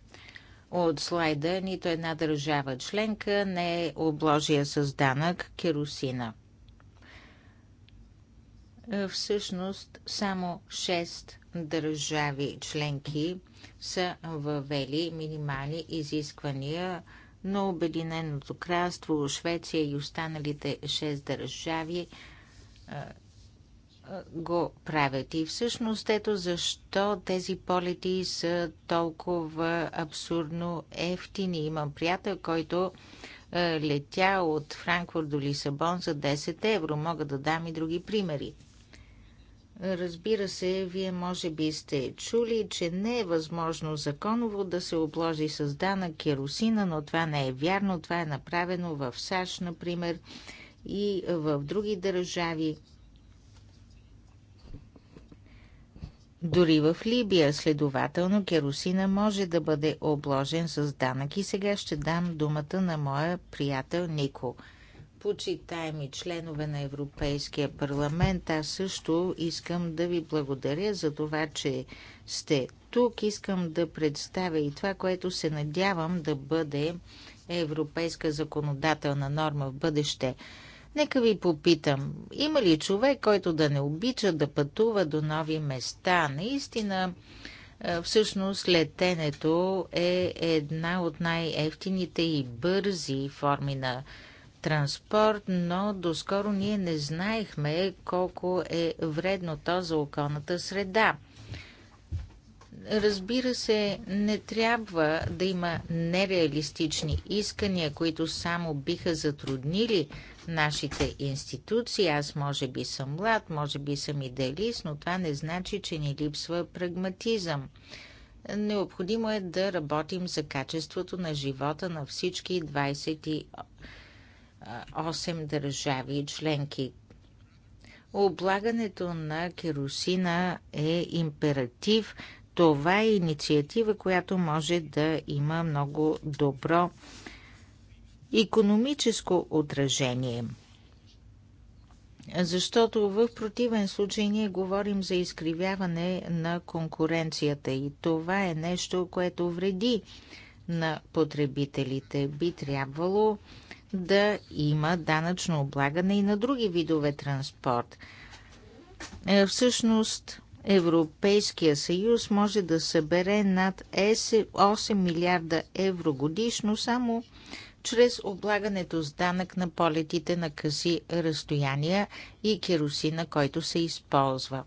от слайда, нито една държава членка не е обложия с данък керосина. Е, всъщност само 6 държави членки са въвели минимални изисквания, но Обединеното кралство, Швеция и останалите 6 държави е, го правят. И всъщност ето защо тези полети са толкова абсурдно ефтини. Имам приятел, който е, летя от Франкфурт до Лисабон за 10 евро. Мога да дам и други примери. Разбира се, вие може би сте чули, че не е възможно законово да се обложи с дана керосина, но това не е вярно. Това е направено в САЩ, например, и в други държави. Дори в Либия, следователно, керосина може да бъде обложен с данък. И сега ще дам думата на моя приятел Нико. Почитаеми членове на Европейския парламент, аз също искам да ви благодаря за това, че сте тук. Искам да представя и това, което се надявам да бъде европейска законодателна норма в бъдеще – Нека ви попитам, има ли човек, който да не обича да пътува до нови места? Наистина, е, всъщност летенето е една от най-ефтините и бързи форми на транспорт, но доскоро ние не знаехме колко е вредно то за околната среда. Разбира се, не трябва да има нереалистични искания, които само биха затруднили нашите институции. Аз може би съм млад, може би съм идеалист, но това не значи, че ни липсва прагматизъм. Необходимо е да работим за качеството на живота на всички 28 държави и членки. Облагането на керосина е императив това е инициатива, която може да има много добро економическо отражение. Защото в противен случай ние говорим за изкривяване на конкуренцията и това е нещо, което вреди на потребителите. Би трябвало да има данъчно облагане и на други видове транспорт. Е, всъщност, Европейския съюз може да събере над 8 милиарда евро годишно само чрез облагането с данък на полетите на къси разстояния и керосина, който се използва.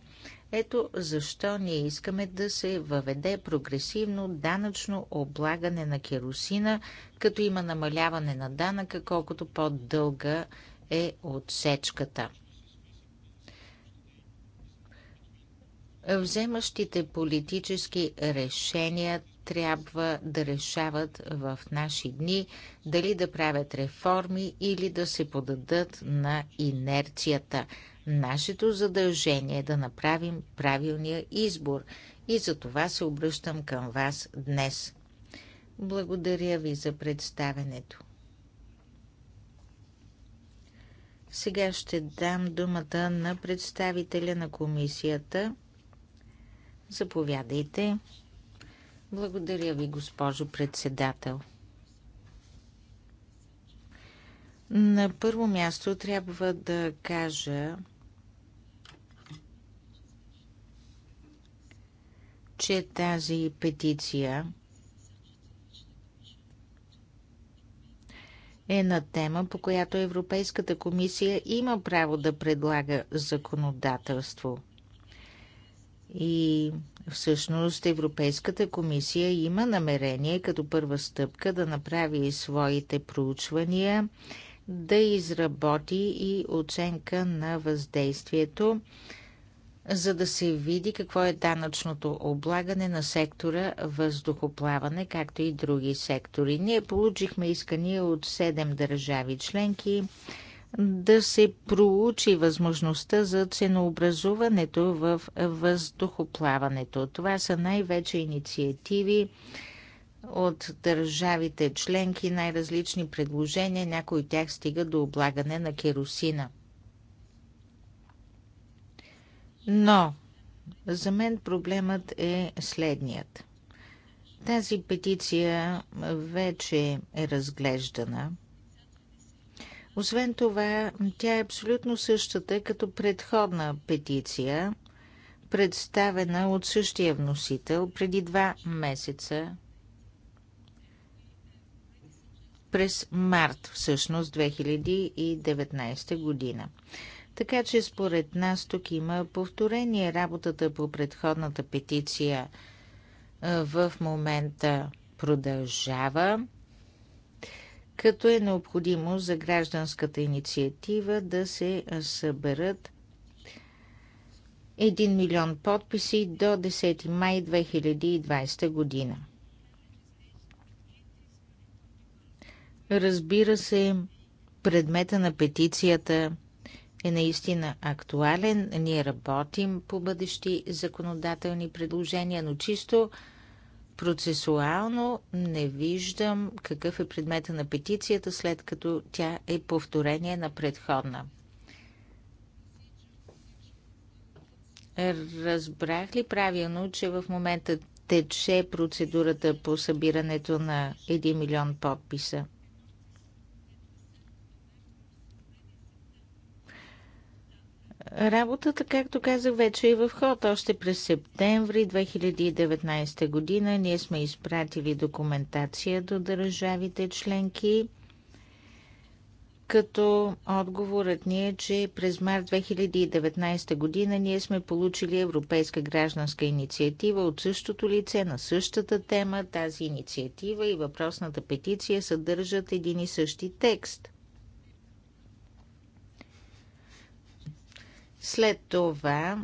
Ето защо ние искаме да се въведе прогресивно данъчно облагане на керосина, като има намаляване на данъка, колкото по-дълга е отсечката. Вземащите политически решения трябва да решават в наши дни дали да правят реформи или да се подадат на инерцията. Нашето задължение е да направим правилния избор и за това се обръщам към вас днес. Благодаря ви за представенето. Сега ще дам думата на представителя на комисията Заповядайте. Благодаря ви, госпожо председател. На първо място трябва да кажа, че тази петиция е на тема, по която Европейската комисия има право да предлага законодателство – и всъщност Европейската комисия има намерение като първа стъпка да направи своите проучвания, да изработи и оценка на въздействието, за да се види какво е данъчното облагане на сектора въздухоплаване, както и други сектори. Ние получихме искания от 7 държави членки да се проучи възможността за ценообразуването в въздухоплаването. Това са най-вече инициативи от държавите членки, най-различни предложения, някои от тях стига до облагане на керосина. Но за мен проблемът е следният. Тази петиция вече е разглеждана – освен това, тя е абсолютно същата като предходна петиция, представена от същия вносител преди два месеца през март всъщност 2019 година. Така че според нас тук има повторение работата по предходната петиция в момента продължава като е необходимо за гражданската инициатива да се съберат 1 милион подписи до 10 май 2020 година. Разбира се, предмета на петицията е наистина актуален. Ние работим по бъдещи законодателни предложения, но чисто Процесуално не виждам какъв е предмета на петицията, след като тя е повторение на предходна. Разбрах ли правилно, че в момента тече процедурата по събирането на 1 милион подписа? Работата, както казах, вече е в ход. Още през септември 2019 година ние сме изпратили документация до държавите членки, като отговорът ни е, че през март 2019 година ние сме получили Европейска гражданска инициатива от същото лице на същата тема. Тази инициатива и въпросната петиция съдържат един и същи текст – След това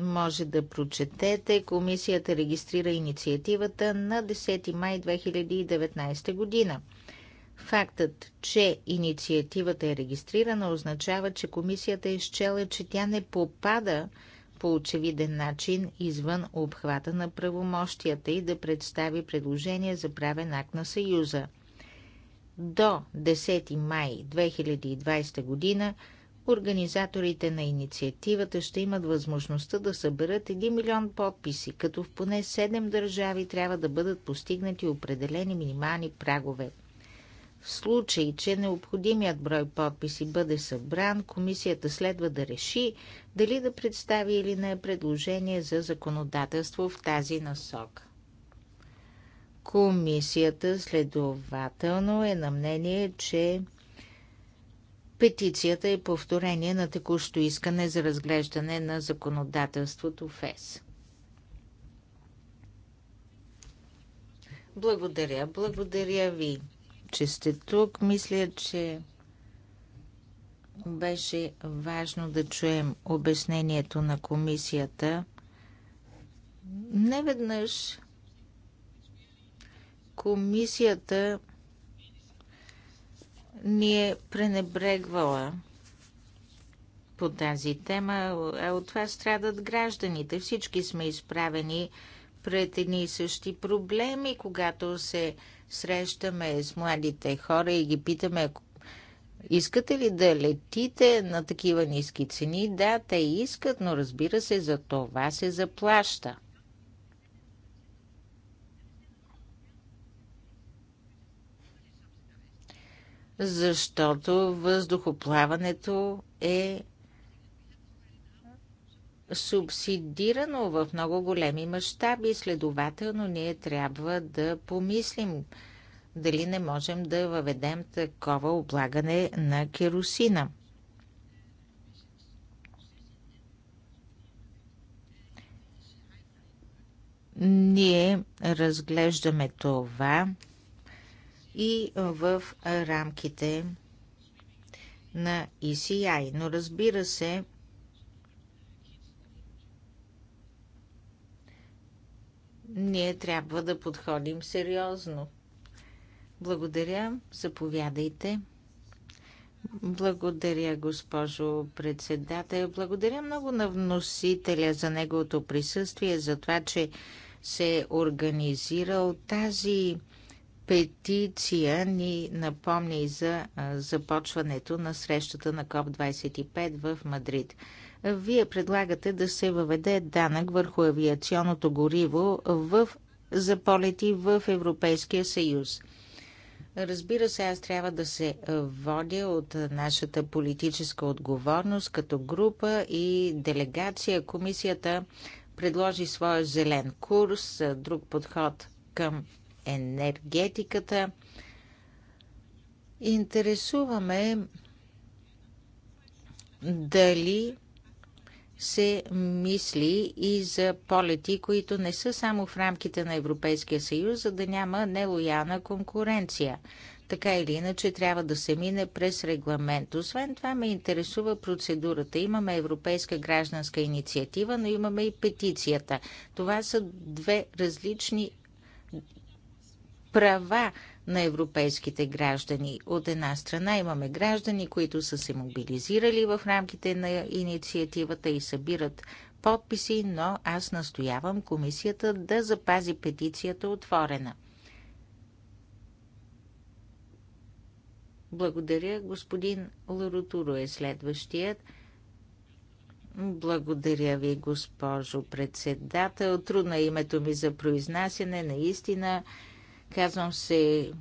може да прочетете. Комисията регистрира инициативата на 10 май 2019 година. Фактът, че инициативата е регистрирана, означава, че комисията е изчела, че тя не попада по очевиден начин извън обхвата на правомощията и да представи предложение за правен акт на Съюза. До 10 май 2020 година Организаторите на инициативата ще имат възможността да съберат 1 милион подписи, като в поне 7 държави трябва да бъдат постигнати определени минимални прагове. В случай, че необходимият брой подписи бъде събран, комисията следва да реши дали да представи или не предложение за законодателство в тази насока. Комисията следователно е на мнение, че Петицията е повторение на текущо искане за разглеждане на законодателството в ЕС. Благодаря, благодаря ви, че сте тук. Мисля, че беше важно да чуем обяснението на комисията. Неведнъж комисията ни е пренебрегвала по тази тема, а от това страдат гражданите. Всички сме изправени пред едни и същи проблеми, когато се срещаме с младите хора и ги питаме, искате ли да летите на такива ниски цени? Да, те искат, но разбира се, за това се заплаща. защото въздухоплаването е субсидирано в много големи мащаби. Следователно, ние трябва да помислим дали не можем да въведем такова облагане на керосина. Ние разглеждаме това и в рамките на ECI. Но разбира се, ние трябва да подходим сериозно. Благодаря, заповядайте. Благодаря, госпожо председател. Благодаря много на вносителя за неговото присъствие, за това, че се е организирал тази петиция ни напомня и за започването на срещата на КОП-25 в Мадрид. Вие предлагате да се въведе данък върху авиационното гориво в, за полети в Европейския съюз. Разбира се, аз трябва да се водя от нашата политическа отговорност като група и делегация. Комисията предложи своя зелен курс, друг подход към енергетиката. Интересуваме дали се мисли и за полети, които не са само в рамките на Европейския съюз, за да няма нелояна конкуренция. Така или иначе трябва да се мине през регламент. Освен това ме интересува процедурата. Имаме Европейска гражданска инициатива, но имаме и петицията. Това са две различни права на европейските граждани. От една страна имаме граждани, които са се мобилизирали в рамките на инициативата и събират подписи, но аз настоявам комисията да запази петицията отворена. Благодаря. Господин Ларутуро е следващият. Благодаря ви, госпожо председател. Трудно е името ми за произнасяне. Наистина Казвам се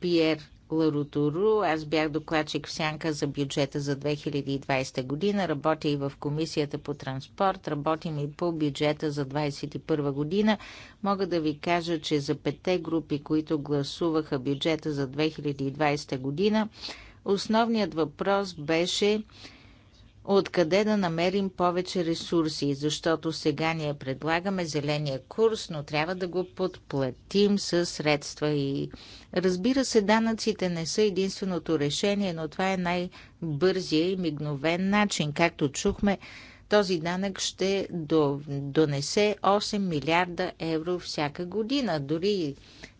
Пиер Ларутору. Аз бях докладчик в Сянка за бюджета за 2020 година. Работя и в Комисията по транспорт. Работим и по бюджета за 2021 година. Мога да ви кажа, че за пете групи, които гласуваха бюджета за 2020 година, основният въпрос беше откъде да намерим повече ресурси, защото сега ние предлагаме зеления курс, но трябва да го подплатим с средства и разбира се, данъците не са единственото решение, но това е най-бързия и мигновен начин. Както чухме, този данък ще донесе 8 милиарда евро всяка година. Дори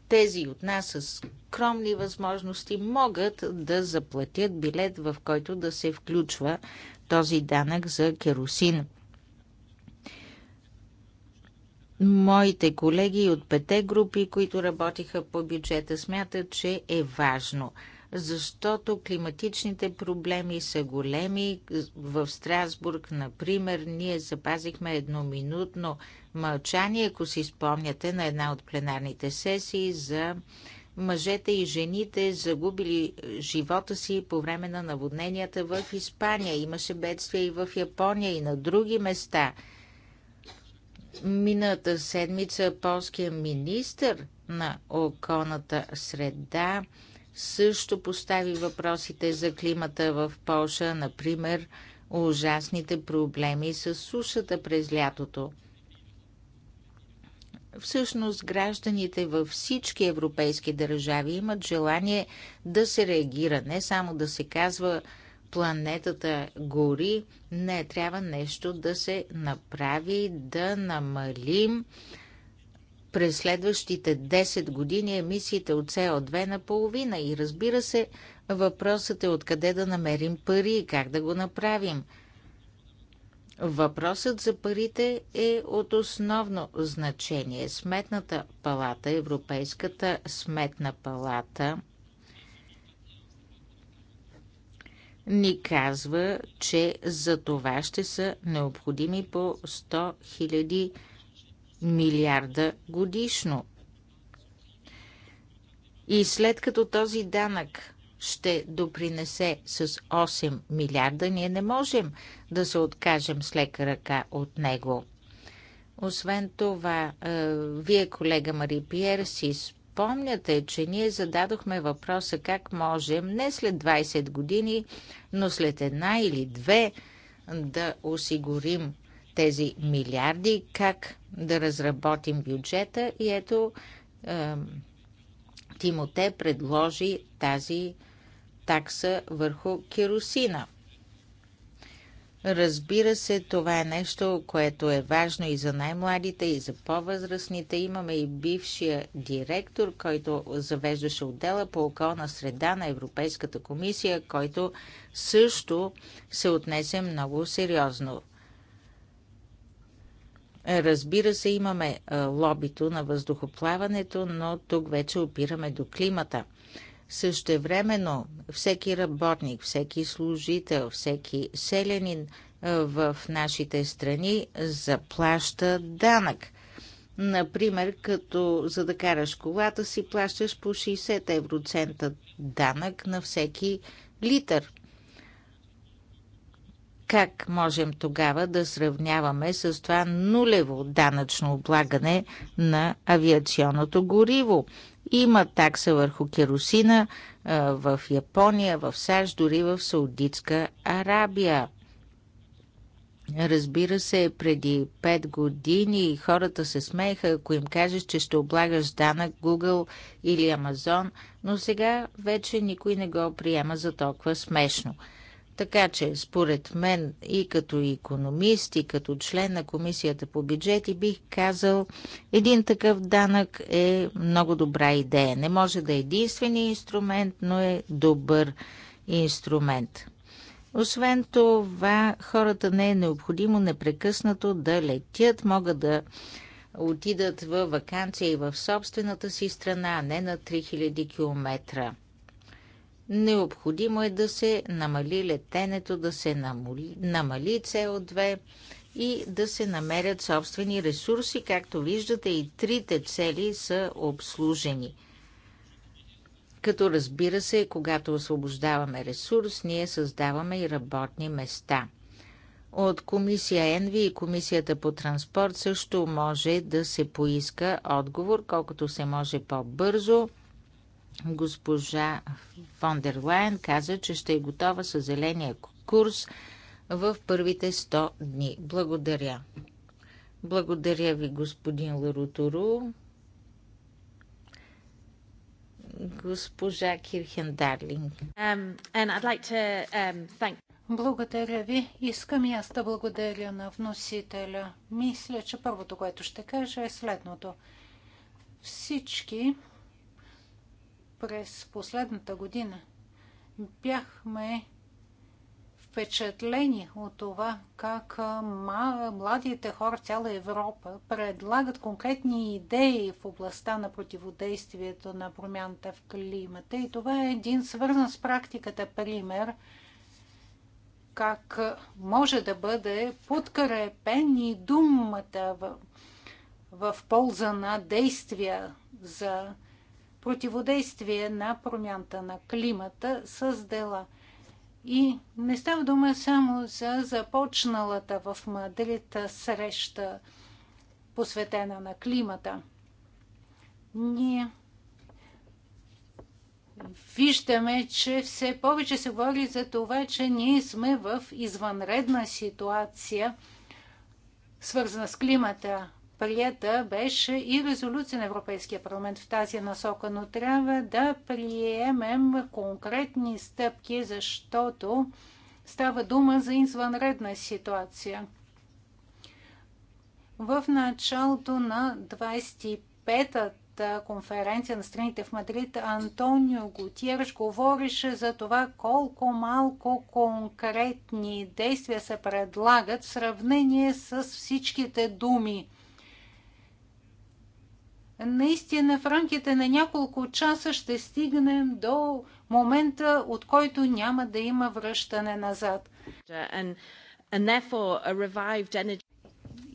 тези от нас с скромни възможности могат да заплатят билет, в който да се включва този данък за керосин. Моите колеги от пете групи, които работиха по бюджета, смятат, че е важно, защото климатичните проблеми са големи. В Страсбург, например, ние запазихме едноминутно мълчание, ако си спомняте, на една от пленарните сесии за мъжете и жените загубили живота си по време на наводненията в Испания. Имаше бедствия и в Япония, и на други места. Мината седмица полския министр на околната среда също постави въпросите за климата в Полша, например ужасните проблеми с сушата през лятото – Всъщност гражданите във всички европейски държави имат желание да се реагира, не само да се казва планетата гори, не трябва нещо да се направи, да намалим през следващите 10 години емисиите от СО2 на половина. И разбира се, въпросът е откъде да намерим пари и как да го направим – Въпросът за парите е от основно значение. Сметната палата, Европейската сметна палата, ни казва, че за това ще са необходими по 100 000 милиарда годишно. И след като този данък ще допринесе с 8 милиарда, ние не можем да се откажем с лека ръка от него. Освен това, вие, колега Мари Пиер, си спомняте, че ние зададохме въпроса как можем не след 20 години, но след една или две да осигурим тези милиарди, как да разработим бюджета и ето Тимоте предложи тази такса върху керосина. Разбира се, това е нещо, което е важно и за най-младите, и за по-възрастните. Имаме и бившия директор, който завеждаше отдела по околна среда на Европейската комисия, който също се отнесе много сериозно. Разбира се, имаме лобито на въздухоплаването, но тук вече опираме до климата – Същевременно всеки работник, всеки служител, всеки селянин в нашите страни заплаща данък. Например, като за да караш колата си плащаш по 60 евроцента данък на всеки литър. Как можем тогава да сравняваме с това нулево данъчно облагане на авиационното гориво? Има такса върху керосина в Япония, в САЩ, дори в Саудитска Арабия. Разбира се, преди 5 години хората се смееха, ако им кажеш, че ще облагаш данък Google или Амазон, но сега вече никой не го приема за толкова смешно – така че, според мен, и като економист, и като член на Комисията по бюджети, бих казал, един такъв данък е много добра идея. Не може да е единствения инструмент, но е добър инструмент. Освен това, хората не е необходимо непрекъснато да летят, могат да отидат в вакансия и в собствената си страна, а не на 3000 км. Необходимо е да се намали летенето, да се намали, CO2 и да се намерят собствени ресурси. Както виждате, и трите цели са обслужени. Като разбира се, когато освобождаваме ресурс, ние създаваме и работни места. От комисия Енви и комисията по транспорт също може да се поиска отговор, колкото се може по-бързо Госпожа фон дер Лайен каза, че ще е готова с зеления курс в първите 100 дни. Благодаря. Благодаря ви, господин Ларутору. Госпожа Кирхен Дарлинг. Um, um, благодаря ви. Искам и аз да благодаря на вносителя. Мисля, че първото, което ще кажа е следното. Всички през последната година бяхме впечатлени от това как младите хора цяла Европа предлагат конкретни идеи в областта на противодействието на промяната в климата. И това е един свързан с практиката пример как може да бъде подкрепен и думата в, в полза на действия за противодействие на промяната на климата с дела. И не става дума само за започналата в Мадрид среща, посветена на климата. Ние виждаме, че все повече се говори за това, че ние сме в извънредна ситуация, свързана с климата прията беше и резолюция на Европейския парламент в тази насока, но трябва да приемем конкретни стъпки, защото става дума за извънредна ситуация. В началото на 25-та конференция на страните в Мадрид Антонио Гутиерш говореше за това колко малко конкретни действия се предлагат в сравнение с всичките думи наистина в рамките на няколко часа ще стигнем до момента, от който няма да има връщане назад.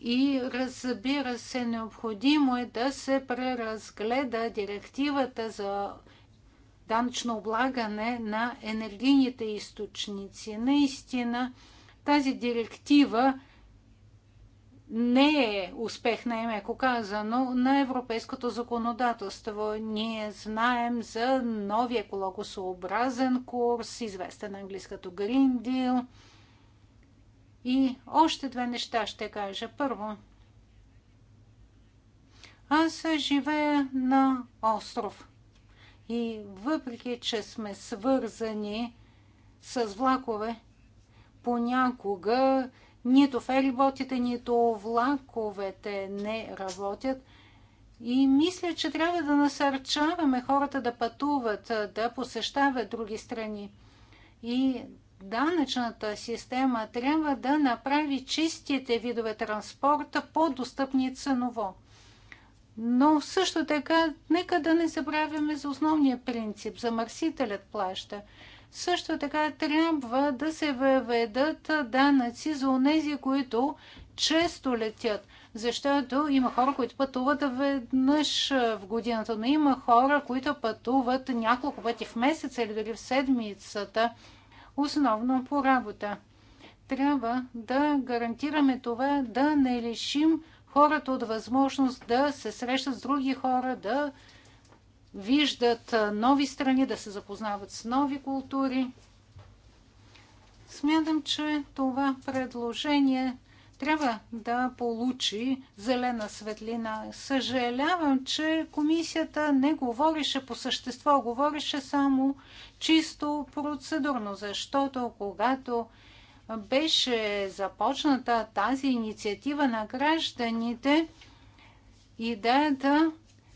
и разбира се, необходимо е да се преразгледа директивата за данчно облагане на енергийните източници. Наистина, тази директива не е успех, най-меко казано, на европейското законодателство. Ние знаем за новия екологосообразен курс, известен на английското като Green Deal. И още две неща ще кажа. Първо, аз живея на остров. И въпреки, че сме свързани с влакове, понякога нито фериботите, нито влаковете не работят. И мисля, че трябва да насърчаваме хората да пътуват, да посещават други страни. И данъчната система трябва да направи чистите видове транспорта по-достъпни ценово. Но също така, нека да не забравяме за основния принцип – замърсителят плаща – също така трябва да се въведат данъци за онези, които често летят. Защото има хора, които пътуват веднъж в годината, но има хора, които пътуват няколко пъти в месеца или дори в седмицата, основно по работа. Трябва да гарантираме това, да не лишим хората от възможност да се срещат с други хора, да виждат нови страни, да се запознават с нови култури. Смятам, че това предложение трябва да получи зелена светлина. Съжалявам, че комисията не говореше по същество, говореше само чисто процедурно, защото когато беше започната тази инициатива на гражданите, идеята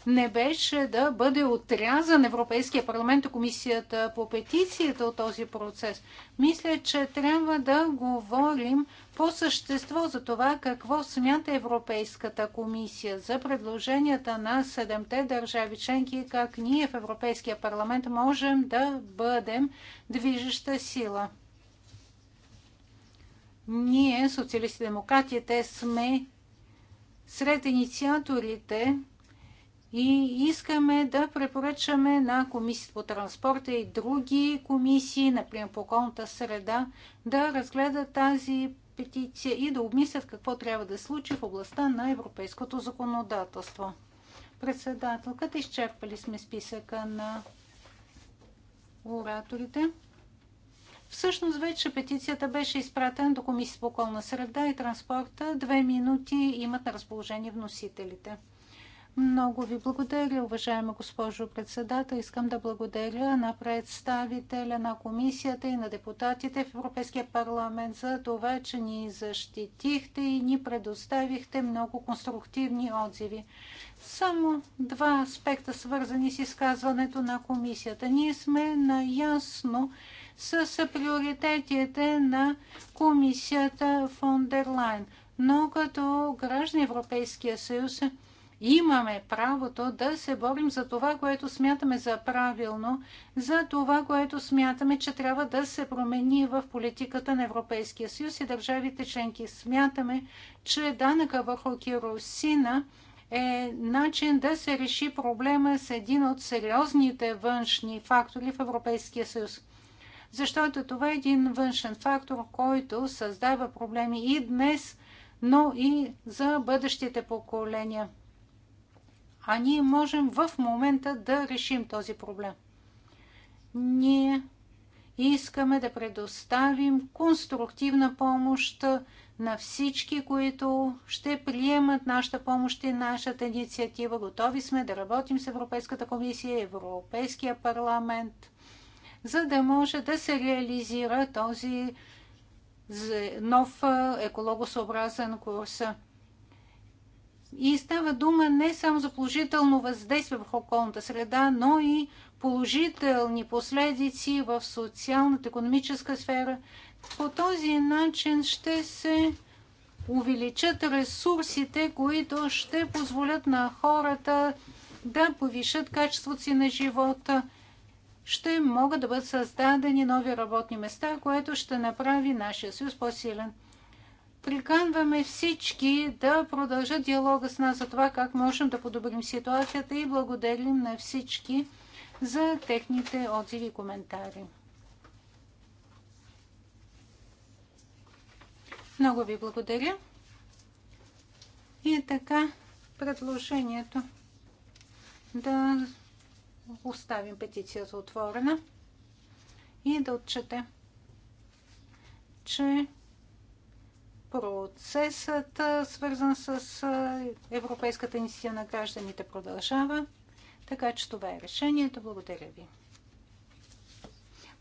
не беше да бъде отрязан Европейския парламент и комисията по петицията от този процес. Мисля, че трябва да говорим по същество за това какво смята Европейската комисия за предложенията на седемте държави членки как ние в Европейския парламент можем да бъдем движеща сила. Ние, социалисти-демократите, сме сред инициаторите и искаме да препоръчаме на комисията по транспорта и други комисии, например по околната среда, да разгледат тази петиция и да обмислят какво трябва да случи в областта на европейското законодателство. Председателката, изчерпали сме списъка на ораторите. Всъщност вече петицията беше изпратена до Комисия по околна среда и транспорта. Две минути имат на разположение вносителите. Много ви благодаря, уважаема госпожо председател. Искам да благодаря на представителя на комисията и на депутатите в Европейския парламент за това, че ни защитихте и ни предоставихте много конструктивни отзиви. Само два аспекта, свързани с изказването на комисията. Ние сме наясно с приоритетите на комисията фон Но като граждани Европейския съюз Имаме правото да се борим за това, което смятаме за правилно, за това, което смятаме, че трябва да се промени в политиката на Европейския съюз и държавите членки. Смятаме, че данъка върху керосина е начин да се реши проблема с един от сериозните външни фактори в Европейския съюз. Защото това е един външен фактор, който създава проблеми и днес, но и за бъдещите поколения. А ние можем в момента да решим този проблем. Ние искаме да предоставим конструктивна помощ на всички, които ще приемат нашата помощ и нашата инициатива. Готови сме да работим с Европейската комисия, Европейския парламент, за да може да се реализира този нов екологосъобразен курс. И става дума не само за положително въздействие върху околната среда, но и положителни последици в социалната, економическа сфера. По този начин ще се увеличат ресурсите, които ще позволят на хората да повишат качеството си на живота. Ще могат да бъдат създадени нови работни места, което ще направи нашия съюз по-силен приканваме всички да продължат диалога с нас за това как можем да подобрим ситуацията и благодарим на всички за техните отзиви и коментари. Много ви благодаря. И така, предложението да оставим петицията отворена и да отчете, че Процесът, свързан с Европейската инициатива на гражданите, продължава. Така че това е решението. Благодаря ви.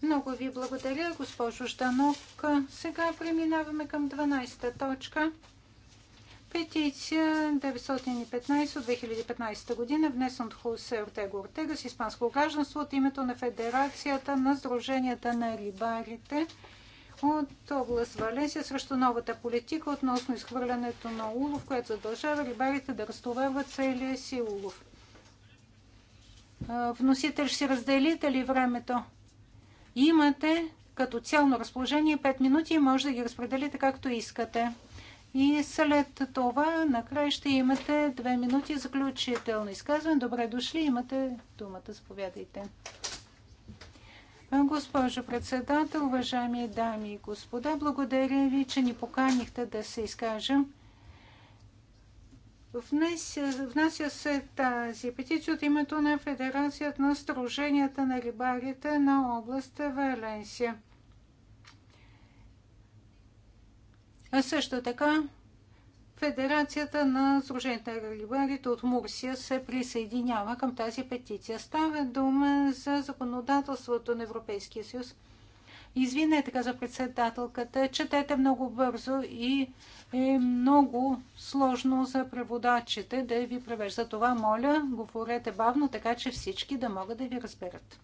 Много ви благодаря, госпожо Жданов. Сега преминаваме към 12-та точка. Петиция 915 от 2015 година, внесен от Хосе Ортега Ортега с испанско гражданство от името на Федерацията на Сдруженията на рибарите – от област Валенсия срещу новата политика относно изхвърлянето на улов, което задължава рибарите да разтоварват целия си улов. Вносител ще си разделите ли времето? Имате като цялно разположение 5 минути и може да ги разпределите както искате. И след това накрая ще имате 2 минути заключително изказване. Добре дошли, имате думата, заповядайте. Госпожо председател, уважаеми дами и господа, благодаря ви, че ни поканихте да се изкажем. Внася, внася се тази петиция от името на Федерацията на Струженията на рибарите на област Валенсия. А също така Федерацията на Сдружението Ралибарите от Мурсия се присъединява към тази петиция. Става дума за законодателството на Европейския съюз. Извинете, каза председателката, четете много бързо и е много сложно за преводачите да ви превежда. Това моля, говорете бавно, така че всички да могат да ви разберат.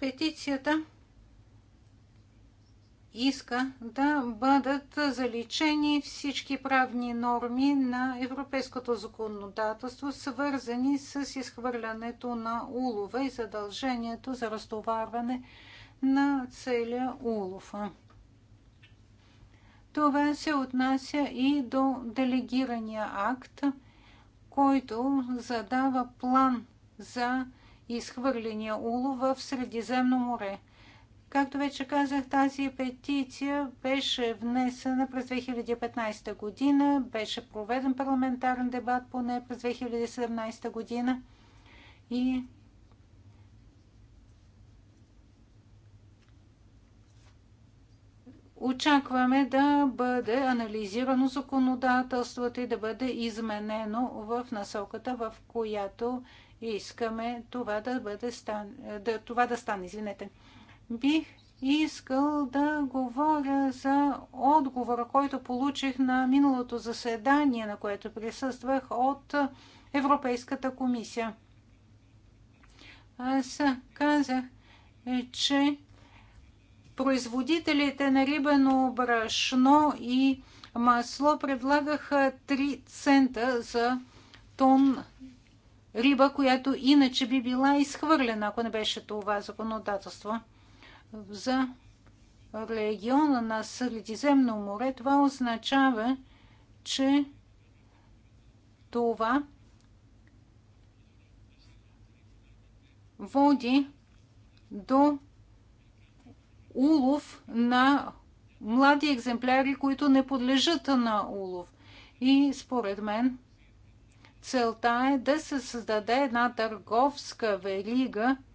Петицията иска да бъдат заличени всички правни норми на европейското законодателство, свързани с изхвърлянето на улова и задължението за разтоварване на целия улов. Това се отнася и до делегирания акт, който задава план за изхвърления улов в Средиземно море – Както вече казах, тази петиция беше внесена през 2015 година, беше проведен парламентарен дебат поне през 2017 година и Очакваме да бъде анализирано законодателството и да бъде изменено в насоката, в която искаме това да, бъде стан... да, това да стане. Извинете бих искал да говоря за отговора, който получих на миналото заседание, на което присъствах от Европейската комисия. Аз казах, че производителите на рибено брашно и масло предлагаха 3 цента за тон риба, която иначе би била изхвърлена, ако не беше това законодателство за региона на Средиземно море, това означава, че това води до улов на млади екземпляри, които не подлежат на улов. И според мен целта е да се създаде една търговска верига –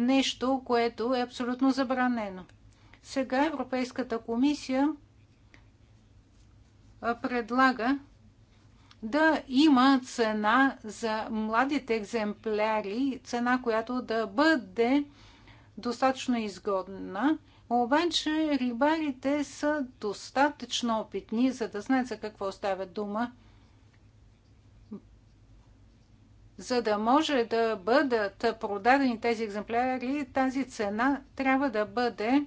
нещо, което е абсолютно забранено. Сега Европейската комисия предлага да има цена за младите екземпляри, цена, която да бъде достатъчно изгодна. Обаче рибарите са достатъчно опитни, за да знаят за какво става дума. за да може да бъдат продадени тези екземпляри, тази цена трябва да бъде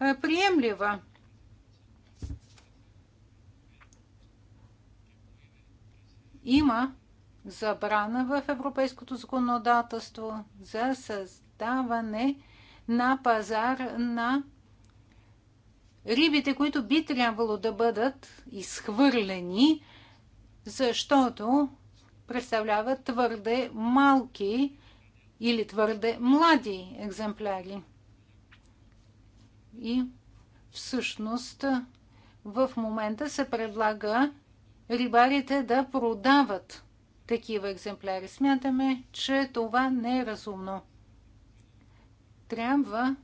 е, приемлива. Има забрана в европейското законодателство за създаване на пазар на рибите, които би трябвало да бъдат изхвърлени, защото представляват твърде малки или твърде млади екземпляри. И всъщност в момента се предлага рибарите да продават такива екземпляри. Смятаме, че това не е разумно. Трябва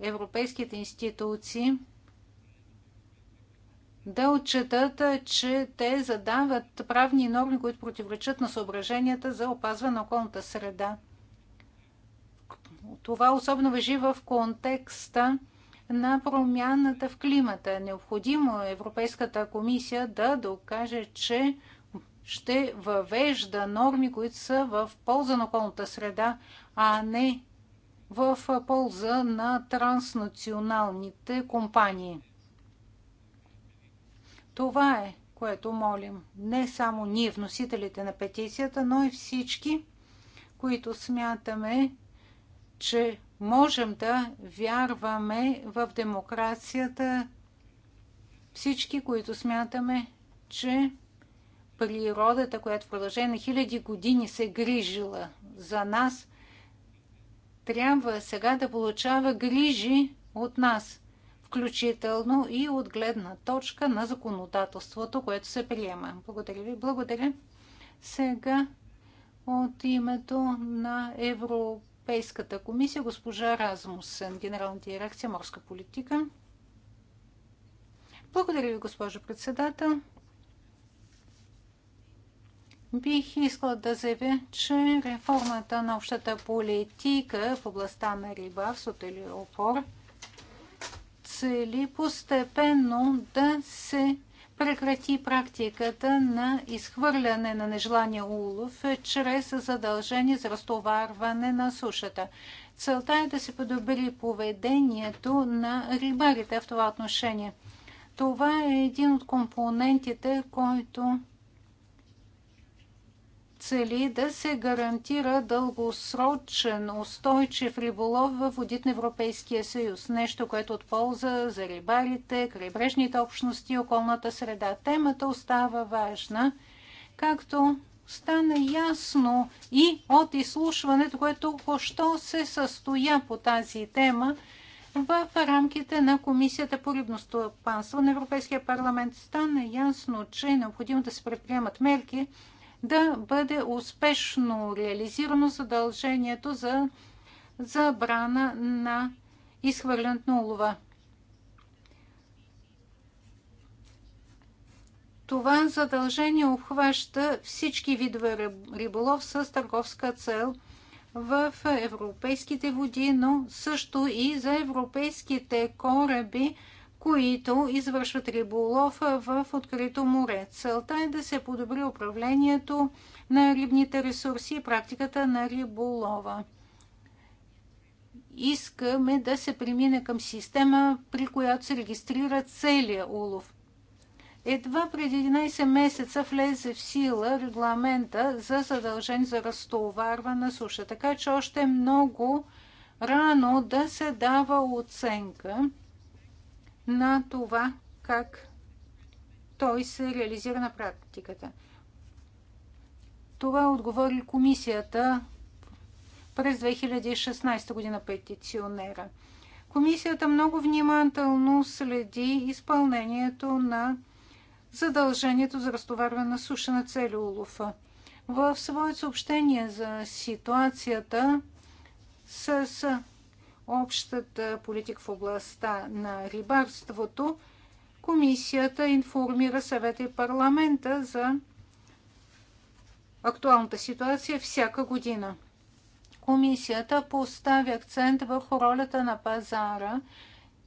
европейските институции да отчитат, е, че те задават правни норми, които противоречат на съображенията за опазване на околната среда. Това особено въжи в контекста на промяната в климата. Необходимо е Европейската комисия да докаже, че ще въвежда норми, които са в полза на околната среда, а не в полза на транснационалните компании. Това е, което молим не само ние, вносителите на петицията, но и всички, които смятаме, че можем да вярваме в демокрацията, всички, които смятаме, че природата, която в продължение на хиляди години се грижила за нас, трябва сега да получава грижи от нас включително и от гледна точка на законодателството, което се приема. Благодаря ви. Благодаря. Сега от името на Европейската комисия госпожа Размусен, генерална дирекция морска политика. Благодаря ви, госпожо председател. Бих искала да заявя, че реформата на общата политика в областта на рибавството или опор – цели постепенно да се прекрати практиката на изхвърляне на нежелания улов чрез задължение за разтоварване на сушата. Целта е да се подобри поведението на рибарите в това отношение. Това е един от компонентите, който цели да се гарантира дългосрочен устойчив риболов в водите на Европейския съюз. Нещо, което е от полза за рибарите, крайбрежните общности и околната среда. Темата остава важна, както стана ясно и от изслушването, което още се състоя по тази тема в рамките на Комисията по рибното стопанство на Европейския парламент. Стана ясно, че е необходимо да се предприемат мерки – да бъде успешно реализирано задължението за забрана на изхвърлянето на улова. Това задължение обхваща всички видове риболов с търговска цел в европейските води, но също и за европейските кораби които извършват риболов в открито море. Целта е да се подобри управлението на рибните ресурси и практиката на риболова. Искаме да се премине към система, при която се регистрира целият улов. Едва преди 11 месеца влезе в сила регламента за задължен за разтоварване на суша, така че още много рано да се дава оценка на това как той се реализира на практиката. Това отговори комисията през 2016 година петиционера. Комисията много внимателно следи изпълнението на задължението за разтоварване на суша на цели улова. В своето съобщение за ситуацията с общата политика в областта на рибарството, комисията информира съвета и парламента за актуалната ситуация всяка година. Комисията поставя акцент върху ролята на пазара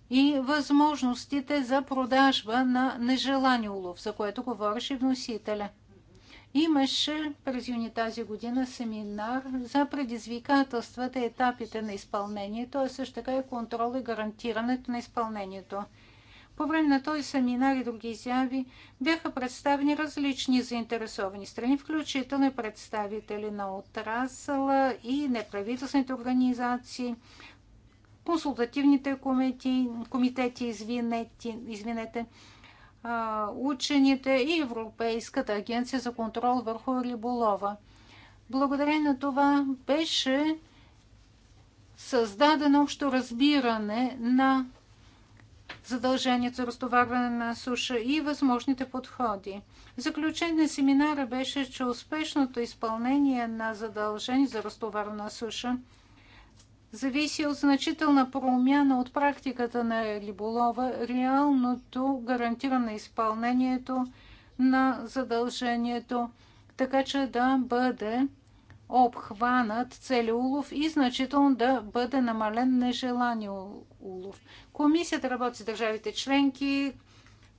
и възможностите за продажба на нежелани улов, за което говореше вносителя – Имаше през юни тази година семинар за предизвикателствата и етапите на изпълнението, а също така и контрол и гарантирането на изпълнението. По време на този семинар и други изяви бяха представени различни заинтересовани страни, включително представители на отрасъла и неправителствените организации, консултативните комитети, комитети извинете, извинете учените и Европейската агенция за контрол върху риболова. Благодарение на това беше създадено общо разбиране на задължението за разтоварване на суша и възможните подходи. В заключение на семинара беше, че успешното изпълнение на задължение за разтоварване на суша – зависи от значителна промяна от практиката на риболова, реалното гарантиране изпълнението на задължението, така че да бъде обхванат цели улов и значително да бъде намален нежелани улов. Комисията работи с държавите членки,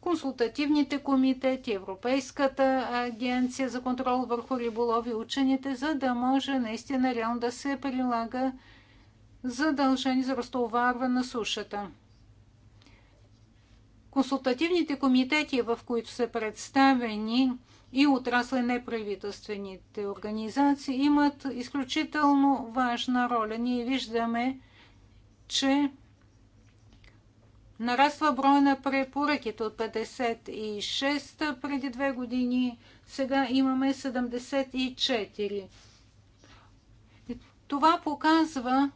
консултативните комитети, Европейската агенция за контрол върху риболови, учените, за да може наистина реално да се прилага задължени за разтоварване на сушата. Консултативните комитети, в които са представени и отрасли неправителствените организации, имат изключително важна роля. Ние виждаме, че нараства броя на препоръките от 56 преди две години. Сега имаме 74. Това показва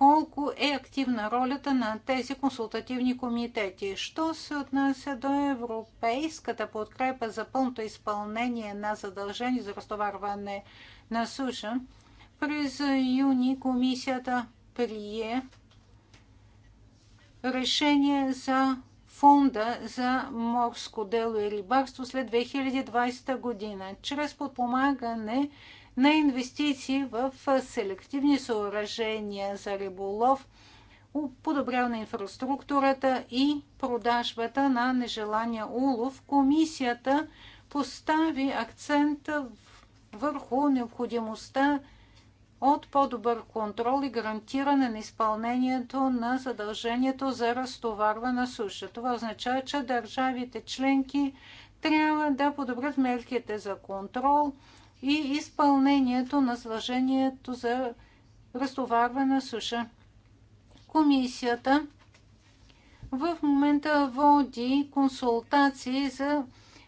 колко е активна ролята на тези консултативни комитети. Що се отнася до европейската подкрепа за пълното изпълнение на задължени за разтоварване на суша, през юни комисията прие решение за фонда за морско дело и рибарство след 2020 година. Чрез подпомагане на инвестиции в селективни съоръжения за риболов, подобряване на инфраструктурата и продажбата на нежелания улов, комисията постави акцент върху необходимостта от по-добър контрол и гарантиране на изпълнението на задължението за разтоварване на суша. Това означава, че държавите членки трябва да подобрят мерките за контрол, и изпълнението на сложението за разтоварване на суша. Комисията в момента води консултации за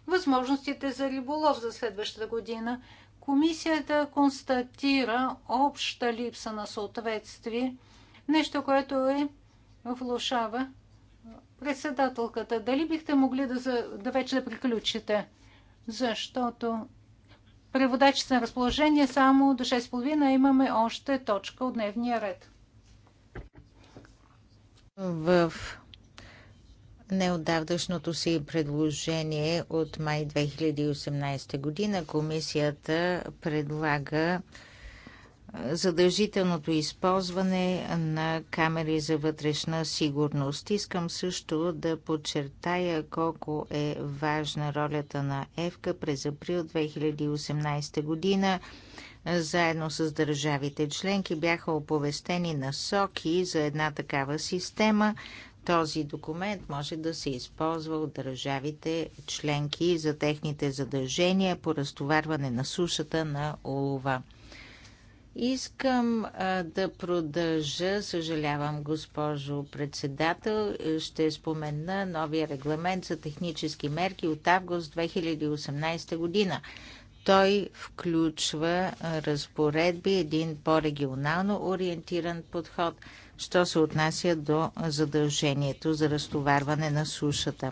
възможностите за риболов за следващата година. Комисията констатира обща липса на съответствие, нещо, което е влушава председателката. Дали бихте могли да, да вече да приключите? Защото Преводачи са на разположение само до 6.30. Имаме още точка от дневния ред. В неотдавдашното си предложение от май 2018 година комисията предлага задължителното използване на камери за вътрешна сигурност. Искам също да подчертая колко е важна ролята на ЕВКА през април 2018 година. Заедно с държавите членки бяха оповестени насоки за една такава система. Този документ може да се използва от държавите членки за техните задължения по разтоварване на сушата на олова. Искам а, да продължа, съжалявам, госпожо председател, ще спомена новия регламент за технически мерки от август 2018 година. Той включва разпоредби, един по-регионално ориентиран подход, що се отнася до задължението за разтоварване на сушата.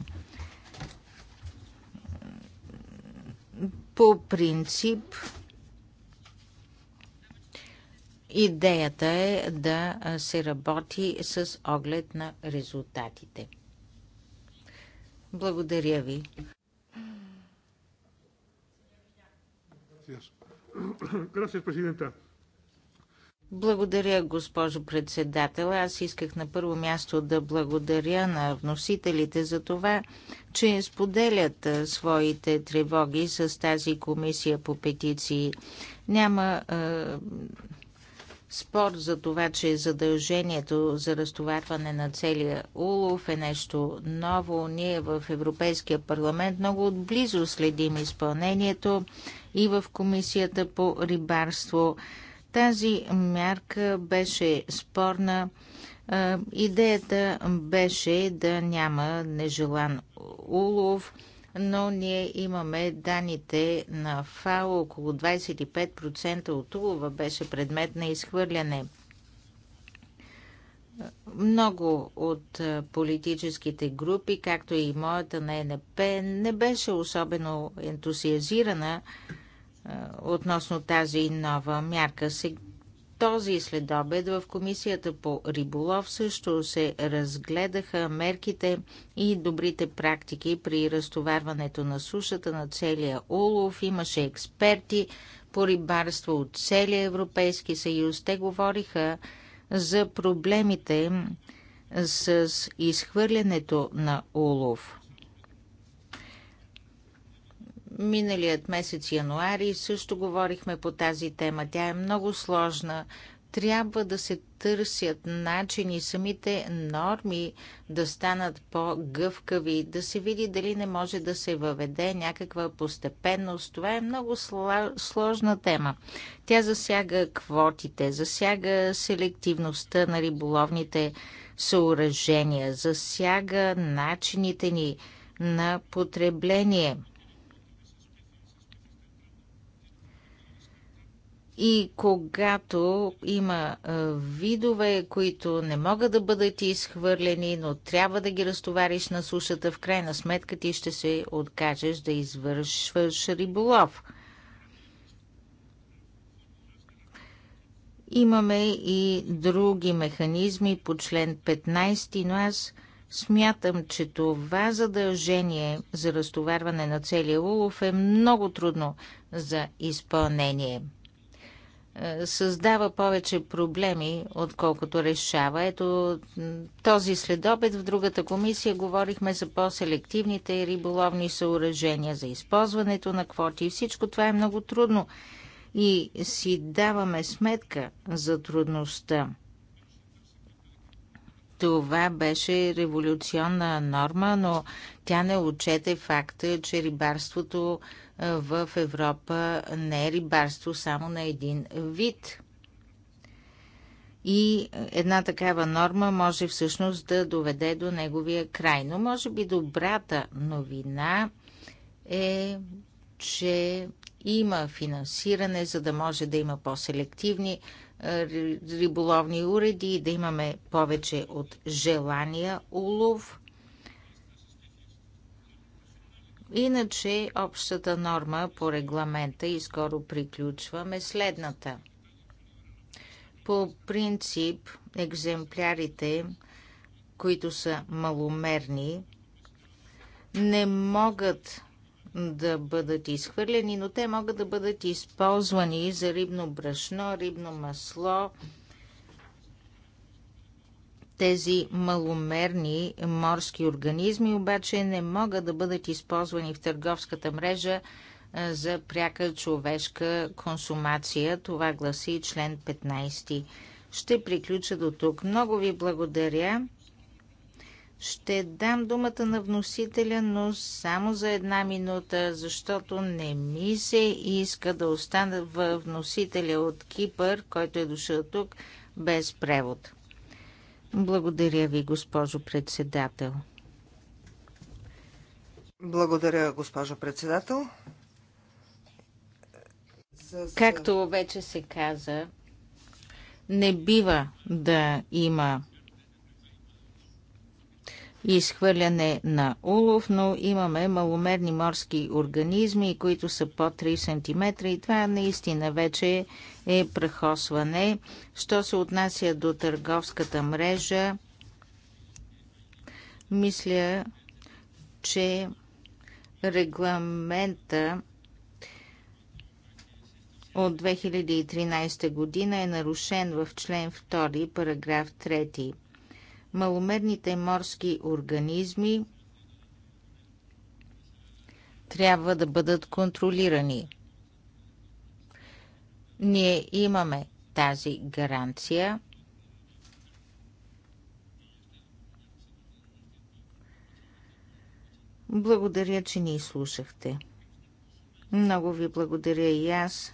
По принцип, Идеята е да се работи с оглед на резултатите. Благодаря ви. Благодаря, госпожо председател. Аз исках на първо място да благодаря на вносителите за това, че споделят своите тревоги с тази комисия по петиции. Няма спор за това, че задължението за разтоварване на целия улов е нещо ново. Ние в Европейския парламент много отблизо следим изпълнението и в Комисията по рибарство. Тази мярка беше спорна. Идеята беше да няма нежелан улов – но ние имаме данните на ФАО, около 25% от улова беше предмет на изхвърляне. Много от политическите групи, както и моята на ЕНП, не беше особено ентусиазирана относно тази нова мярка. сега. Този следобед в Комисията по риболов също се разгледаха мерките и добрите практики при разтоварването на сушата на целия улов. Имаше експерти по рибарство от целия Европейски съюз. Те говориха за проблемите с изхвърлянето на улов. Миналият месец януари също говорихме по тази тема. Тя е много сложна. Трябва да се търсят начини самите норми да станат по-гъвкави, да се види дали не може да се въведе някаква постепенност. Това е много сложна тема. Тя засяга квотите, засяга селективността на риболовните съоръжения, засяга начините ни на потребление – И когато има видове, които не могат да бъдат изхвърлени, но трябва да ги разтовариш на сушата, в крайна сметка ти ще се откажеш да извършваш риболов. Имаме и други механизми по член 15, но аз смятам, че това задължение за разтоварване на целия улов е много трудно за изпълнение. Е, създава повече проблеми, отколкото решава. Ето този следобед в другата комисия говорихме за по-селективните риболовни съоръжения, за използването на квоти. Всичко това е много трудно и си даваме сметка за трудността. Това беше революционна норма, но тя не отчете факта, че рибарството в Европа не е рибарство само на един вид. И една такава норма може всъщност да доведе до неговия край. Но може би добрата новина е, че има финансиране, за да може да има по-селективни риболовни уреди и да имаме повече от желания улов. Иначе общата норма по регламента и скоро приключваме следната. По принцип екземплярите, които са маломерни, не могат да бъдат изхвърлени, но те могат да бъдат използвани за рибно брашно, рибно масло. Тези маломерни морски организми обаче не могат да бъдат използвани в търговската мрежа за пряка човешка консумация. Това гласи член 15. Ще приключа до тук. Много ви благодаря. Ще дам думата на вносителя, но само за една минута, защото не ми се иска да остана във вносителя от Кипър, който е дошъл тук, без превод. Благодаря ви, госпожо председател. Благодаря, госпожо председател. Както вече се каза, не бива да има изхвърляне на улов, но имаме маломерни морски организми, които са по 3 см и това наистина вече е прахосване. Що се отнася до търговската мрежа, мисля, че регламента от 2013 година е нарушен в член 2, параграф 3 маломерните морски организми трябва да бъдат контролирани. Ние имаме тази гаранция. Благодаря, че ни слушахте. Много ви благодаря и аз.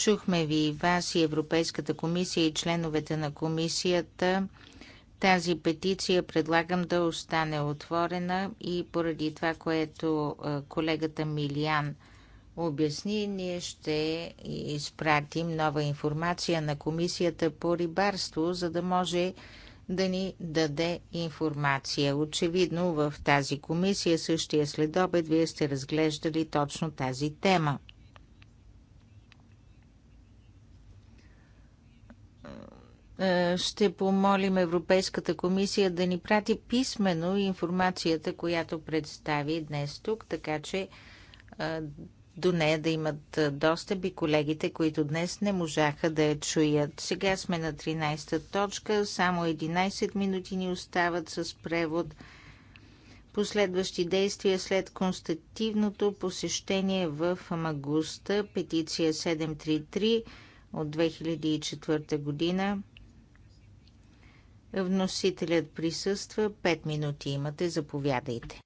Чухме ви и вас и Европейската комисия и членовете на комисията. Тази петиция предлагам да остане отворена и поради това, което колегата Милиан обясни, ние ще изпратим нова информация на комисията по рибарство, за да може да ни даде информация. Очевидно в тази комисия същия следобед вие сте разглеждали точно тази тема. Е, ще помолим Европейската комисия да ни прати писменно информацията, която представи днес тук, така че е, до нея да имат е, достъп и колегите, които днес не можаха да я чуят. Сега сме на 13-та точка, само 11 минути ни остават с превод. Последващи действия след констативното посещение в Амагуста, петиция 733 от 2004 година. Вносителят присъства. Пет минути имате. Заповядайте.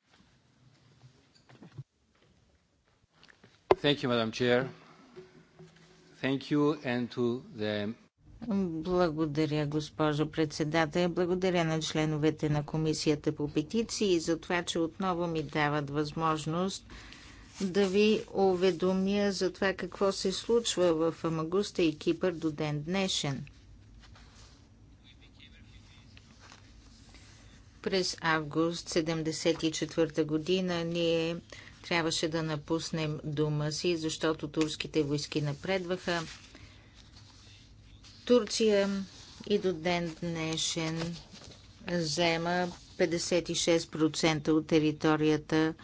You, the... Благодаря, госпожо председател. Благодаря на членовете на Комисията по петиции за това, че отново ми дават възможност да ви уведомя за това какво се случва в Амагуста и Кипър до ден днешен. През август 1974 година ние трябваше да напуснем дома си, защото турските войски напредваха. Турция и до ден днешен взема 56% от територията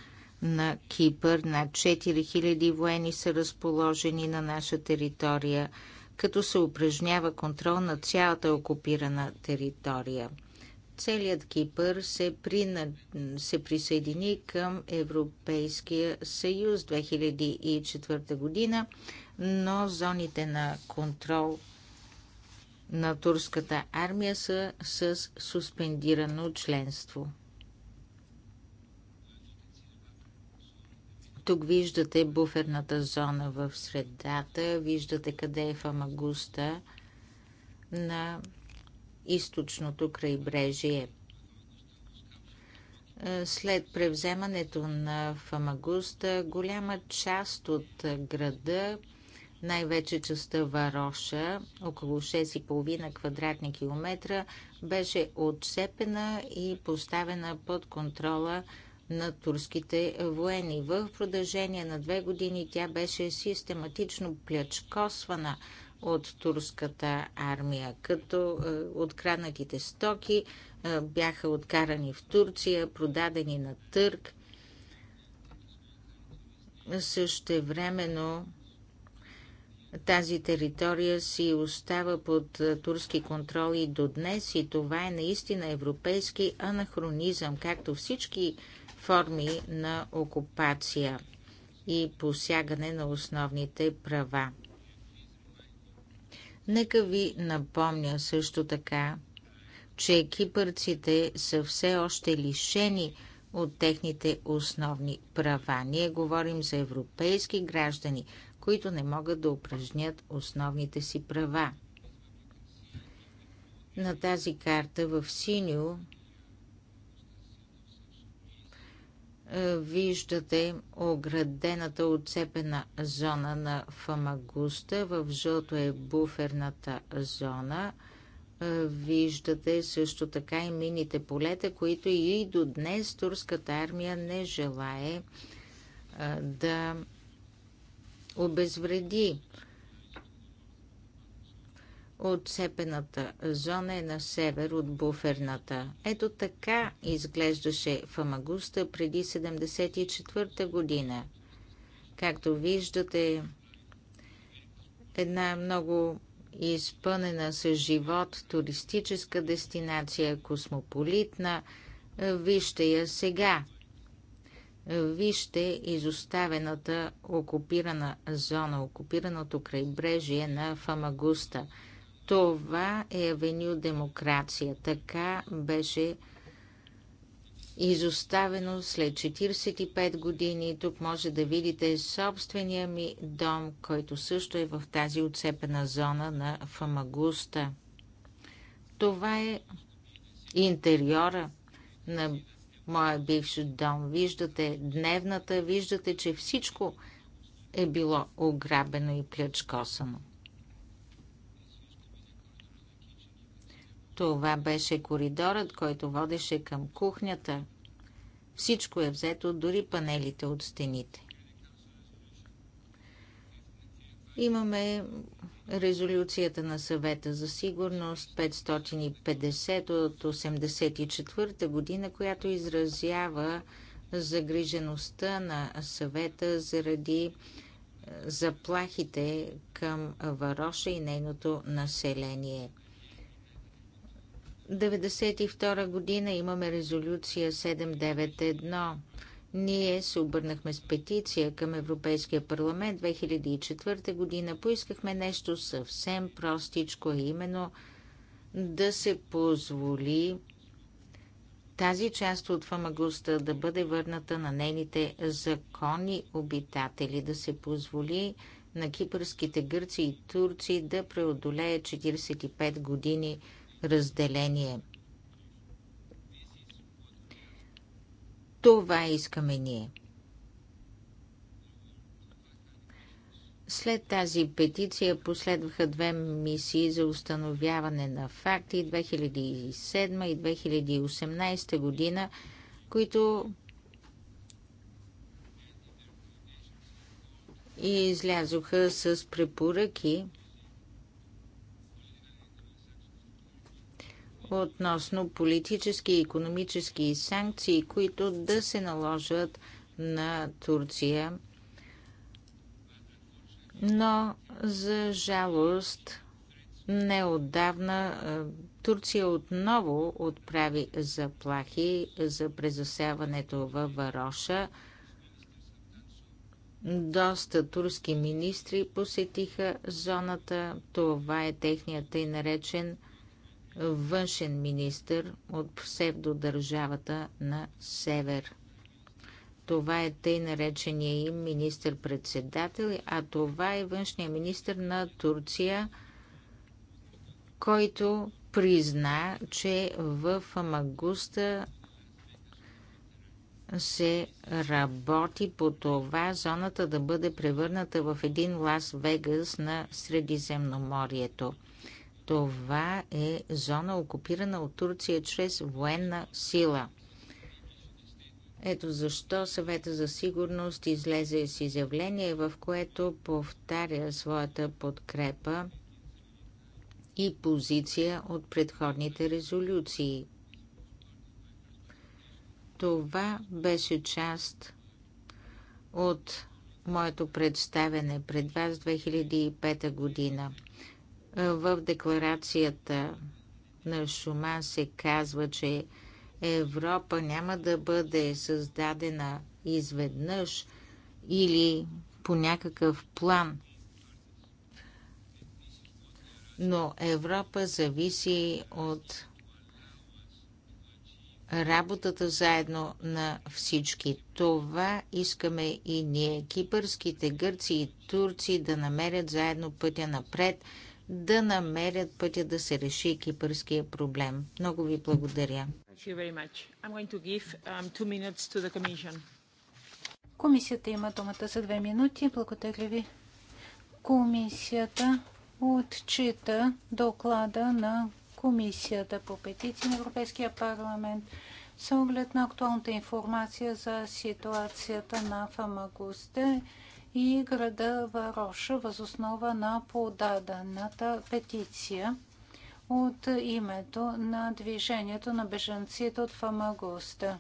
на Кипър. На 4000 воени са разположени на наша територия, като се упражнява контрол на цялата окупирана територия – целият Кипър се, при, се присъедини към Европейския съюз 2004 година, но зоните на контрол на турската армия са с суспендирано членство. Тук виждате буферната зона в средата, виждате къде е Фамагуста на източното крайбрежие. Е, след превземането на Фамагуста, голяма част от града, най-вече частта Вароша, около 6,5 квадратни километра, беше отцепена и поставена под контрола на турските воени. В продължение на две години тя беше систематично плячкосвана от турската армия, като е, откраднатите стоки е, бяха откарани в Турция, продадени на търг. времено тази територия си остава под е, турски контрол и до днес и това е наистина европейски анахронизъм, както всички форми на окупация и посягане на основните права. Нека ви напомня също така, че кипърците са все още лишени от техните основни права. Ние говорим за европейски граждани, които не могат да упражнят основните си права. На тази карта в синьо Е, виждате оградената отцепена зона на Фамагуста. В жълто е буферната зона. Е, виждате също така и мините полета, които и до днес турската армия не желае е, да обезвреди. Отцепената зона е на север от буферната. Ето така изглеждаше Фамагуста преди 1974 година. Както виждате, една много изпълнена с живот туристическа дестинация, космополитна. Вижте я сега. Вижте изоставената окупирана зона, окупираното крайбрежие на Фамагуста – това е авеню демокрация. Така беше изоставено след 45 години. Тук може да видите собствения ми дом, който също е в тази отцепена зона на Фамагуста. Това е интериора на моя бивш дом. Виждате дневната, виждате, че всичко е било ограбено и плячкосано. Това беше коридорът, който водеше към кухнята. Всичко е взето, дори панелите от стените. Имаме резолюцията на съвета за сигурност 550 от 84 година, която изразява загрижеността на съвета заради е, заплахите към Вароша и нейното население. 1992 година имаме резолюция 791. Ние се обърнахме с петиция към Европейския парламент 2004 година. Поискахме нещо съвсем простичко, а именно да се позволи тази част от Фамагуста да бъде върната на нейните законни обитатели, да се позволи на кипърските гърци и турци да преодолее 45 години – разделение. Това искаме ние. След тази петиция последваха две мисии за установяване на факти 2007 и 2018 година, които и излязоха с препоръки относно политически и економически санкции, които да се наложат на Турция. Но, за жалост, неодавна е, Турция отново отправи заплахи за презасяването във Вароша. Доста турски министри посетиха зоната. Това е техният и наречен външен министр от псевдодържавата на Север. Това е тъй наречения им министр-председател, а това е външния министр на Турция, който призна, че в Амагуста се работи по това зоната да бъде превърната в един Лас Вегас на Средиземноморието. Това е зона окупирана от Турция чрез военна сила. Ето защо съвета за сигурност излезе с изявление, в което повтаря своята подкрепа и позиция от предходните резолюции. Това беше част от моето представяне пред вас 2005 година. В декларацията на Шума се казва, че Европа няма да бъде създадена изведнъж или по някакъв план. Но Европа зависи от работата заедно на всички. Това искаме и ние, кипърските гърци и турци, да намерят заедно пътя напред – да намерят пътя да се реши кипърския проблем. Много ви благодаря. Um, Комисията има думата за две минути. Благодаря ви. Комисията отчита доклада на Комисията по петиции на Европейския парламент с оглед на актуалната информация за ситуацията на Фамагусте и града Вароша възоснова на подадената петиция от името на движението на беженците от Фамагоста.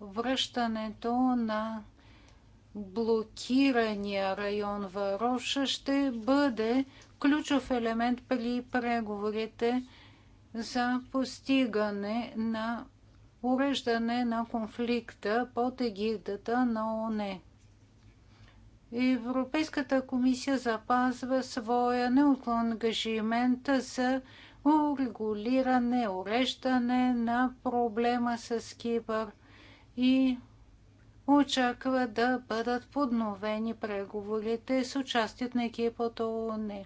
Връщането на блокирания район Вароша ще бъде ключов елемент при преговорите за постигане на уреждане на конфликта под егидата на ОНЕ. Европейската комисия запазва своя неотклонен ангажимент за урегулиране, уреждане на проблема с Кипър и очаква да бъдат подновени преговорите с участието на екипа от ООН.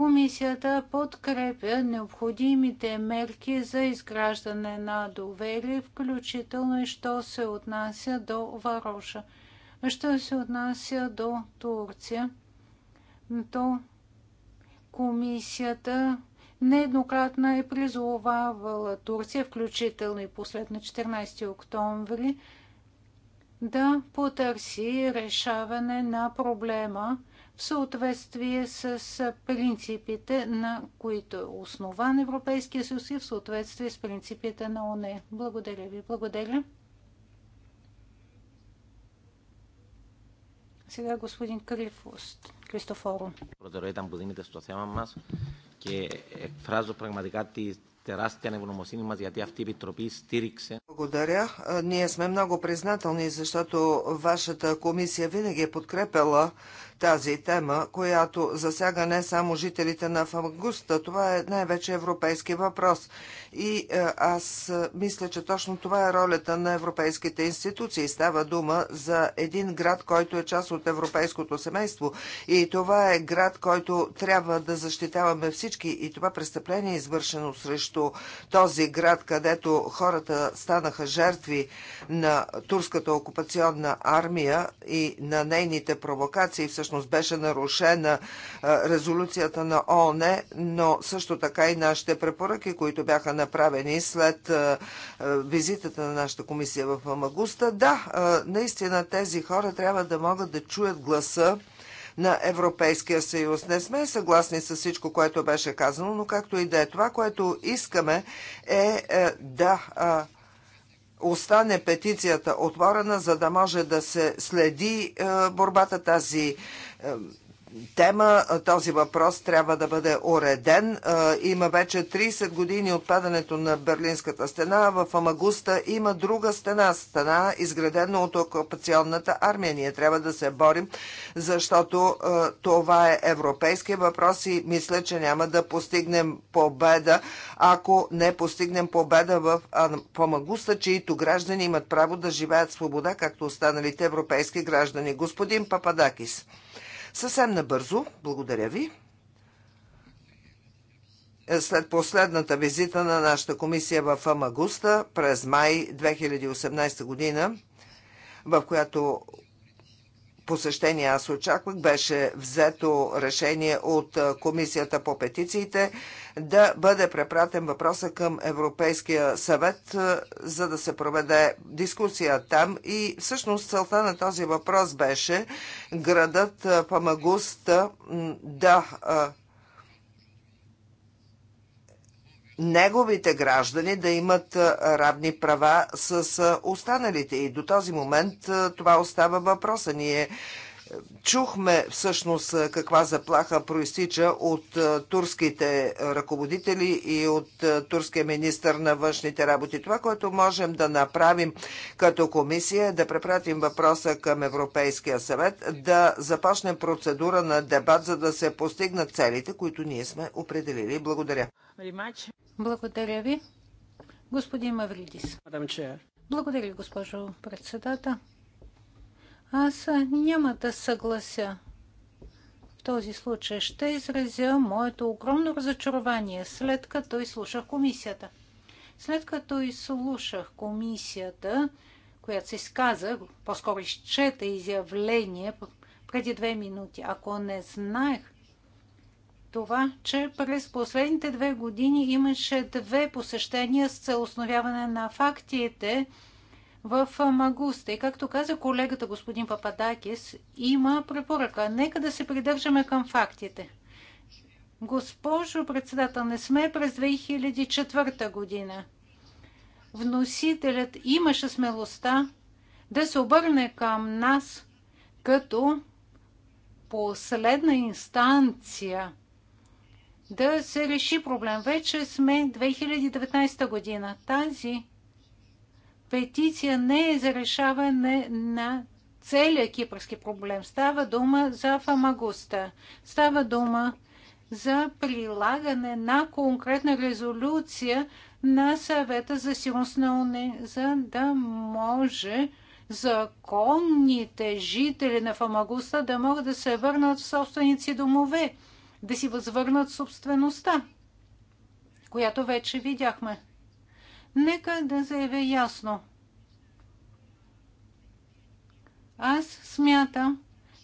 Комисията подкрепя необходимите мерки за изграждане на доверие, включително и що се отнася до Вароша. Що се отнася до Турция, то комисията нееднократно е призовавала Турция, включително и последно 14 октомври, да потърси решаване на проблема – в съответствие с принципите, на които е основан Европейския съюз и в съответствие с принципите на ОНЕ. Благодаря ви. Благодаря. Сега господин Крифост, Кристофоро. Προτεραιότητα там που δίνεται στο θέμα μας και εκφράζω πραγματικά τη τεράστια ευγνωμοσύνη μας γιατί αυτή η Επιτροπή στήριξε. Благодаря. Е ние сме много признателни, защото вашата комисия винаги е подкрепила тази тема, която засяга не само жителите на Фамагуста, това е най-вече европейски въпрос. И е, аз е, мисля, че точно това е ролята на европейските институции. Става дума за един град, който е част от европейското семейство. И това е град, който трябва да защитаваме всички. И това престъпление е извършено срещу този град, където хората станаха жертви на турската окупационна армия и на нейните провокации. Всъщност всъщност беше нарушена резолюцията на ООН, но също така и нашите препоръки, които бяха направени след визитата на нашата комисия в Амагуста. Да, наистина тези хора трябва да могат да чуят гласа на Европейския съюз. Не сме съгласни с всичко, което беше казано, но както и да е това, което искаме е, е да остане петицията отворена, за да може да се следи е, борбата тази е, тема, този въпрос трябва да бъде уреден. Има вече 30 години от падането на Берлинската стена. В Амагуста има друга стена, стена изградена от окупационната армия. Ние трябва да се борим, защото това е европейски въпрос и мисля, че няма да постигнем победа, ако не постигнем победа в Амагуста, чието граждани имат право да живеят свобода, както останалите европейски граждани. Господин Пападакис. Съвсем набързо, благодаря ви. Е, след последната визита на нашата комисия в Амагуста през май 2018 година, в която посещение аз очаквах, беше взето решение от Комисията по петициите да бъде препратен въпроса към Европейския съвет, за да се проведе дискусия там. И всъщност целта на този въпрос беше градът Памагуст да неговите граждани да имат равни права с останалите. И до този момент това остава въпроса. Ние Чухме всъщност каква заплаха проистича от турските ръководители и от турския министр на външните работи. Това, което можем да направим като комисия е да препратим въпроса към Европейския съвет, да започнем процедура на дебат, за да се постигнат целите, които ние сме определили. Благодаря. Благодаря ви. Господин Мавридис. Благодаря ви, госпожо председател. Аз няма да съглася. В този случай ще изразя моето огромно разочарование, след като изслушах комисията. След като изслушах комисията, която се изказа, по-скоро изчета изявление преди две минути, ако не знаех това, че през последните две години имаше две посещения с цел установяване на фактите, в Магуста. И както каза колегата господин Пападакис, има препоръка. Нека да се придържаме към фактите. Госпожо председател, не сме през 2004 година. Вносителят имаше смелостта да се обърне към нас като последна инстанция да се реши проблем. Вече сме 2019 година. Тази петиция не е за решаване на целият кипърски проблем. Става дума за фамагуста. Става дума за прилагане на конкретна резолюция на съвета за сигурност на ОНЕ, за да може законните жители на Фамагуста да могат да се върнат в собственици домове, да си възвърнат собствеността, която вече видяхме. Нека да заявя ясно. Аз смятам,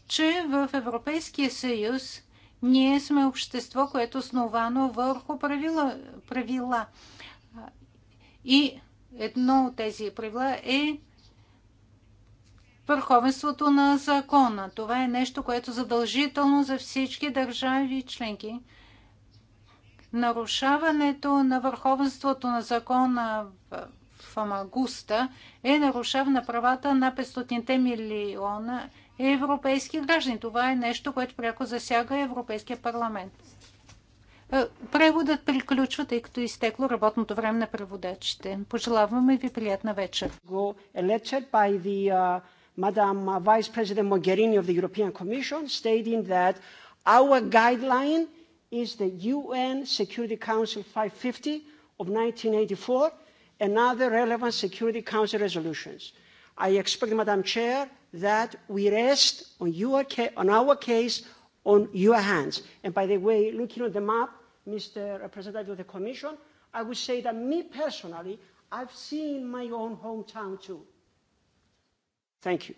че в Европейския съюз ние сме общество, което е основано върху правила. правила. И едно от тези правила е върховенството на закона. Това е нещо, което е задължително за всички държави членки нарушаването на върховенството на закона в Фамагуста е нарушаване на правата на 500 милиона европейски граждани. Това е нещо, което пряко засяга Европейския парламент. Е, преводът приключва, тъй като е изтекло работното време на преводачите. Пожелаваме ви приятна вечер. Uh, Madam uh, Vice President Mogherini of the European Commission stating that our guideline is the UN Security Council 550 of 1984 and other relevant Security Council resolutions. I expect, Madam Chair, that we rest on, your ca- on our case on your hands. And by the way, looking at the map, Mr. Representative of the Commission, I would say that me personally, I've seen my own hometown too. Thank you.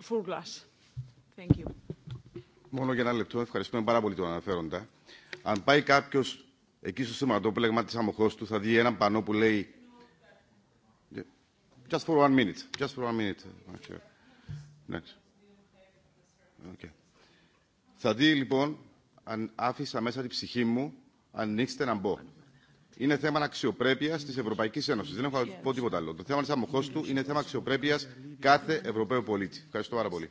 Full glass. Thank you. Μόνο για ένα λεπτό, ευχαριστούμε πάρα πολύ τον αναφέροντα. Αν πάει κάποιο εκεί στο σηματόπλεγμα τη αμοχώ του, θα δει ένα πανό που λέει. Just for one minute. Just for one minute. Okay. Next. Okay. Θα δει λοιπόν, αν άφησα μέσα την ψυχή μου, ανοίξτε να μπω. Είναι θέμα αξιοπρέπεια τη Ευρωπαϊκή Ένωση. Δεν έχω να πω τίποτα άλλο. Το θέμα τη αμοχώ του είναι θέμα αξιοπρέπεια κάθε Ευρωπαίου πολίτη. Ευχαριστώ πάρα πολύ.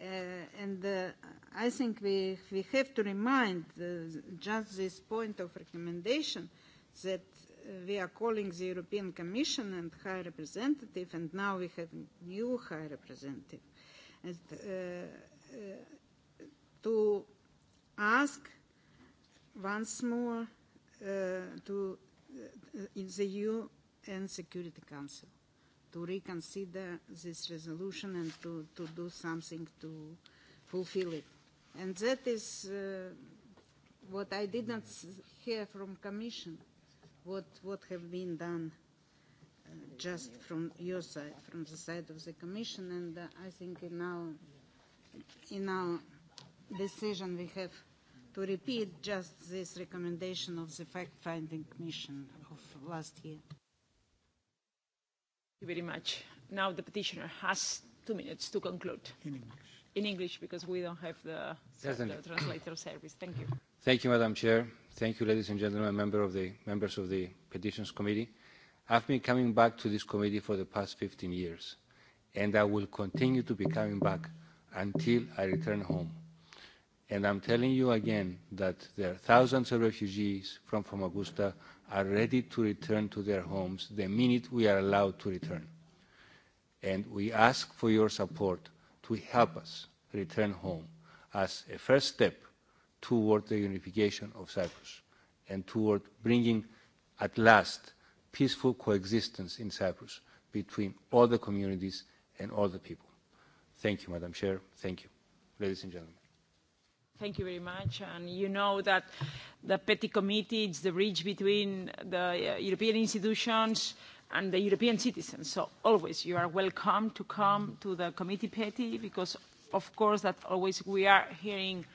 Uh, and uh, I think we, we have to remind uh, just this point of recommendation that we are calling the European Commission and High Representative, and now we have new High Representative, and, uh, uh, to ask once more uh, to uh, in the and Security Council to reconsider this resolution and to, to do something to fulfill it. And that is uh, what I didn't hear from Commission, what, what have been done uh, just from your side, from the side of the Commission, and uh, I think in our, in our decision we have to repeat just this recommendation of the fact-finding mission of last year you very much. Now the petitioner has two minutes to conclude. In English. In English, because we don't have the, the translator service. Thank you. Thank you, Madam Chair. Thank you, ladies and gentlemen, member of the, members of the Petitions Committee. I've been coming back to this committee for the past 15 years, and I will continue to be coming back until I return home. And I'm telling you again that there are thousands of refugees from, from Augusta are ready to return to their homes the minute we are allowed to return. And we ask for your support to help us return home as a first step toward the unification of Cyprus and toward bringing at last peaceful coexistence in Cyprus between all the communities and all the people. Thank you, Madam Chair. Thank you, ladies and gentlemen. Thank you very much. And you know that the Petty Committee is the bridge between the uh European institutions and the European citizens. So always you are welcome to come to the Committee petty because, of course, that always we are hearing –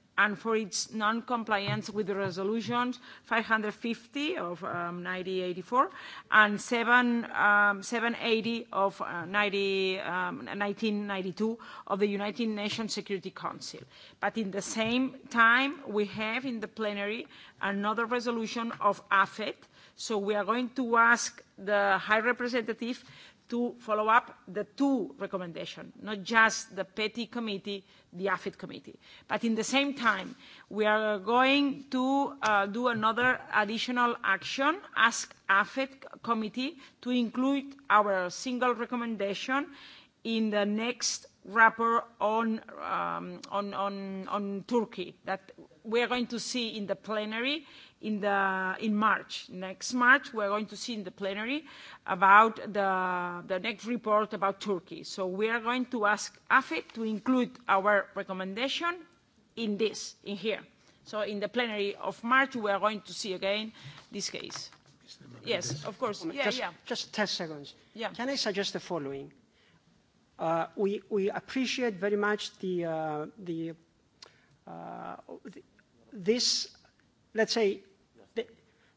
and for its non-compliance with the resolutions 550 of um, 1984 and 7, um, 780 of uh, 90, um, 1992 of the United Nations Security Council. But in the same time, we have in the plenary another resolution of AFET, so we are going to ask the High Representative to follow up the two recommendations, not just the PETI committee, the AFID committee. But in the same time, we are going to uh, do another additional action, ask AFID committee to include our single recommendation in the next rapport on, um, on, on, on Turkey that we are going to see in the plenary in, the, in March. Next March, we're going to see in the plenary about the, the next report about Turkey. So we are going to ask AFIP to include our recommendation in this, in here. So in the plenary of March, we are going to see again this case. Yes, of course. Yeah, just, yeah. Just 10 seconds. Yeah. Can I suggest the following? Uh, we, we appreciate very much the, uh, the, uh, this, let's say,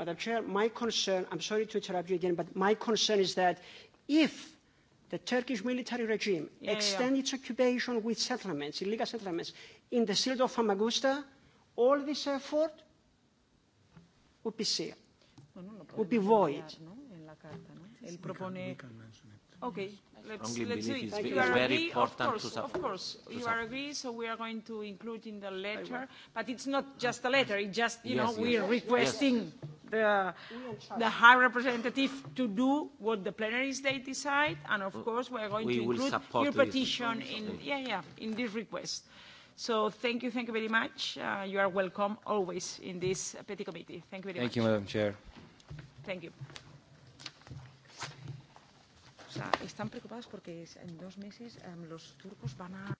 Madam Chair, my concern, I'm sorry to interrupt you again, but my concern is that if the Turkish military regime yeah, extends its occupation with settlements, illegal settlements, in the Strait of Famagusta, all this effort would be sealed, would be void. Okay, let's, let's do it. You are agree, of course, of course. You are agree, so we are going to include in the letter, but it's not just a letter. It's just you know we're requesting. Yes the, the High Representative to do what the plenaries they decide, and of course we are going we to include your petition in, yeah, yeah, in this request. So thank you, thank you very much. Uh, you are welcome always in this Petty Committee. Thank you very thank much. Thank you, Madam Chair. Thank you. O sea, están preocupados porque en dos meses um, los turcos van a...